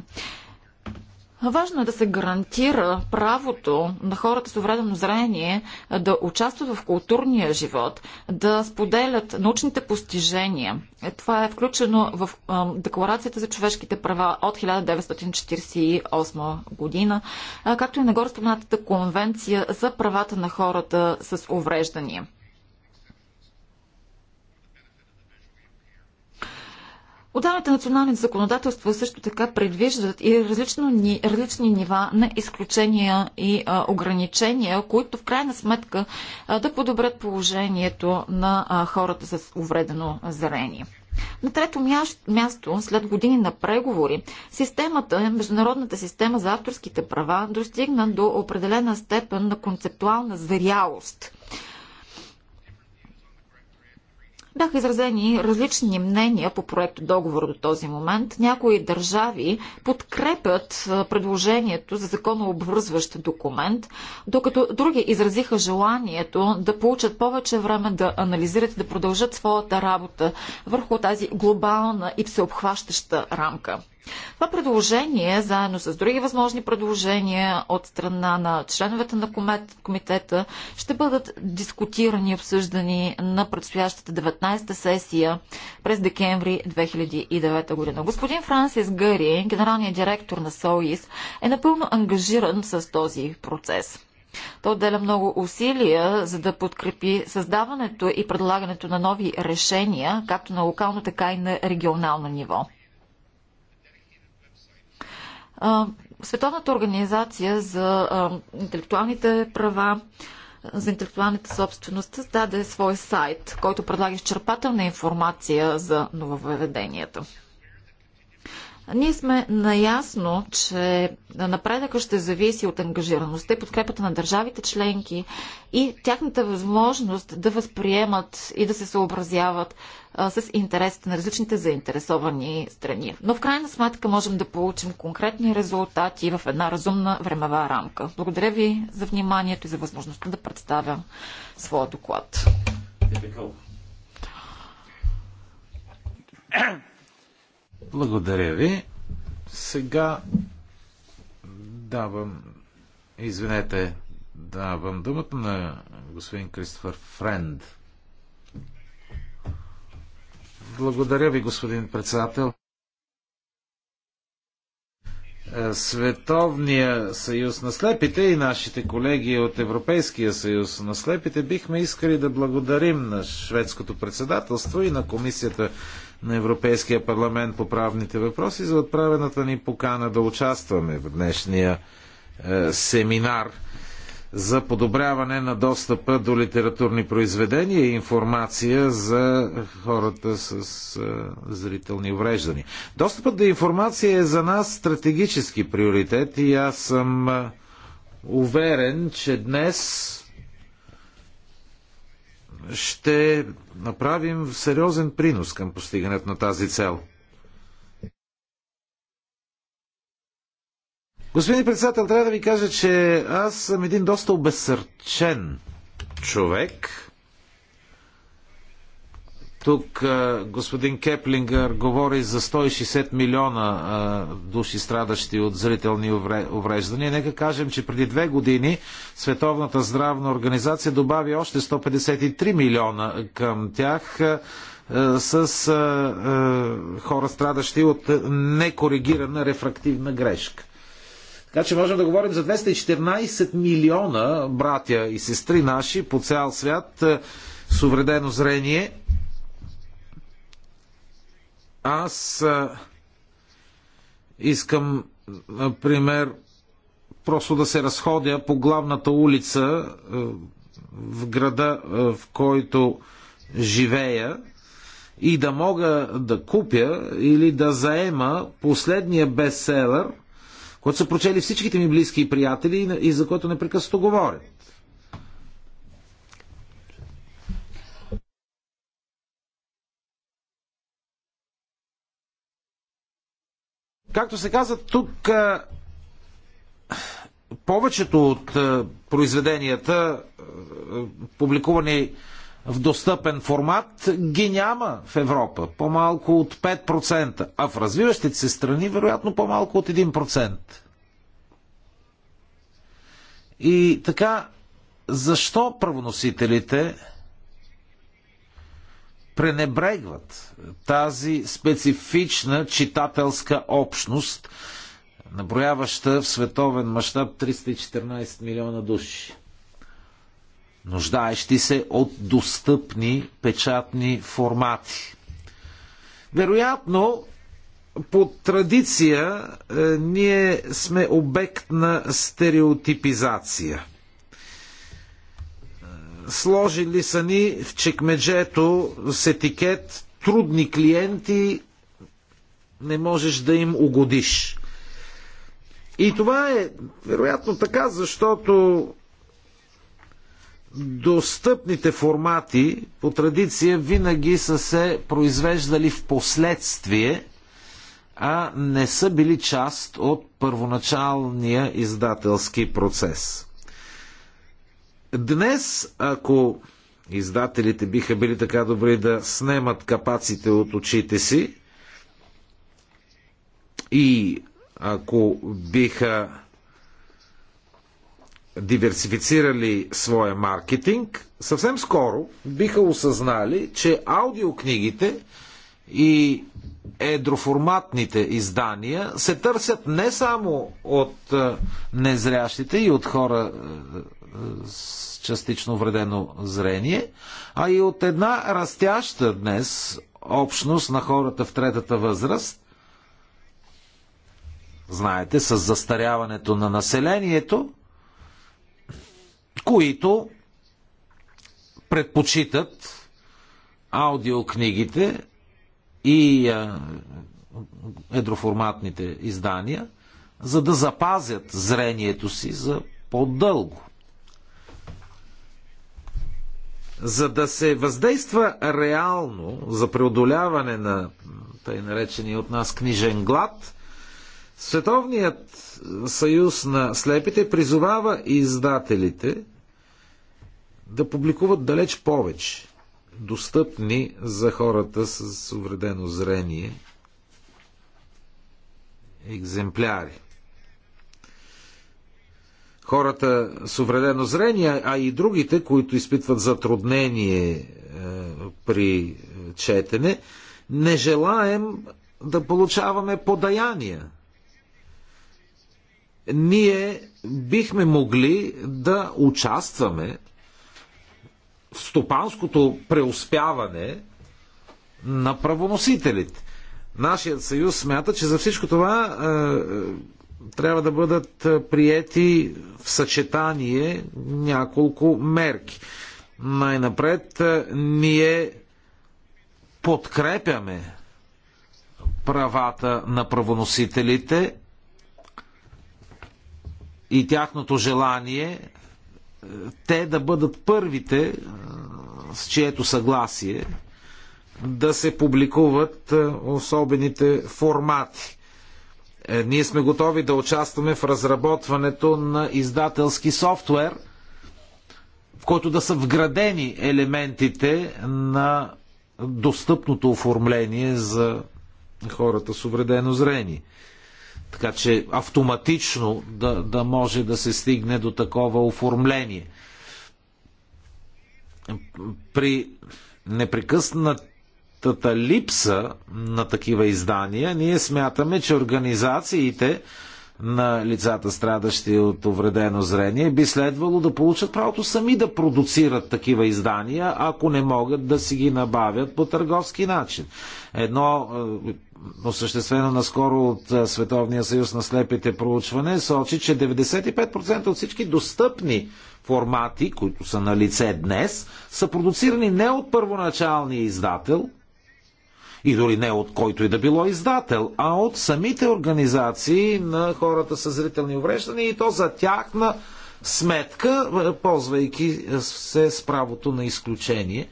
Важно е да се гарантира правото на хората с увредено зрение да участват в културния живот, да споделят научните постижения. Е, това е включено в Декларацията за човешките права от 1948 година, както и на горе конвенция за правата на хората с увреждания. Отделните национални законодателства също така предвиждат и различно, различни нива на изключения и а, ограничения, които в крайна сметка а, да подобрят положението на а, хората с увредено зрение. На трето място, след години на преговори, системата, международната система за авторските права достигна до определена степен на концептуална зрялост – бяха изразени различни мнения по проекто договор до този момент. Някои държави подкрепят предложението за законообвързващ документ, докато други изразиха желанието да получат повече време да анализират и да продължат своята работа върху тази глобална и всеобхващаща рамка. Това предложение, заедно с други възможни предложения от страна на членовете на комитета, ще бъдат дискутирани и обсъждани на предстоящата 19-та сесия през декември 2009 година. Господин Франсис Гъри, генералният директор на СОИС, е напълно ангажиран с този процес. Той отделя много усилия, за да подкрепи създаването и предлагането на нови решения, както на локално, така и на регионално ниво. Световната организация за интелектуалните права, за интелектуалните собственост създаде свой сайт, който предлага изчерпателна информация за нововведенията. Ние сме наясно, че напредъка ще зависи от ангажираността и подкрепата на държавите членки и тяхната възможност да възприемат и да се съобразяват а, с интересите на различните заинтересовани страни. Но в крайна сметка можем да получим конкретни резултати в една разумна времева рамка. Благодаря ви за вниманието и за възможността да представя своя доклад. Е, благодаря ви. Сега давам, извинете, давам думата на господин Кристофър Френд. Благодаря ви, господин председател. Е, Световния съюз на слепите и нашите колеги от Европейския съюз на слепите бихме искали да благодарим на шведското председателство и на комисията на Европейския парламент по правните въпроси за отправената ни покана да участваме в днешния е, семинар за подобряване на достъпа до литературни произведения и информация за хората с е, зрителни увреждания. Достъпът до информация е за нас стратегически приоритет и аз съм е, уверен, че днес ще направим сериозен принос към постигането на тази цел. Господин председател, трябва да ви кажа, че аз съм един доста обесърчен човек. Тук господин Кеплингър говори за 160 милиона души страдащи от зрителни увреждания. Нека кажем, че преди две години Световната здравна организация добави още 153 милиона към тях с хора страдащи от некоригирана рефрактивна грешка. Така че можем да говорим за 214 милиона братя и сестри наши по цял свят с увредено зрение – аз искам, например, просто да се разходя по главната улица в града, в който живея и да мога да купя или да заема последния бестселър, който са прочели всичките ми близки и приятели и за който непрекъснато говоря. Както се каза, тук повечето от произведенията, публикувани в достъпен формат, ги няма в Европа. По-малко от 5%, а в развиващите се страни, вероятно, по-малко от 1%. И така, защо правоносителите пренебрегват тази специфична читателска общност, наброяваща в световен мащаб 314 милиона души, нуждаещи се от достъпни печатни формати. Вероятно, по традиция, е, ние сме обект на стереотипизация – Сложили са ни в чекмеджето с етикет трудни клиенти, не можеш да им угодиш. И това е вероятно така, защото достъпните формати по традиция винаги са се произвеждали в последствие, а не са били част от първоначалния издателски процес. Днес, ако издателите биха били така добри да снемат капаците от очите си и ако биха диверсифицирали своя маркетинг, съвсем скоро биха осъзнали, че аудиокнигите и едроформатните издания се търсят не само от незрящите и от хора с частично вредено зрение, а и от една растяща днес общност на хората в третата възраст, знаете, с застаряването на населението, които предпочитат аудиокнигите и а, едроформатните издания, за да запазят зрението си за по-дълго. За да се въздейства реално за преодоляване на тъй наречения от нас книжен глад, Световният съюз на слепите призовава издателите да публикуват далеч повече достъпни за хората с увредено зрение екземпляри хората с увредено зрение, а и другите, които изпитват затруднение е, при четене, не желаем да получаваме подаяния. Ние бихме могли да участваме в стопанското преуспяване на правоносителите. Нашият съюз смята, че за всичко това е, е, трябва да бъдат приети в съчетание няколко мерки. Най-напред ние подкрепяме правата на правоносителите и тяхното желание те да бъдат първите, с чието съгласие, да се публикуват особените формати е, ние сме готови да участваме в разработването на издателски софтуер, в който да са вградени елементите на достъпното оформление за хората с увредено зрение. Така че автоматично да, да може да се стигне до такова оформление. При непрекъснат тата липса на такива издания, ние смятаме, че организациите на лицата, страдащи от увредено зрение, би следвало да получат правото сами да продуцират такива издания, ако не могат да си ги набавят по търговски начин. Едно е, осъществено наскоро от е, Световния съюз на слепите проучване сочи, че 95% от всички достъпни формати, които са на лице днес, са продуцирани не от първоначалния издател, и дори не от който и да било издател, а от самите организации на хората с зрителни увреждания и то за тяхна сметка, е, ползвайки се с правото на изключение,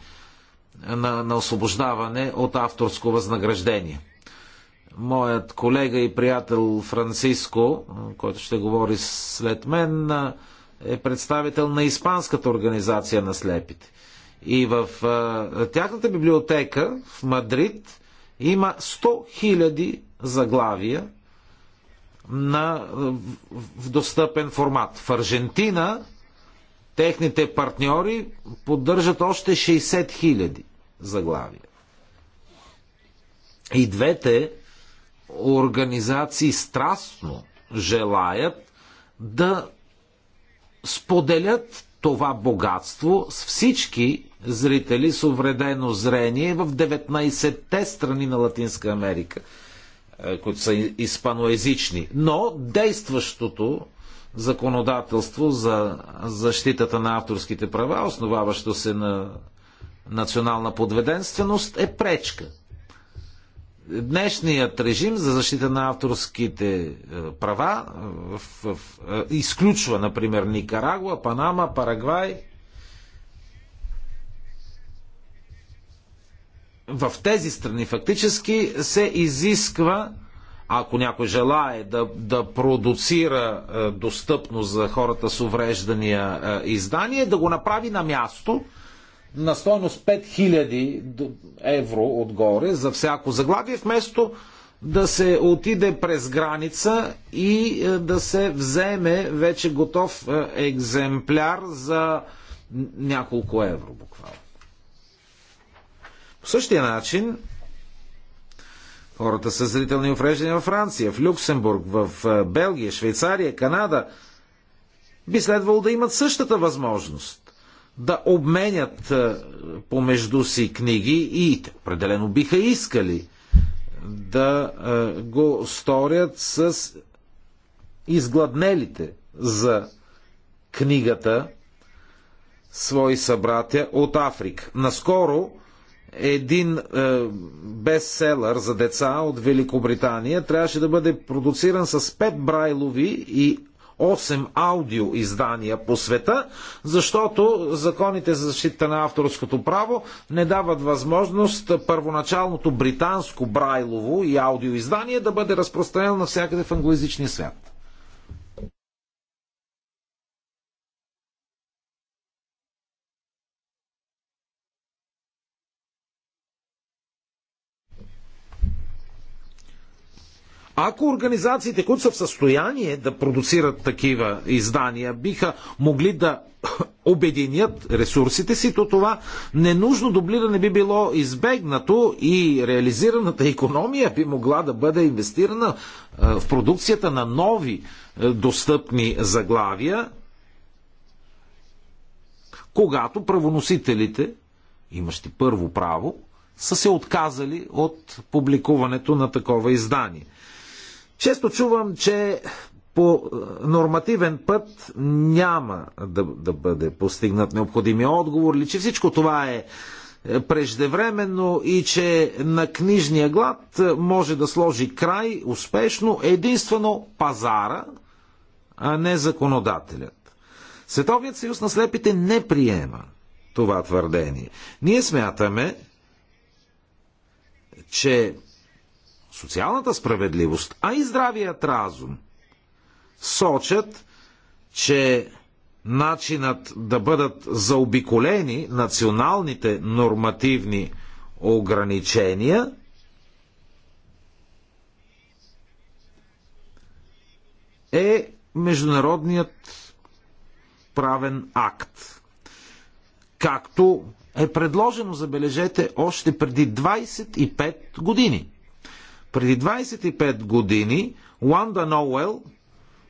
на, на освобождаване от авторско възнаграждение. Моят колега и приятел Франциско, който ще говори след мен, е представител на Испанската организация на слепите. И в а, тяхната библиотека в Мадрид има 100 000 заглавия на, в достъпен формат. В Аржентина техните партньори поддържат още 60 000 заглавия. И двете организации страстно желаят да споделят това богатство с всички зрители с увредено зрение в 19-те страни на Латинска Америка, е, които са испаноязични. Но действащото законодателство за защитата на авторските права, основаващо се на национална подведенственост, е пречка днешният режим за защита на авторските е, права е, в, в, в, е, изключва, например, Никарагуа, Панама, Парагвай. В тези страни фактически се изисква, ако някой желае да, да продуцира достъпно за хората с увреждания издание, да го направи на място – на стойност 5000 евро отгоре за всяко заглавие, вместо да се отиде през граница и е, да се вземе вече готов е, екземпляр за няколко евро буквално. По същия начин хората са зрителни увреждания във Франция, в Люксембург, в е, Белгия, Швейцария, Канада би следвало да имат същата възможност да обменят е, помежду си книги и определено биха искали да е, го сторят с изгладнелите за книгата свои събратя от Африка. Наскоро един е, бестселър за деца от Великобритания трябваше да бъде продуциран с пет брайлови и 8 аудио издания по света, защото законите за защита на авторското право не дават възможност първоначалното британско брайлово и аудио издание да бъде разпространено навсякъде в англоязичния свят. Ако организациите, които са в състояние да продуцират такива издания, биха могли да <coughs> обединят ресурсите си, то това ненужно дублиране би било избегнато и реализираната економия би могла да бъде инвестирана в продукцията на нови достъпни заглавия, когато правоносителите, имащи първо право, са се отказали от публикуването на такова издание – често чувам, че по нормативен път няма да, да бъде постигнат необходимия отговор, ли че всичко това е, е преждевременно и че на книжния глад може да сложи край успешно единствено пазара, а не законодателят. Световият съюз на слепите не приема това твърдение. Ние смятаме, че социалната справедливост, а и здравият разум сочат, че начинът да бъдат заобиколени националните нормативни ограничения е международният правен акт. Както е предложено, забележете, още преди 25 години – преди 25 години Уанда Ноуел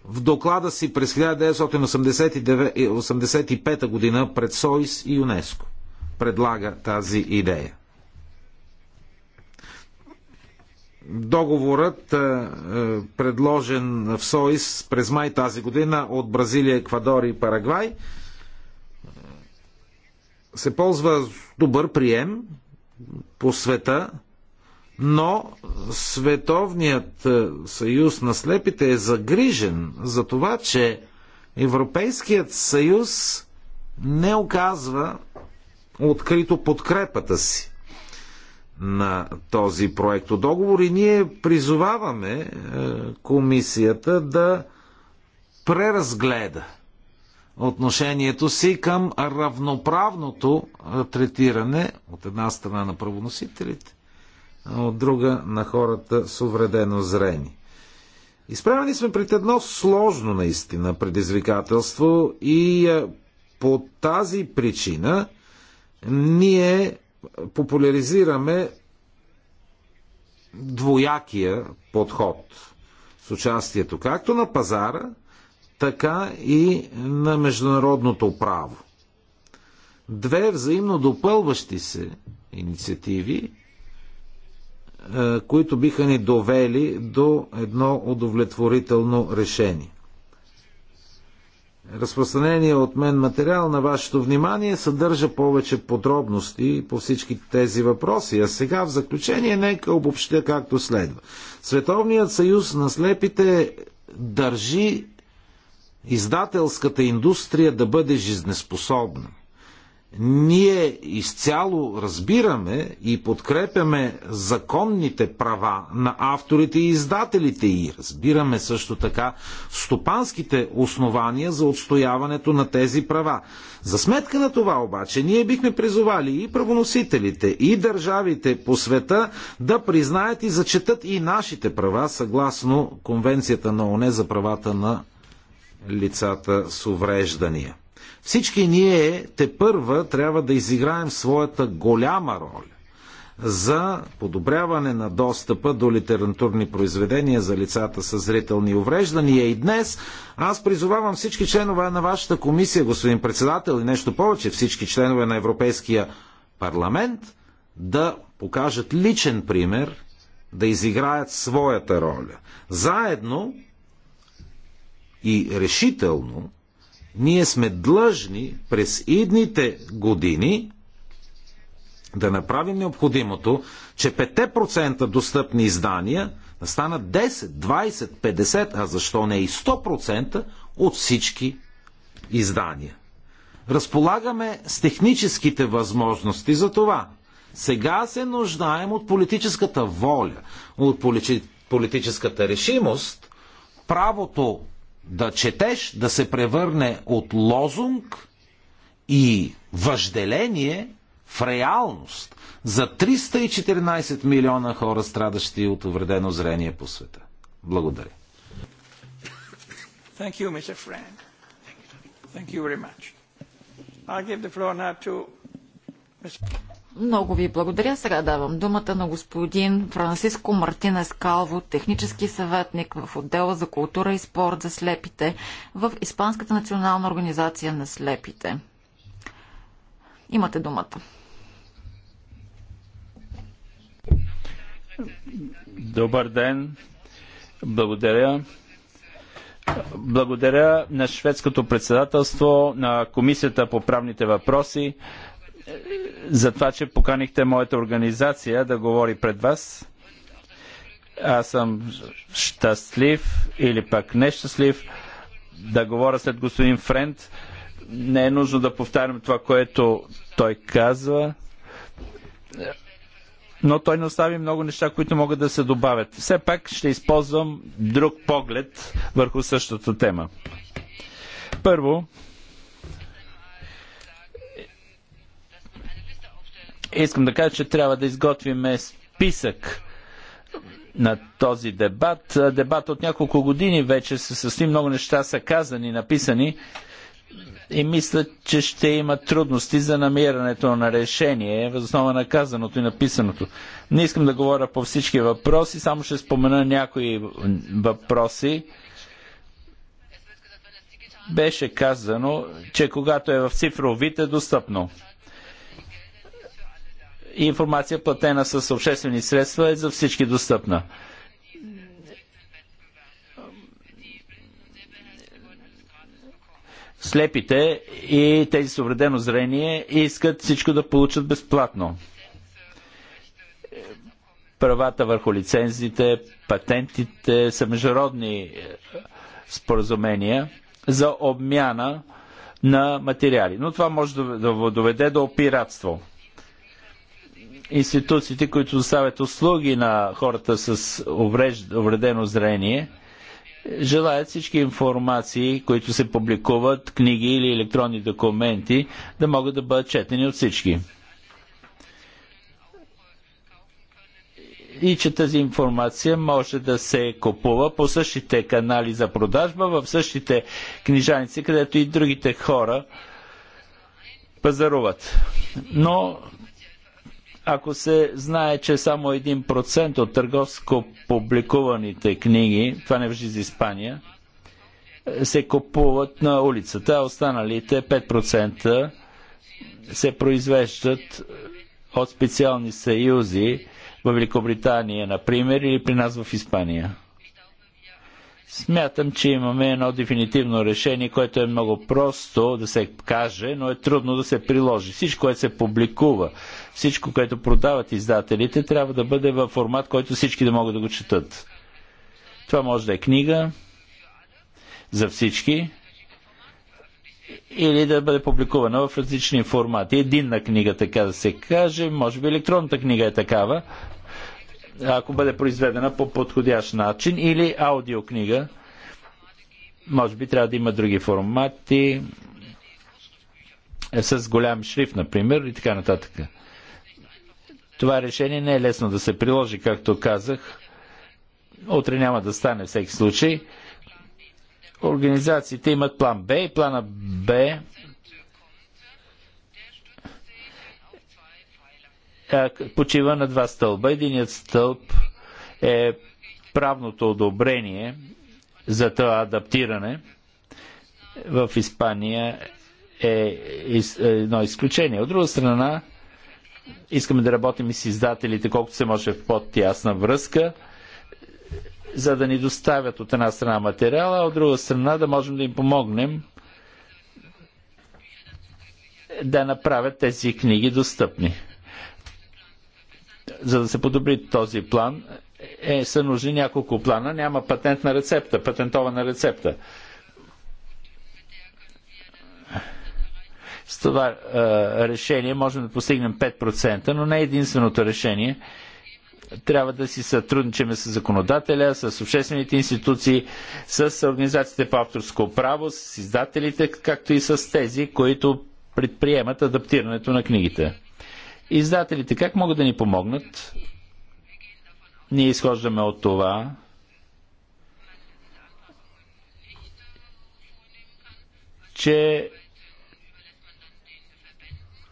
в доклада си през 1985 година пред СОИС и ЮНЕСКО предлага тази идея. Договорът, е, е, предложен в СОИС през май тази година от Бразилия, Еквадор и Парагвай, е, се ползва добър прием по света, но Световният е, съюз на слепите е загрижен за това, че Европейският съюз не оказва открито подкрепата си на този проект договор и ние призоваваме е, комисията да преразгледа отношението си към равноправното е, третиране от една страна на правоносителите а от друга на хората с увредено зрение. Изправени сме пред едно сложно наистина предизвикателство и по тази причина ние популяризираме двоякия подход с участието както на пазара, така и на международното право. Две взаимно допълващи се инициативи, е, които биха ни довели до едно удовлетворително решение. Разпространение от мен материал на вашето внимание съдържа повече подробности по всички тези въпроси, а сега в заключение нека обобщя както следва. Световният съюз на слепите държи издателската индустрия да бъде жизнеспособна. Ние изцяло разбираме и подкрепяме законните права на авторите и издателите и разбираме също така стопанските основания за отстояването на тези права. За сметка на това обаче ние бихме призовали и правоносителите, и държавите по света да признаят и зачетат и нашите права съгласно Конвенцията на ОНЕ за правата на лицата с увреждания. Всички ние те първа трябва да изиграем своята голяма роля за подобряване на достъпа до литературни произведения за лицата с зрителни увреждания. И днес аз призовавам всички членове на вашата комисия, господин председател, и нещо повече, всички членове на Европейския парламент да покажат личен пример, да изиграят своята роля. Заедно и решително ние сме длъжни през идните години да направим необходимото, че 5% достъпни издания да станат 10, 20, 50, а защо не и 100% от всички издания. Разполагаме с техническите възможности за това. Сега се нуждаем от политическата воля, от политическата решимост, правото да четеш да се превърне от лозунг и въжделение в реалност за 314 милиона хора, страдащи от увредено зрение по света. Благодаря. Thank you, Mr. Friend. Thank you very much. I'll give the floor now to Mr. Много ви благодаря. Сега давам думата на господин Франциско Мартинес Калво, технически съветник в отдела за култура и спорт за слепите в Испанската национална организация на слепите. Имате думата. Добър ден. Благодаря. Благодаря на шведското председателство, на Комисията по правните въпроси, за това, че поканихте моята организация да говори пред вас. Аз съм щастлив или пък нещастлив да говоря след господин Френд. Не е нужно да повтарям това, което той казва. Но той не остави много неща, които могат да се добавят. Все пак ще използвам друг поглед върху същата тема. Първо, Искам да кажа, че трябва да изготвим списък на този дебат. Дебат от няколко години вече с много неща са казани, написани и мисля, че ще има трудности за намирането на решение в основа на казаното и написаното. Не искам да говоря по всички въпроси, само ще спомена някои въпроси. Беше казано, че когато е в цифровите е достъпно и информация, платена с обществени средства, е за всички достъпна. Слепите и тези с увредено зрение искат всичко да получат безплатно. Правата върху лицензите, патентите са международни е, споразумения за обмяна на материали. Но това може да доведе до пиратство институциите, които доставят услуги на хората с увредено зрение, желаят всички информации, които се публикуват, книги или електронни документи, да могат да бъдат четени от всички. И че тази информация може да се купува по същите канали за продажба, в същите книжаници, където и другите хора пазаруват. Но ако се знае, че само 1% от търговско публикуваните книги, това не въжи за Испания, се купуват на улицата, а останалите 5% се произвеждат от специални съюзи в Великобритания, например, или при нас в Испания. Смятам, че имаме едно дефинитивно решение, което е много просто да се каже, но е трудно да се приложи. Всичко, което се публикува, всичко, което продават издателите, трябва да бъде във формат, който всички да могат да го четат. Това може да е книга за всички или да бъде публикувана в различни формати. Единна книга, така да се каже, може би електронната книга е такава, ако бъде произведена по подходящ начин, или аудиокнига. Може би трябва да има други формати, е, с голям шрифт, например, и така нататък. Това решение не е лесно да се приложи, както казах. Утре няма да стане всеки случай. Организациите имат план Б и плана Б почива на два стълба. Единият стълб е правното одобрение за това адаптиране. В Испания е едно изключение. От друга страна, искаме да работим и с издателите колкото се може в по-тясна връзка, за да ни доставят от една страна материала, а от друга страна да можем да им помогнем да направят тези книги достъпни. За да се подобри този план, е, са нужни няколко плана. Няма патентна рецепта, патентована рецепта. С това е, решение можем да постигнем 5%, но не е единственото решение. Трябва да си сътрудничаме с законодателя, с обществените институции, с организациите по авторско право, с издателите, както и с тези, които предприемат адаптирането на книгите. Издателите как могат да ни помогнат? Ние изхождаме от това, че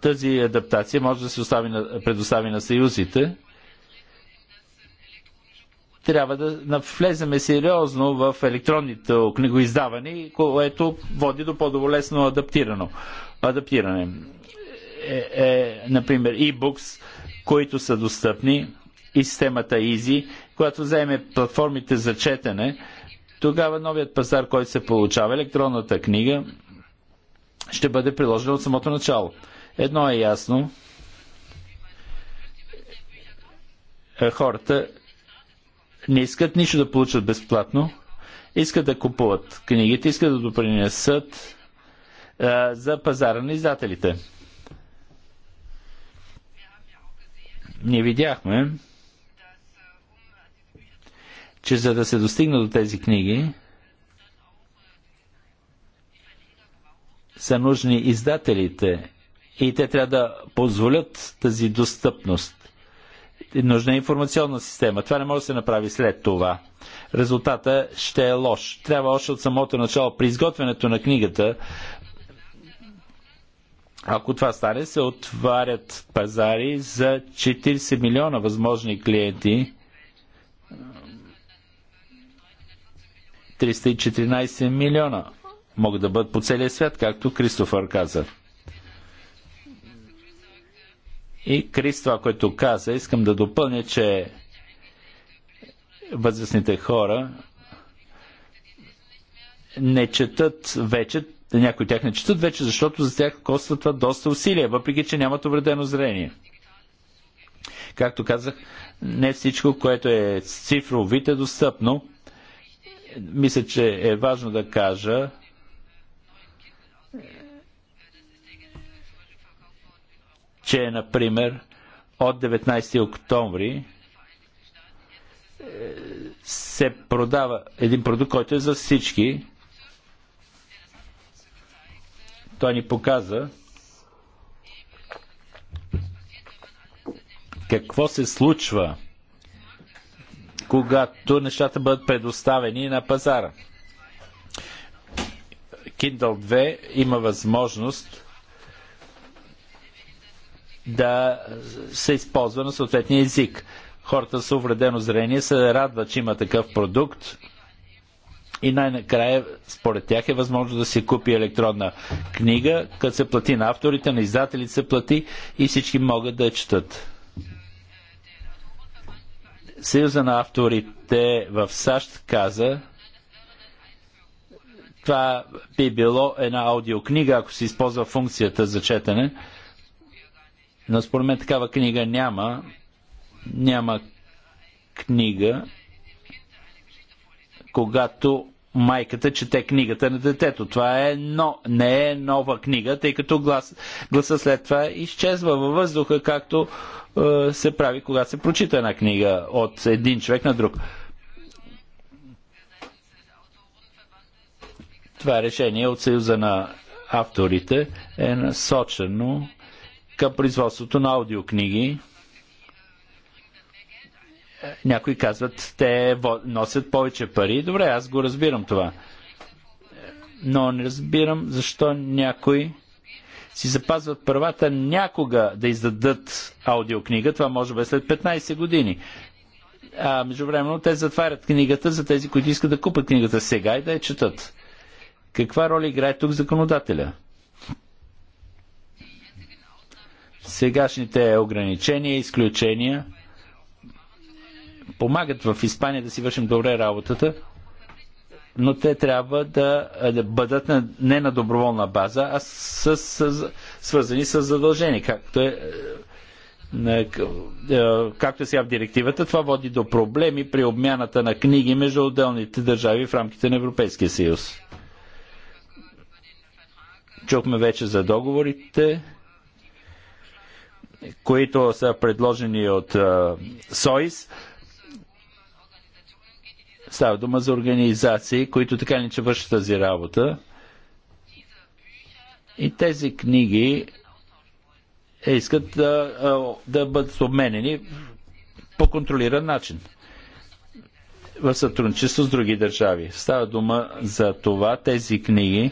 тази адаптация може да се остави на, предостави на съюзите. Трябва да навлеземе сериозно в електронните книгоиздаване, което води до по-доволесно адаптиране е, е например, e-books, които са достъпни и системата Easy, която вземе платформите за четене, тогава новият пазар, който се получава, електронната книга, ще бъде приложена от самото начало. Едно е ясно. Е, хората не искат нищо да получат безплатно, искат да купуват книгите, искат да допринесат е, за пазара на издателите. ние видяхме, че за да се достигне до тези книги, са нужни издателите и те трябва да позволят тази достъпност. Нужна е информационна система. Това не може да се направи след това. Резултата ще е лош. Трябва още от самото начало при изготвянето на книгата ако това стане, се отварят пазари за 40 милиона възможни клиенти. 314 милиона могат да бъдат по целия свят, както Кристофър каза. И Крис това, което каза, искам да допълня, че възрастните хора не четат вече някои тях не четат вече, защото за тях коства това доста усилия, въпреки че нямат увредено зрение. Както казах, не всичко, което е цифровите вид е достъпно. Мисля, че е важно да кажа, че, например, от 19 октомври е, се продава един продукт, който е за всички той ни показа какво се случва, когато нещата бъдат предоставени на пазара. Kindle 2 има възможност да се използва на съответния език. Хората с увредено зрение се радват, че има такъв продукт, и най-накрая, според тях е възможно да се купи електронна книга, като се плати на авторите, на издателите се плати и всички могат да я четат. Съюза на авторите в САЩ каза, това би било една аудиокнига, ако се използва функцията за четене, но според мен такава книга няма. Няма книга, когато майката чете книгата на детето. Това е но, не е нова книга, тъй като глас, гласа след това изчезва във въздуха, както е, се прави, когато се прочита една книга от един човек на друг. Това решение от Съюза на авторите е насочено към производството на аудиокниги някои казват, те носят повече пари. Добре, аз го разбирам това. Но не разбирам защо някои си запазват правата някога да издадат аудиокнига. Това може би е след 15 години. А междувременно те затварят книгата за тези, които искат да купат книгата сега и да я четат. Каква роля играе тук законодателя? Сегашните ограничения, изключения – помагат в Испания да си вършим добре работата, но те трябва да, да бъдат на, не на доброволна база, а с, с, свързани с задължения. Както е, е, както е сега в директивата, това води до проблеми при обмяната на книги между отделните държави в рамките на Европейския съюз. Чухме вече за договорите, които са предложени от е, СОИС. Става дума за организации, които така не че вършат тази работа. И тези книги е, искат да, да бъдат обменени по контролиран начин в сътрудничество с други държави. Става дума за това тези книги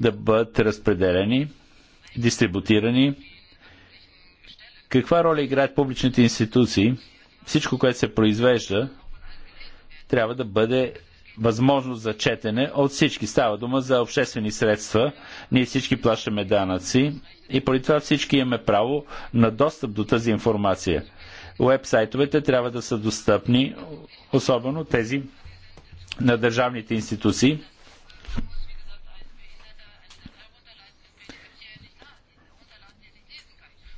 да бъдат разпределени, дистрибутирани. Каква роля играят публичните институции? Всичко, което се произвежда, трябва да бъде възможност за четене от всички. Става дума за обществени средства. Ние всички плащаме данъци и поради това всички имаме право на достъп до тази информация. Уебсайтовете трябва да са достъпни, особено тези на държавните институции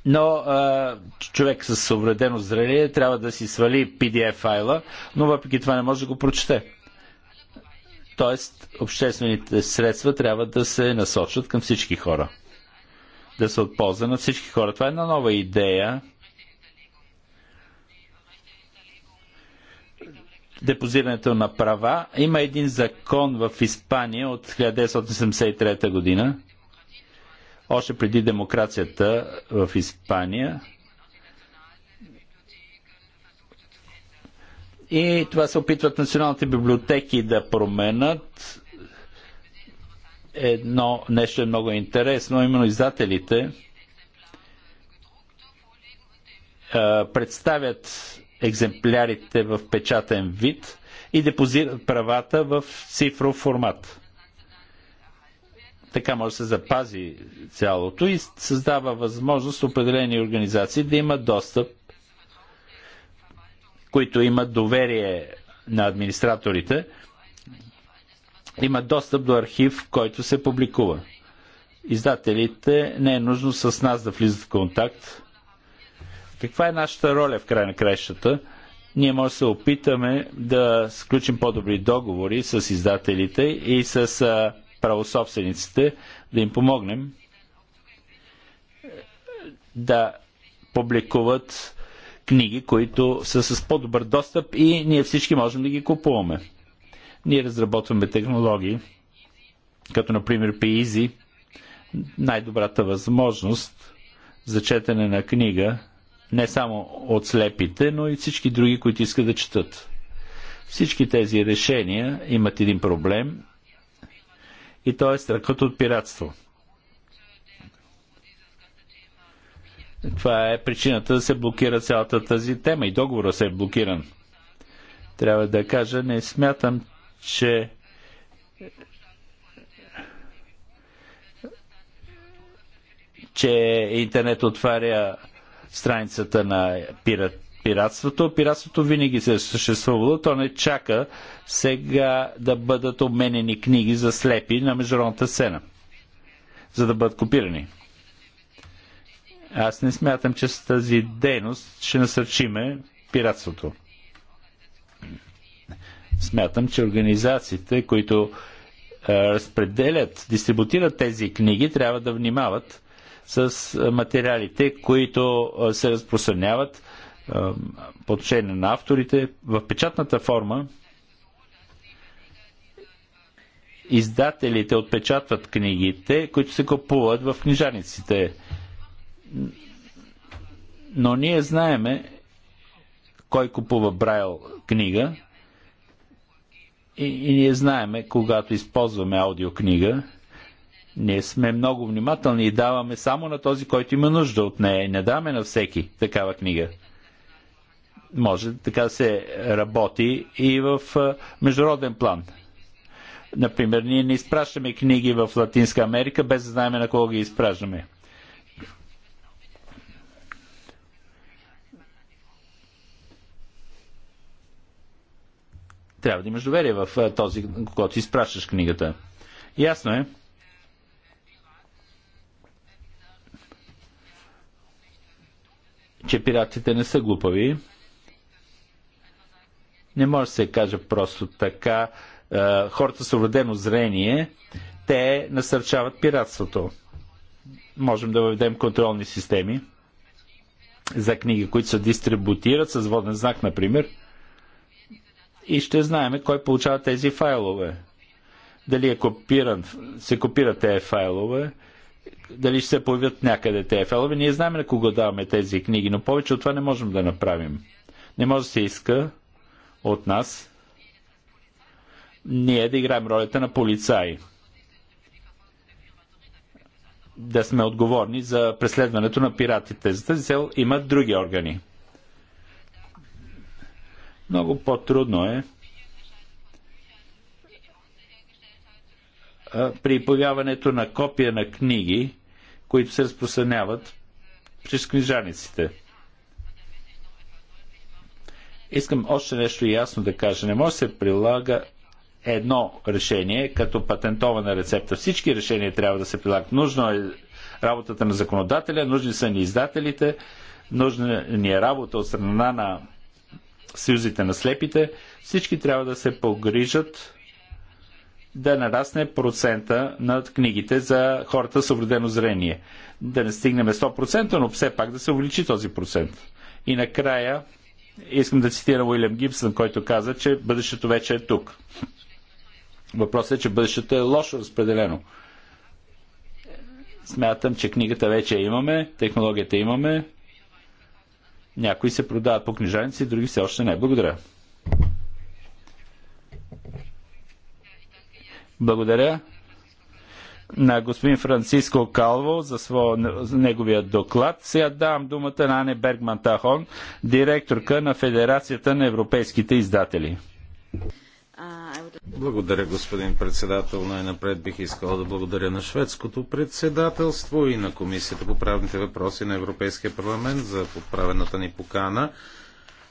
но а, човек с увредено зрение трябва да си свали PDF файла, но въпреки това не може да го прочете. Тоест, обществените средства трябва да се насочат към всички хора. Да се от полза на всички хора. Това е една нова идея. Депозирането на права. Има един закон в Испания от 1973 година, още преди демокрацията в Испания И това се опитват националните библиотеки да променят. Едно нещо е много интересно, именно издателите а, представят екземплярите в печатен вид и депозират правата в цифров формат. Така може да се запази цялото и създава възможност определени организации да имат достъп, които имат доверие на администраторите, имат достъп до архив, който се публикува. Издателите не е нужно с нас да влизат в контакт. Каква е нашата роля в край на краищата? ние може да се опитаме да сключим по-добри договори с издателите и с а, правособствениците, да им помогнем да публикуват книги, които са с по-добър достъп и ние всички можем да ги купуваме. Ние разработваме технологии, като например PEASY, най-добрата възможност за четене на книга не само от слепите, но и всички други, които искат да четат. Всички тези решения имат един проблем и той е страхът от пиратство. Това е причината да се блокира цялата тази тема и договора се е блокиран. Трябва да кажа, не смятам, че че интернет отваря страницата на пират пиратството. Пиратството винаги се е съществувало. То не чака сега да бъдат обменени книги за слепи на международната сцена, за да бъдат копирани. Аз не смятам, че с тази дейност ще насърчиме пиратството. Смятам, че организациите, които разпределят, дистрибутират тези книги, трябва да внимават с материалите, които се разпространяват по отношение на авторите. В печатната форма издателите отпечатват книгите, които се купуват в книжаниците. Но ние знаеме кой купува Брайл книга и, и ние знаеме, когато използваме аудиокнига, ние сме много внимателни и даваме само на този, който има нужда от нея и не даваме на всеки такава книга може така да се работи и в международен план. Например, ние не изпращаме книги в Латинска Америка, без да знаем на кого ги изпращаме. Трябва да имаш доверие в този, когато изпращаш книгата. Ясно е. че пиратите не са глупави. Не може да се каже просто така. Е, хората с увредено зрение, те насърчават пиратството. Можем да въведем контролни системи за книги, които се дистрибутират с воден знак, например. И ще знаем кой получава тези файлове. Дали е копиран, се копират тези файлове, дали ще се появят някъде тези файлове. Ние знаем на кого даваме тези книги, но повече от това не можем да направим. Не може да се иска от нас ние да играем ролята на полицаи. Да сме отговорни за преследването на пиратите. За тази цел имат други органи. Много по-трудно е при появяването на копия на книги, които се разпространяват чрез книжаниците. Искам още нещо ясно да кажа. Не може да се прилага едно решение като патентована рецепта. Всички решения трябва да се прилагат. Нужно е работата на законодателя, нужни са ни издателите, нужна ни е работа от страна на съюзите на слепите. Всички трябва да се погрижат да нарасне процента на книгите за хората с увредено зрение. Да не стигнем 100%, но все пак да се увеличи този процент. И накрая Искам да цитирам Уилям Гибсън, който каза, че бъдещето вече е тук. Въпросът е, че бъдещето е лошо разпределено. Смятам, че книгата вече имаме, технологията имаме. Някои се продават по книжаници, други все още не. Благодаря. Благодаря на господин Франциско Калво за своя, неговия доклад. Сега давам думата на Ане Бергман Тахон, директорка на Федерацията на европейските издатели. Благодаря, господин председател. Най-напред бих искал да благодаря на шведското председателство и на Комисията по правните въпроси на Европейския парламент за подправената ни покана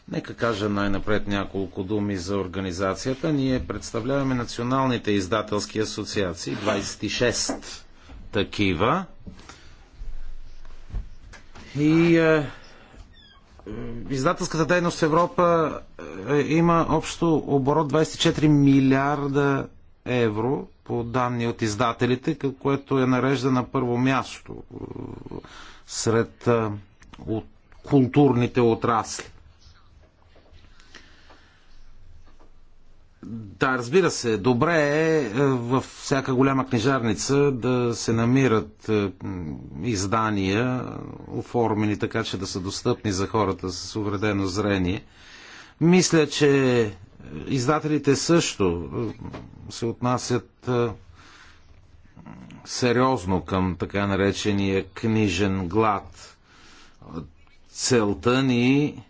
Нека кажа най-напред няколко думи за организацията. Ние представляваме националните издателски асоциации, 26 такива. И е, е, издателската дейност в Европа е, има общо оборот 24 милиарда евро по данни от издателите, което е нарежда на първо място е, сред е, от културните отрасли. Да, разбира се, добре е, е във всяка голяма книжарница да се намират е, издания, оформени така, че да са достъпни за хората с увредено зрение. Мисля, че издателите също е, се отнасят сериозно към така наречения книжен глад. Целта ни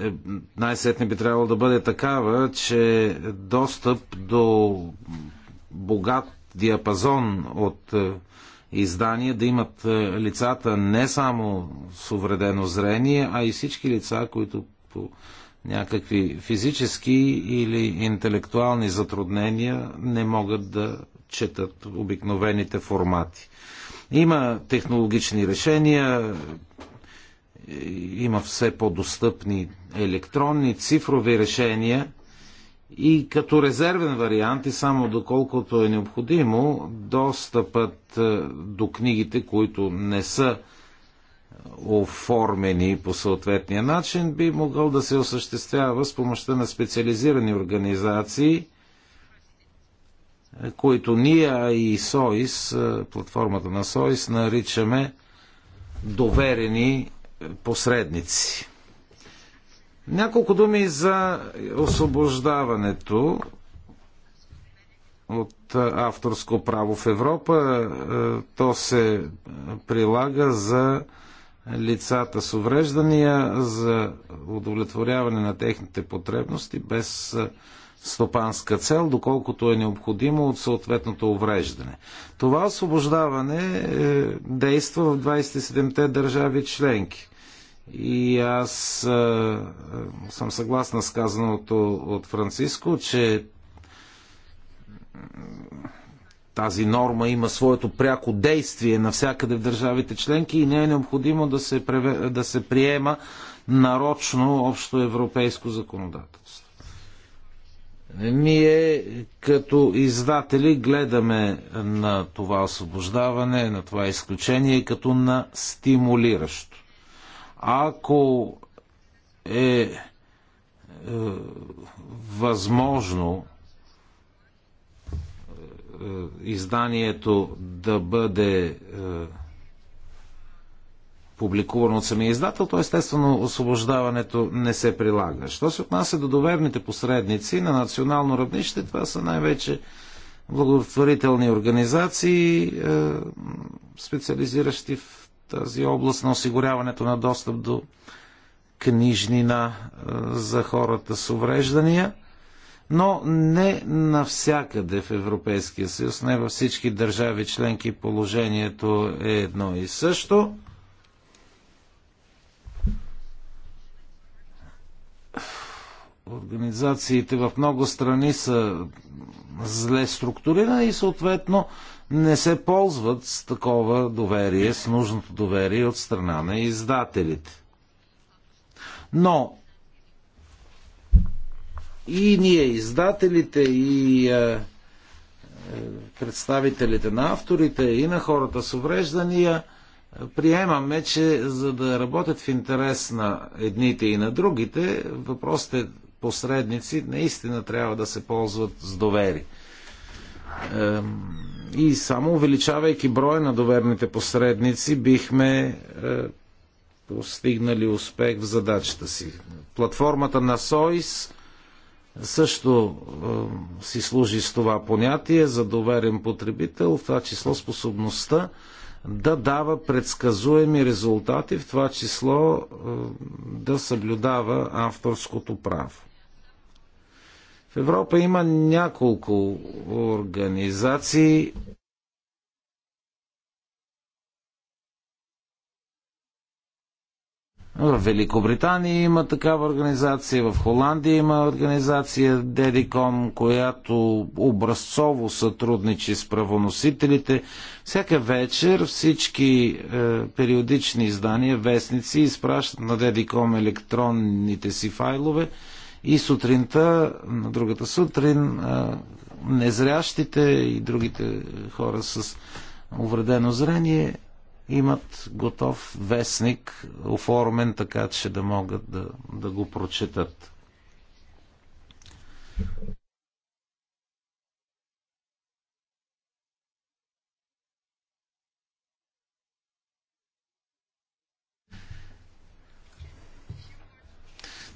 е, най-сетне би трябвало да бъде такава, че достъп до богат диапазон от е, издания да имат е, лицата не само с увредено зрение, а и всички лица, които по някакви физически или интелектуални затруднения не могат да четат обикновените формати. Има технологични решения, има все по-достъпни електронни, цифрови решения и като резервен вариант и само доколкото е необходимо, достъпът е, до книгите, които не са оформени по съответния начин, би могъл да се осъществява с помощта на специализирани организации, е, които ние и СОИС, е, платформата на СОИС, наричаме доверени посредници. Няколко думи за освобождаването от авторско право в Европа. То се прилага за лицата с увреждания, за удовлетворяване на техните потребности без стопанска цел, доколкото е необходимо от съответното увреждане. Това освобождаване е, действа в 27-те държави членки. И аз а, е, е, съм съгласна с казаното от Франциско, че е, тази норма има своето пряко действие навсякъде в държавите членки и не е необходимо да се, преве... да се приема нарочно общо европейско законодателство. Ние като издатели гледаме на това освобождаване, на това изключение като на стимулиращо. Ако е, е възможно е, изданието да бъде е, публикувано от самия издател, то естествено освобождаването не се прилага. Що се отнася до доверните посредници на национално равнище, това са най-вече благотворителни организации, е, специализиращи в тази област на осигуряването на достъп до книжнина е, за хората с увреждания, но не навсякъде в Европейския съюз, не във всички държави членки положението е едно и също. Организациите в много страни са зле структурирани и съответно не се ползват с такова доверие, с нужното доверие от страна на издателите. Но и ние, издателите, и е, е, представителите на авторите, и на хората с увреждания, приемаме, че за да работят в интерес на едните и на другите, въпросите посредници наистина трябва да се ползват с довери. И само увеличавайки броя на доверните посредници, бихме е, постигнали успех в задачата си. Платформата на СОИС също е, си служи с това понятие за доверен потребител, в това число способността да дава предсказуеми резултати, в това число е, да съблюдава авторското право. В Европа има няколко организации, В Великобритания има такава организация, в Холандия има организация Дедиком, която образцово сътрудничи с правоносителите. Всяка вечер всички е, периодични издания, вестници изпращат на Дедиком електронните си файлове и сутринта, на другата сутрин, незрящите и другите хора с увредено зрение имат готов вестник, оформен така, че да могат да, да го прочитат.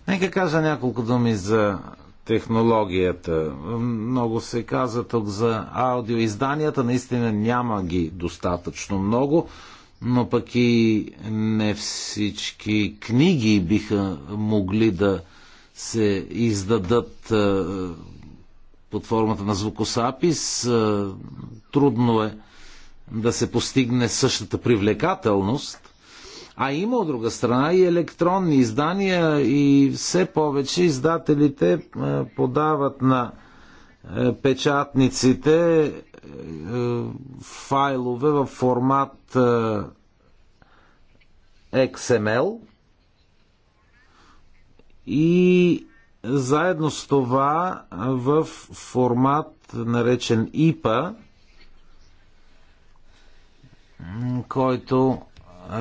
Нека кажа няколко думи за технологията. Много се каза тук за аудиоизданията. Наистина няма ги достатъчно много, но пък и не всички книги биха могли да се издадат е, под формата на звукосапис. Е, трудно е да се постигне същата привлекателност а има от друга страна и електронни издания и все повече издателите е, подават на е, печатниците е, файлове в формат XML и заедно с това в формат наречен IPA, който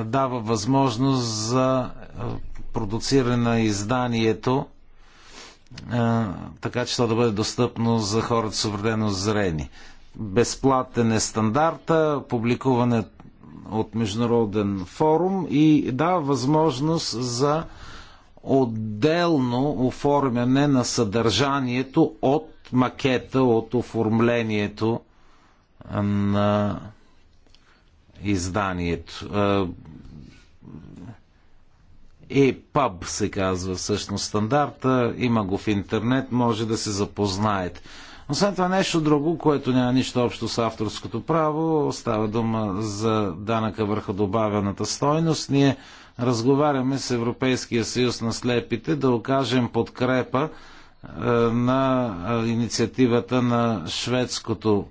дава възможност за продуциране на изданието, така че то да бъде достъпно за хората с увредено зрение. Безплатен е стандарта, публикуване от Международен форум и дава възможност за отделно оформяне на съдържанието от макета, от оформлението на изданието. EPUB се казва всъщност стандарта, има го в интернет, може да се запознаете. Освен това нещо друго, което няма нищо общо с авторското право, става дума за данъка върху добавената стойност. Ние разговаряме с Европейския съюз на слепите да окажем подкрепа на инициативата на шведското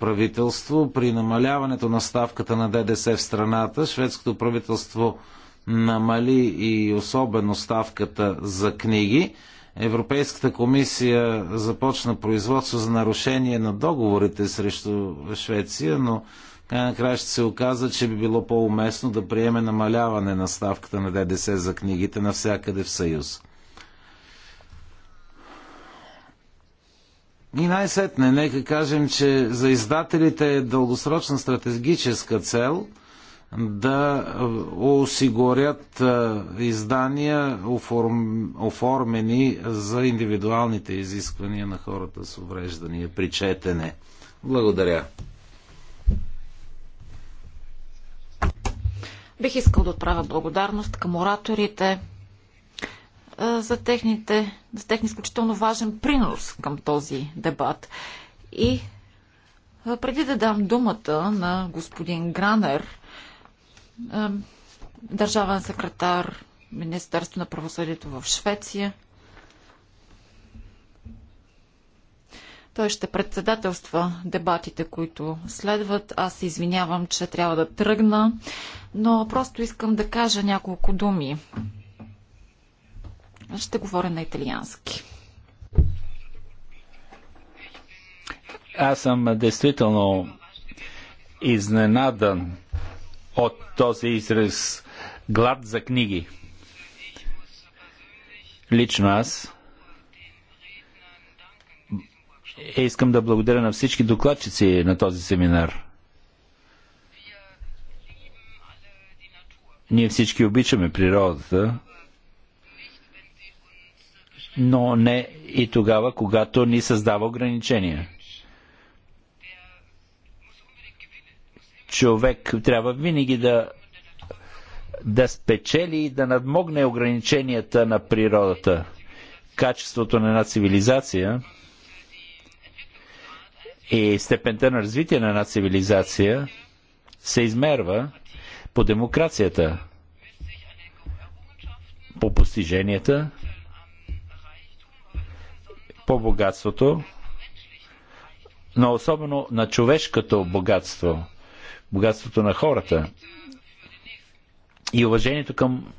правителство. При намаляването на ставката на ДДС в страната, шведското правителство намали и особено ставката за книги. Европейската комисия започна производство за нарушение на договорите срещу Швеция, но накрая ще се оказа, че би било по-уместно да приеме намаляване на ставката на ДДС за книгите навсякъде в Съюз. И най-сетне, нека кажем, че за издателите е дългосрочна стратегическа цел да осигурят издания, оформ... оформени за индивидуалните изисквания на хората с увреждания при четене. Благодаря. Бих искал да отправя благодарност към ораторите, за, техните, за техни изключително важен принос към този дебат. И преди да дам думата на господин Гранер, държавен секретар Министерство на правосъдието в Швеция, Той ще председателства дебатите, които следват. Аз се извинявам, че трябва да тръгна, но просто искам да кажа няколко думи ще говоря на италиански. Аз съм действително изненадан от този израз глад за книги. Лично аз искам да благодаря на всички докладчици на този семинар. Ние всички обичаме природата, но не и тогава, когато ни създава ограничения. Човек трябва винаги да, да спечели и да надмогне ограниченията на природата. Качеството на една цивилизация и степента на развитие на една цивилизация се измерва по демокрацията, по постиженията, по богатството, но особено на човешкото богатство, богатството на хората и уважението към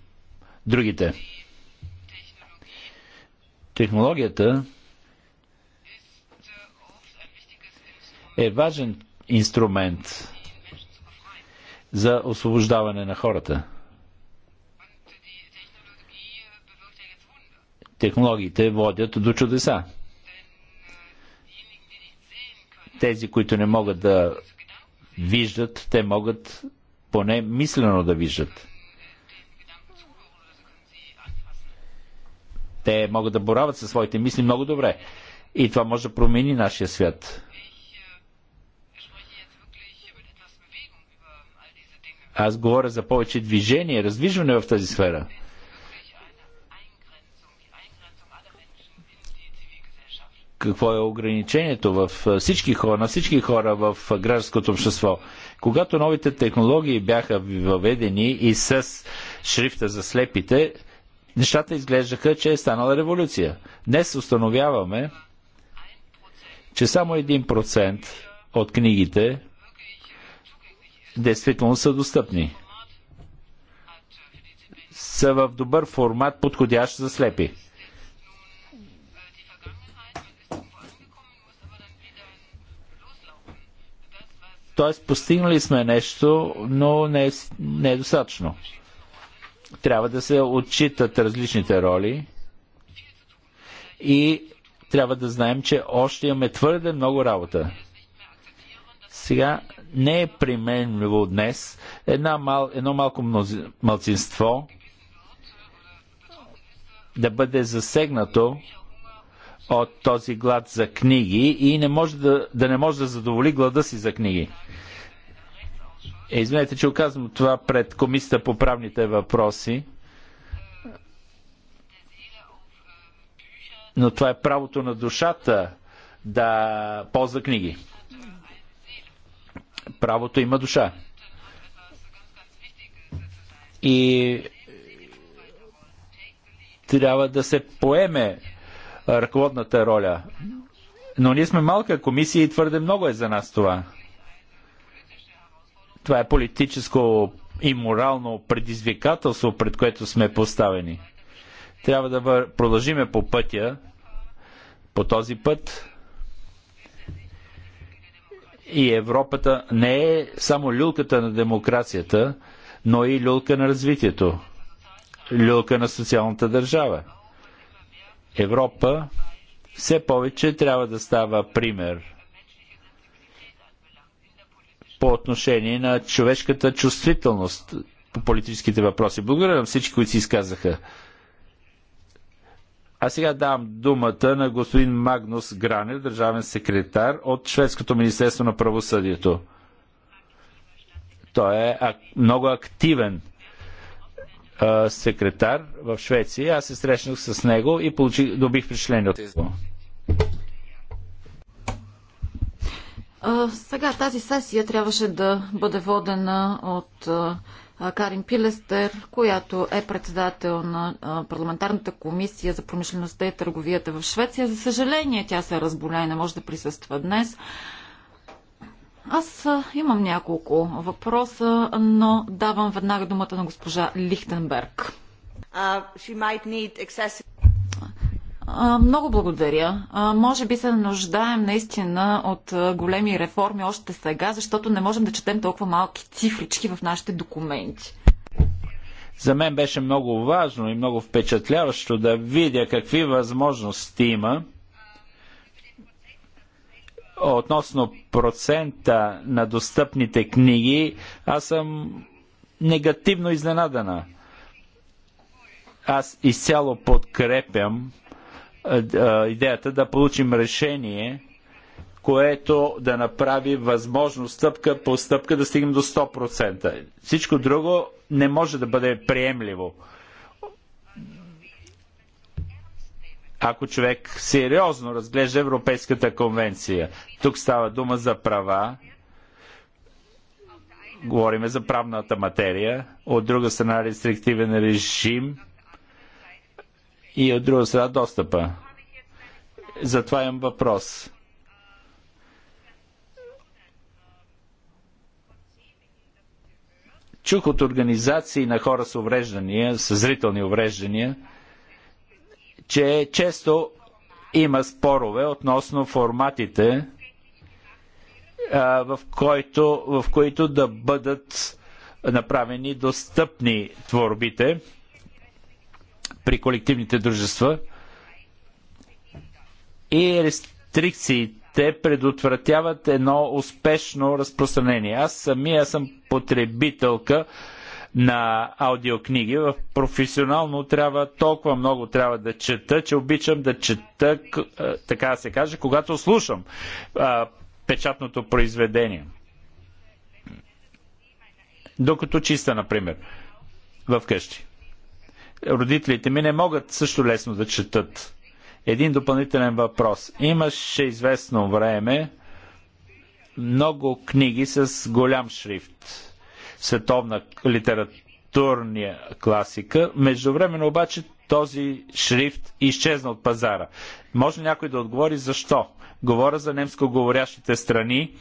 другите. Технологията е важен инструмент за освобождаване на хората. Технологиите водят до чудеса. Тези, които не могат да виждат, те могат поне мислено да виждат. Те могат да борават със своите мисли много добре. И това може да промени нашия свят. Аз говоря за повече движение, раздвижване в тази сфера. какво е ограничението в всички хора, на всички хора в гражданското общество. Когато новите технологии бяха въведени и с шрифта за слепите, нещата изглеждаха, че е станала революция. Днес установяваме, че само 1% от книгите действително са достъпни. Са в добър формат, подходящ за слепи. Тоест, постигнали сме нещо, но не е, не е достатъчно. Трябва да се отчитат различните роли и трябва да знаем, че още имаме твърде много работа. Сега не е применливо днес една мал, едно малко малцинство да бъде засегнато от този глад за книги и не може да, да не може да задоволи глада си за книги. Е, извинете, че оказвам това пред Комисията по правните въпроси, но това е правото на душата да ползва книги. Правото има душа. И трябва да се поеме ръководната роля. Но ние сме малка комисия и твърде много е за нас това. Това е политическо и морално предизвикателство, пред което сме поставени. Трябва да вър... продължиме по пътя, по този път. И Европата не е само люлката на демокрацията, но и люлка на развитието, люлка на социалната държава. Европа все повече трябва да става пример по отношение на човешката чувствителност по политическите въпроси. Благодаря на всички, които си изказаха. А сега давам думата на господин Магнус Гранер, държавен секретар от Шведското министерство на правосъдието. Той е много активен а, секретар в Швеция. Аз се срещнах с него и получих, добих впечатление от него. Сега тази сесия трябваше да бъде водена от Карин Пилестер, която е председател на парламентарната комисия за промишлеността и търговията в Швеция. За съжаление, тя се разболя и не може да присъства днес. Аз имам няколко въпроса, но давам веднага думата на госпожа Лихтенберг. Uh, excessive... uh, много благодаря. Uh, може би се нуждаем наистина от големи реформи още сега, защото не можем да четем толкова малки цифрички в нашите документи. За мен беше много важно и много впечатляващо да видя какви възможности има относно процента на достъпните книги, аз съм негативно изненадана. Аз изцяло подкрепям идеята да получим решение, което да направи възможно стъпка по стъпка да стигнем до 100%. Всичко друго не може да бъде приемливо. ако човек сериозно разглежда Европейската конвенция. Тук става дума за права, говориме за правната материя, от друга страна рестриктивен режим и от друга страна достъпа. Затова имам въпрос. Чух от организации на хора с увреждания, с зрителни увреждания – че често има спорове относно форматите, в, който, в които да бъдат направени достъпни творбите при колективните дружества и рестрикциите предотвратяват едно успешно разпространение. Аз самия съм потребителка на аудиокниги. професионално трябва толкова много трябва да чета, че обичам да чета, така да се каже, когато слушам а, печатното произведение. Докато чиста, например, в къщи. Родителите ми не могат също лесно да четат. Един допълнителен въпрос. Имаше известно време много книги с голям шрифт световна литературния класика. Междувременно обаче този шрифт изчезна от пазара. Може някой да отговори защо? Говоря за немско говорящите страни.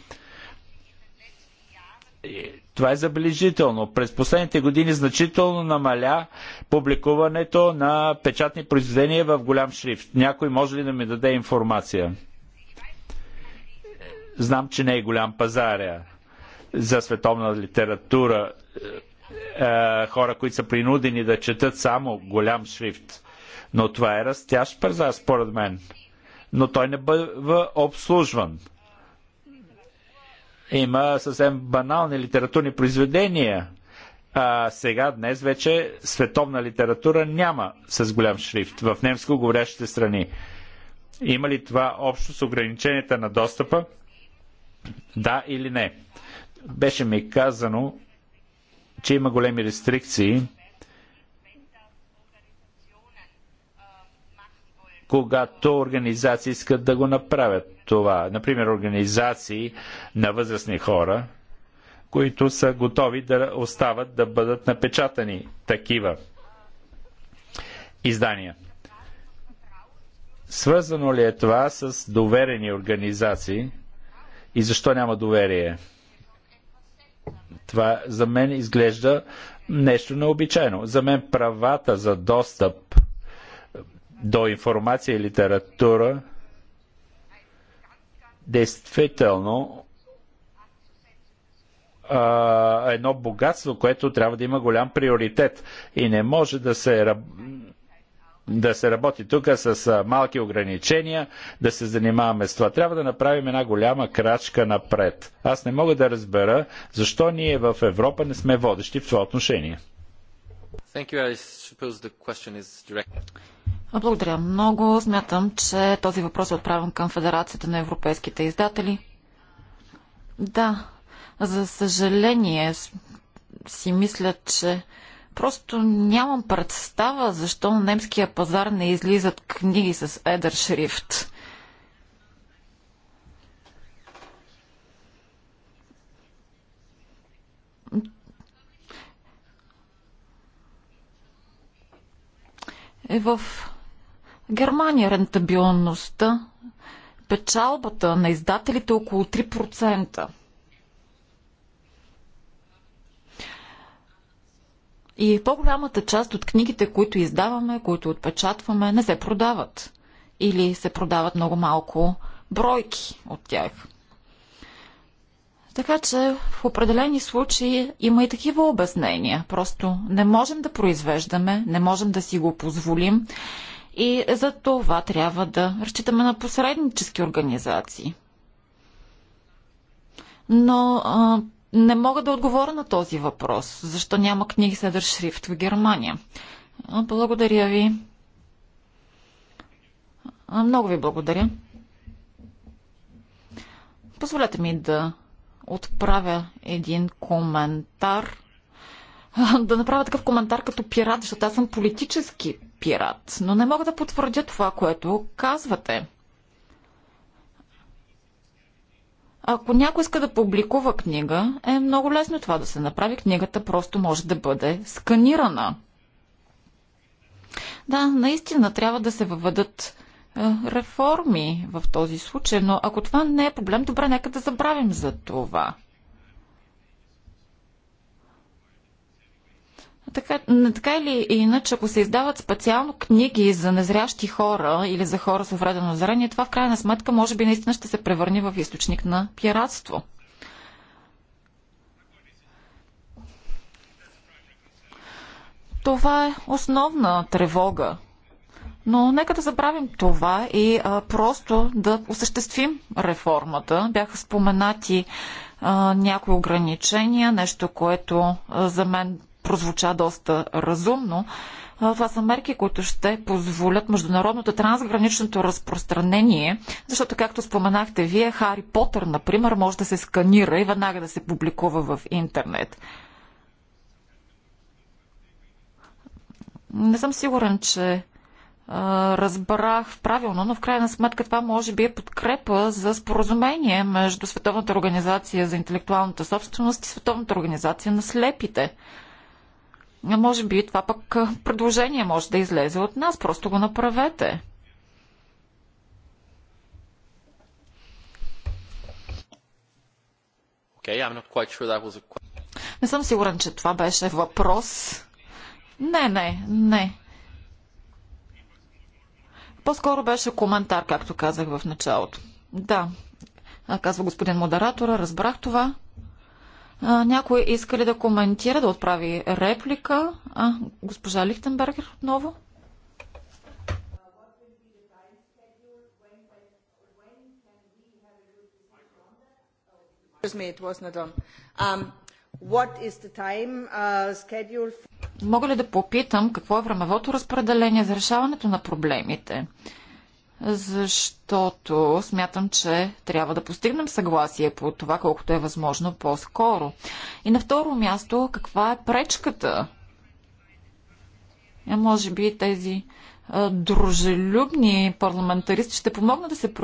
Това е забележително. През последните години значително намаля публикуването на печатни произведения в голям шрифт. Някой може ли да ми даде информация? Знам, че не е голям пазаря за световна литература, е, е, хора, които са принудени да четат само голям шрифт. Но това е растящ пазар, според мен. Но той не бъде обслужван. Има съвсем банални литературни произведения. А сега, днес вече световна литература няма с голям шрифт в немско говорящите страни. Има ли това общо с ограниченията на достъпа? Да или не? Беше ми казано, че има големи рестрикции, когато организации искат да го направят това. Например, организации на възрастни хора, които са готови да остават да бъдат напечатани такива издания. Свързано ли е това с доверени организации и защо няма доверие? Това за мен изглежда нещо необичайно. За мен правата за достъп до информация и литература действително едно богатство, което трябва да има голям приоритет и не може да се да се работи тук с малки ограничения, да се занимаваме с това. Трябва да направим една голяма крачка напред. Аз не мога да разбера защо ние в Европа не сме водещи в това отношение. Благодаря много. Смятам, че този въпрос е отправен към Федерацията на европейските издатели. Да, за съжаление си мисля, че Просто нямам представа защо на немския пазар не излизат книги с едър шрифт. Е в Германия рентабилността, печалбата на издателите е около 3%. И по-голямата част от книгите, които издаваме, които отпечатваме, не се продават. Или се продават много малко бройки от тях. Така че в определени случаи има и такива обяснения. Просто не можем да произвеждаме, не можем да си го позволим и за това трябва да разчитаме на посреднически организации. Но а, не мога да отговоря на този въпрос. Защо няма книги с едър шрифт в Германия? Благодаря ви. Много ви благодаря. Позволете ми да отправя един коментар. Да направя такъв коментар като пират, защото аз съм политически пират, но не мога да потвърдя това, което казвате. Ако някой иска да публикува книга, е много лесно това да се направи. Книгата просто може да бъде сканирана. Да, наистина трябва да се въведат е, реформи в този случай, но ако това не е проблем, добре, нека да забравим за това. Така, така или иначе, ако се издават специално книги за незрящи хора или за хора с увредено зрение, това в крайна сметка може би наистина ще се превърне в източник на пиратство. Това е основна тревога. Но нека да забравим това и а, просто да осъществим реформата. Бяха споменати а, някои ограничения, нещо, което а, за мен прозвуча доста разумно. Това са мерки, които ще позволят международното трансграничното разпространение, защото, както споменахте вие, Хари Потър, например, може да се сканира и веднага да се публикува в интернет. Не съм сигурен, че а, разбрах правилно, но в крайна сметка това може би е подкрепа за споразумение между Световната организация за интелектуалната собственост и Световната организация на слепите. Може би това пък предложение може да излезе от нас. Просто го направете. Okay, I'm not quite sure that was a... Не съм сигурен, че това беше въпрос. Не, не, не. По-скоро беше коментар, както казах в началото. Да, казва господин модератора, разбрах това. А, някой иска ли да коментира, да отправи реплика? А, госпожа Лихтенбергер отново. Um, uh, Мога ли да попитам какво е времевото разпределение за решаването на проблемите? Uh, защото смятам, че трябва да постигнем съгласие по това, колкото е възможно по-скоро. И на второ място, каква е пречката? А е, може би тези а, дружелюбни парламентаристи ще помогнат да се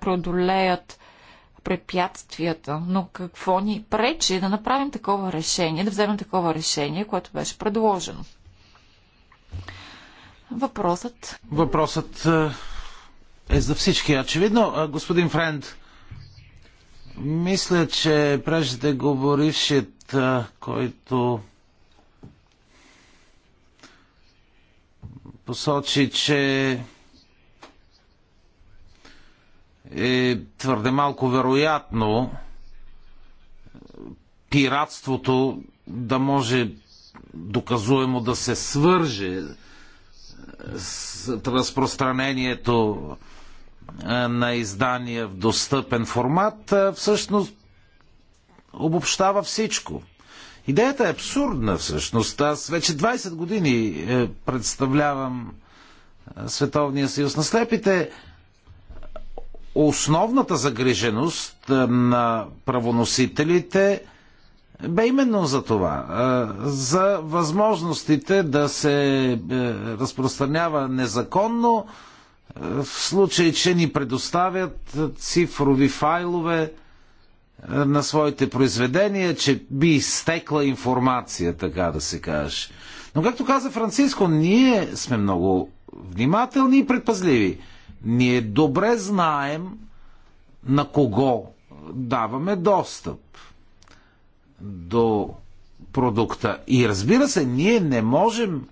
преодолеят препятствията, но какво ни пречи да направим такова решение, да вземем такова решение, което беше предложено? Въпросът. Въпросът е за всички очевидно. Господин Френд, мисля, че преждеговорившият, който посочи, че е твърде малко вероятно пиратството да може доказуемо да се свърже с разпространението е, на издания в достъпен формат, е, всъщност обобщава всичко. Идеята е абсурдна всъщност. Аз вече 20 години е, представлявам Световния съюз на слепите. Основната загриженост на правоносителите бе именно за това. За възможностите да се разпространява незаконно в случай, че ни предоставят цифрови файлове е, на своите произведения, че би изтекла информация, така да се каже. Но както каза Франциско, ние сме много внимателни и предпазливи. Ние добре знаем на кого даваме достъп до продукта. И разбира се, ние не можем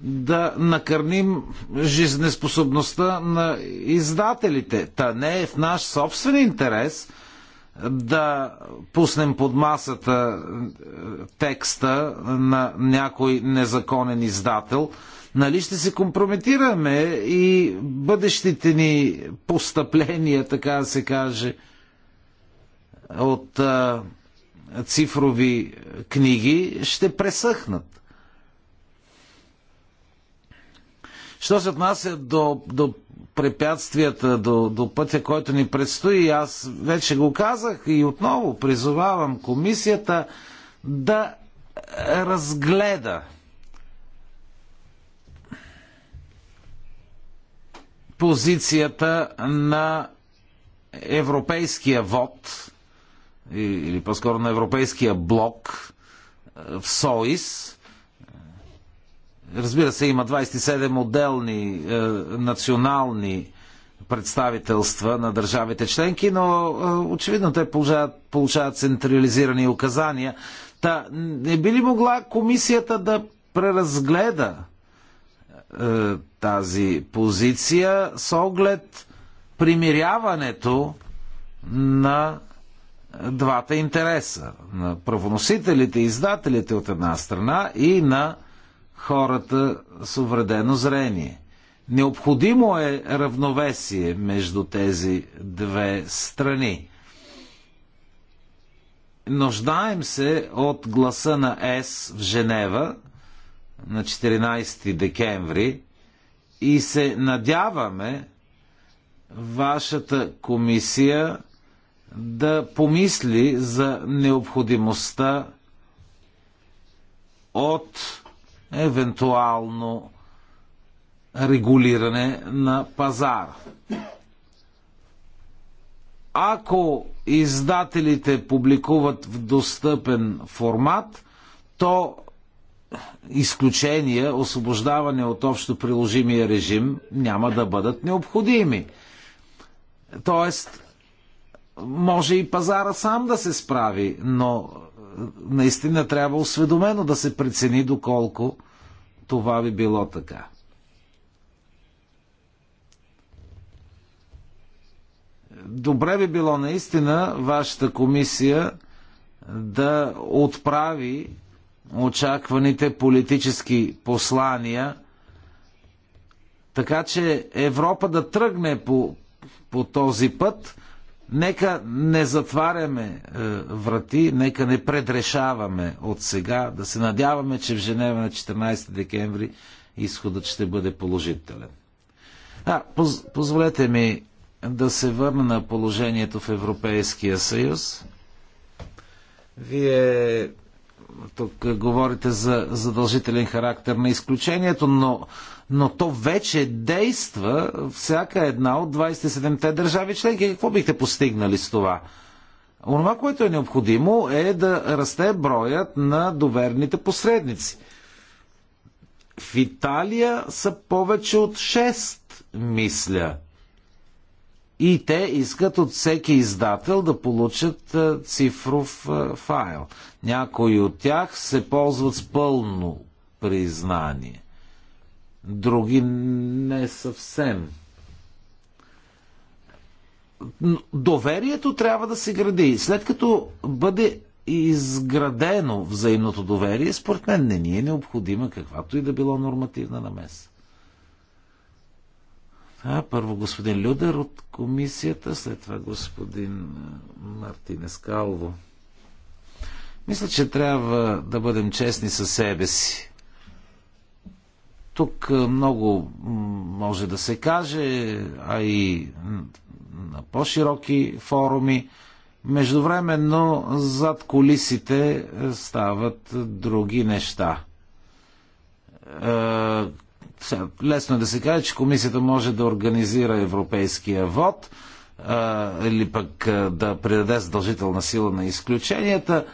да накърним жизнеспособността на издателите. Та не е в наш собствен интерес да пуснем под масата е, текста на някой незаконен издател, нали ще се компрометираме и бъдещите ни постъпления, така да се каже, от а, е, цифрови книги ще пресъхнат. Що се отнася до, до препятствията, до, до пътя, който ни предстои, аз вече го казах и отново призовавам комисията да е, разгледа позицията на европейския вод или по-скоро на европейския блок е, в СОИС Разбира се, има 27 отделни е, национални представителства на държавите членки, но е, очевидно те получават, получават централизирани указания. Та не би ли могла комисията да преразгледа е, тази позиция с оглед примиряването на двата интереса на правоносителите, и издателите от една страна и на хората с увредено зрение. Необходимо е равновесие между тези две страни. Нуждаем се от гласа на ЕС в Женева на 14 декември и се надяваме вашата комисия да помисли за необходимостта от евентуално регулиране на пазара. Ако издателите публикуват в достъпен формат, то изключения, освобождаване от общо приложимия режим няма да бъдат необходими. Тоест, може и пазара сам да се справи, но наистина трябва осведомено да се прецени доколко това би било така. Добре би било наистина вашата комисия да отправи очакваните политически послания, така че Европа да тръгне по, по този път – Нека не затваряме е, врати, нека не предрешаваме от сега, да се надяваме, че в Женева на 14 декември изходът ще бъде положителен. А, поз, позволете ми да се върна на положението в Европейския съюз. Вие тук говорите за задължителен характер на изключението, но, но то вече действа всяка една от 27-те държави членки. Какво бихте постигнали с това? Онова, което е необходимо е да расте броят на доверните посредници. В Италия са повече от 6, мисля. И те искат от всеки издател да получат е, цифров е, файл. Някои от тях се ползват с пълно признание. Други не съвсем. Доверието трябва да се гради. След като бъде изградено взаимното доверие, според мен не ни е необходима каквато и да било нормативна намеса. А, първо господин Людер от комисията, след това господин Мартин Ескалво. Мисля, че трябва да бъдем честни със себе си. Тук много може да се каже, а и на по-широки форуми. Междувременно зад колисите стават други неща Лесно е да се каже, че комисията може да организира европейския вод или пък да придаде задължителна сила на изключенията.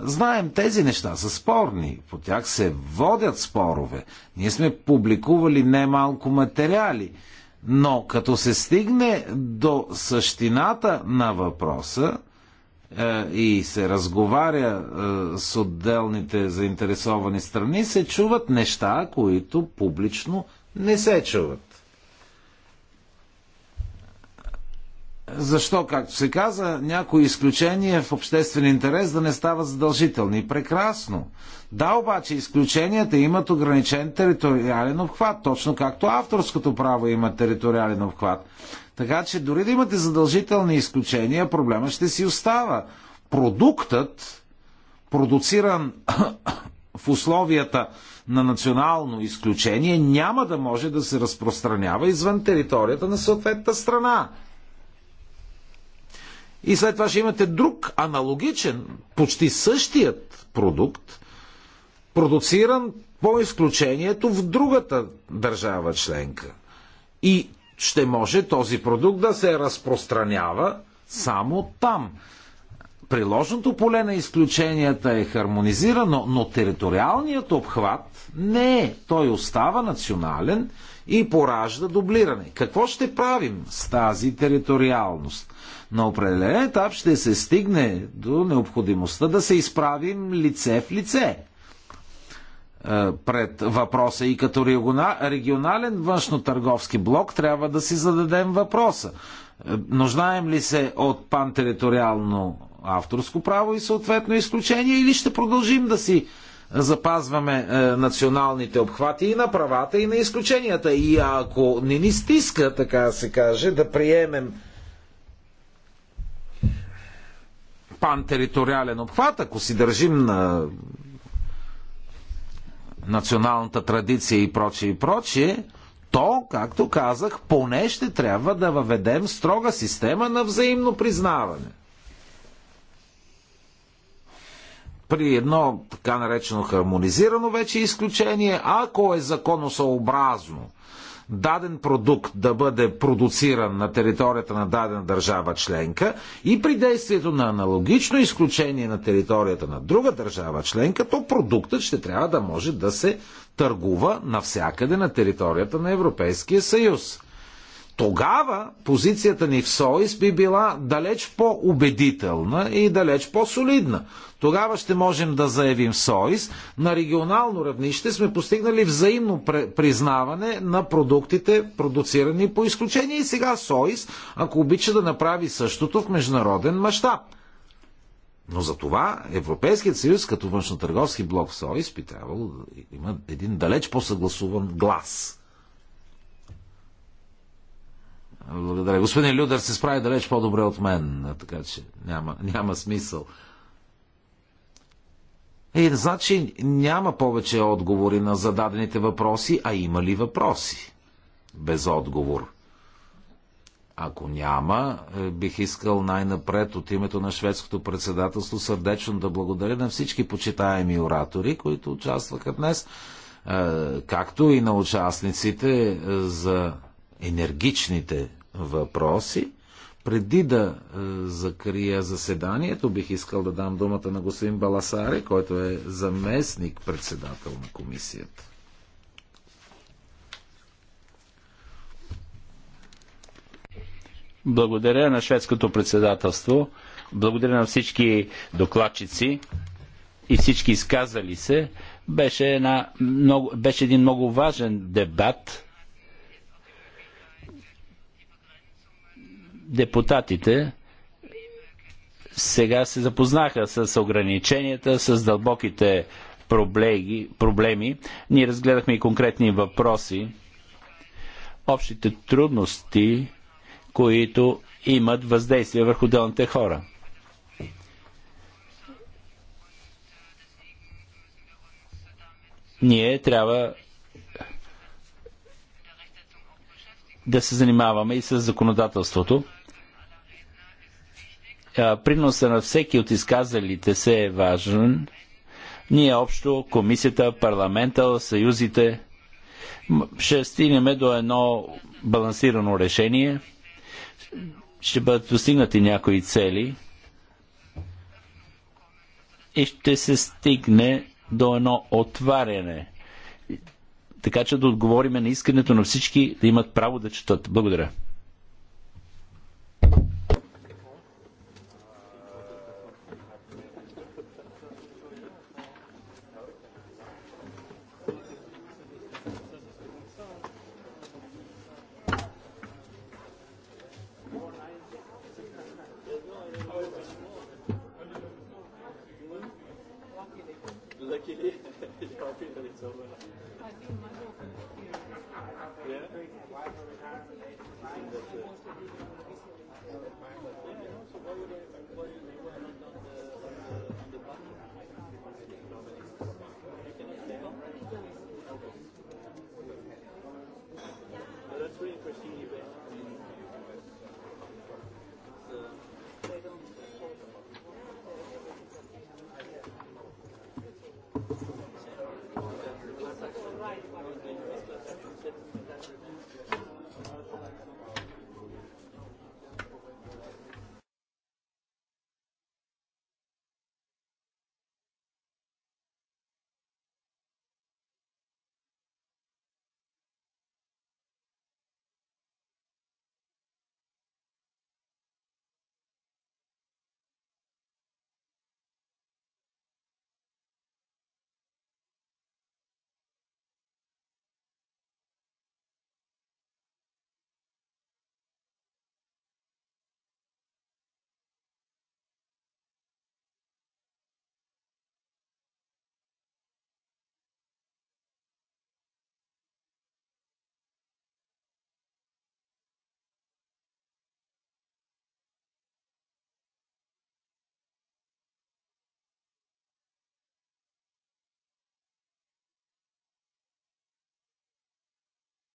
Знаем, тези неща са спорни, по тях се водят спорове. Ние сме публикували немалко материали, но като се стигне до същината на въпроса, е, и се разговаря е, с отделните заинтересовани страни, се чуват неща, които публично не се чуват. Защо, както се каза, някои изключения в обществен интерес да не стават задължителни? Прекрасно. Да, обаче изключенията имат ограничен териториален обхват, точно както авторското право има териториален обхват. Така че дори да имате задължителни изключения, проблема ще си остава. Продуктът, продуциран <coughs> в условията на национално изключение, няма да може да се разпространява извън територията на съответната страна. И след това ще имате друг аналогичен, почти същият продукт, продуциран по изключението в другата държава членка. И ще може този продукт да се разпространява само там. Приложното поле на изключенията е хармонизирано, но териториалният обхват не е. Той остава национален и поражда дублиране. Какво ще правим с тази териториалност? На определен етап ще се стигне до необходимостта да се изправим лице в лице е, пред въпроса. И като регионален външно-търговски блок трябва да си зададем въпроса. Е, нуждаем ли се от пантериториално авторско право и съответно изключение или ще продължим да си запазваме е, националните обхвати и на правата и на изключенията. И ако не ни стиска, така се каже, да приемем пантериториален обхват, ако си държим на националната традиция и прочее и прочее, то, както казах, поне ще трябва да въведем строга система на взаимно признаване. при едно така наречено хармонизирано вече изключение, ако е законосъобразно даден продукт да бъде продуциран на територията на дадена държава членка и при действието на аналогично изключение на територията на друга държава членка, то продуктът ще трябва да може да се търгува навсякъде на територията на Европейския съюз тогава позицията ни в СОИС би била далеч по-убедителна и далеч по-солидна. Тогава ще можем да заявим СОИС, на регионално равнище сме постигнали взаимно признаване на продуктите, продуцирани по изключение и сега СОИС, ако обича да направи същото в международен мащаб. Но за това Европейският съюз като външно-търговски блок в СОИС би трябвало да има един далеч по-съгласуван глас. Благодаря. Господин Людър се справи далеч по-добре от мен, така че няма, няма смисъл. Е, значи няма повече отговори на зададените въпроси, а има ли въпроси? Без отговор. Ако няма, е, бих искал най-напред от името на шведското председателство сърдечно да благодаря на всички почитаеми оратори, които участваха днес, е, както и на участниците е, за енергичните въпроси. Преди да е, закрия заседанието, бих искал да дам думата на господин Баласаре, който е заместник председател на комисията. Благодаря на шведското председателство, благодаря на всички докладчици и всички изказали се. Беше, една, много, беше един много важен дебат депутатите сега се запознаха с ограниченията, с дълбоките проблеми. проблеми. Ние разгледахме и конкретни въпроси. Общите трудности, които имат въздействие върху отделните хора. Ние трябва да се занимаваме и с законодателството. Приноса на всеки от изказалите се е важен. Ние общо, комисията, парламента, съюзите, ще стигнем до едно балансирано решение. Ще бъдат достигнати някои цели и ще се стигне до едно отваряне. Така че да отговориме на искането на всички да имат право да четат. Благодаря.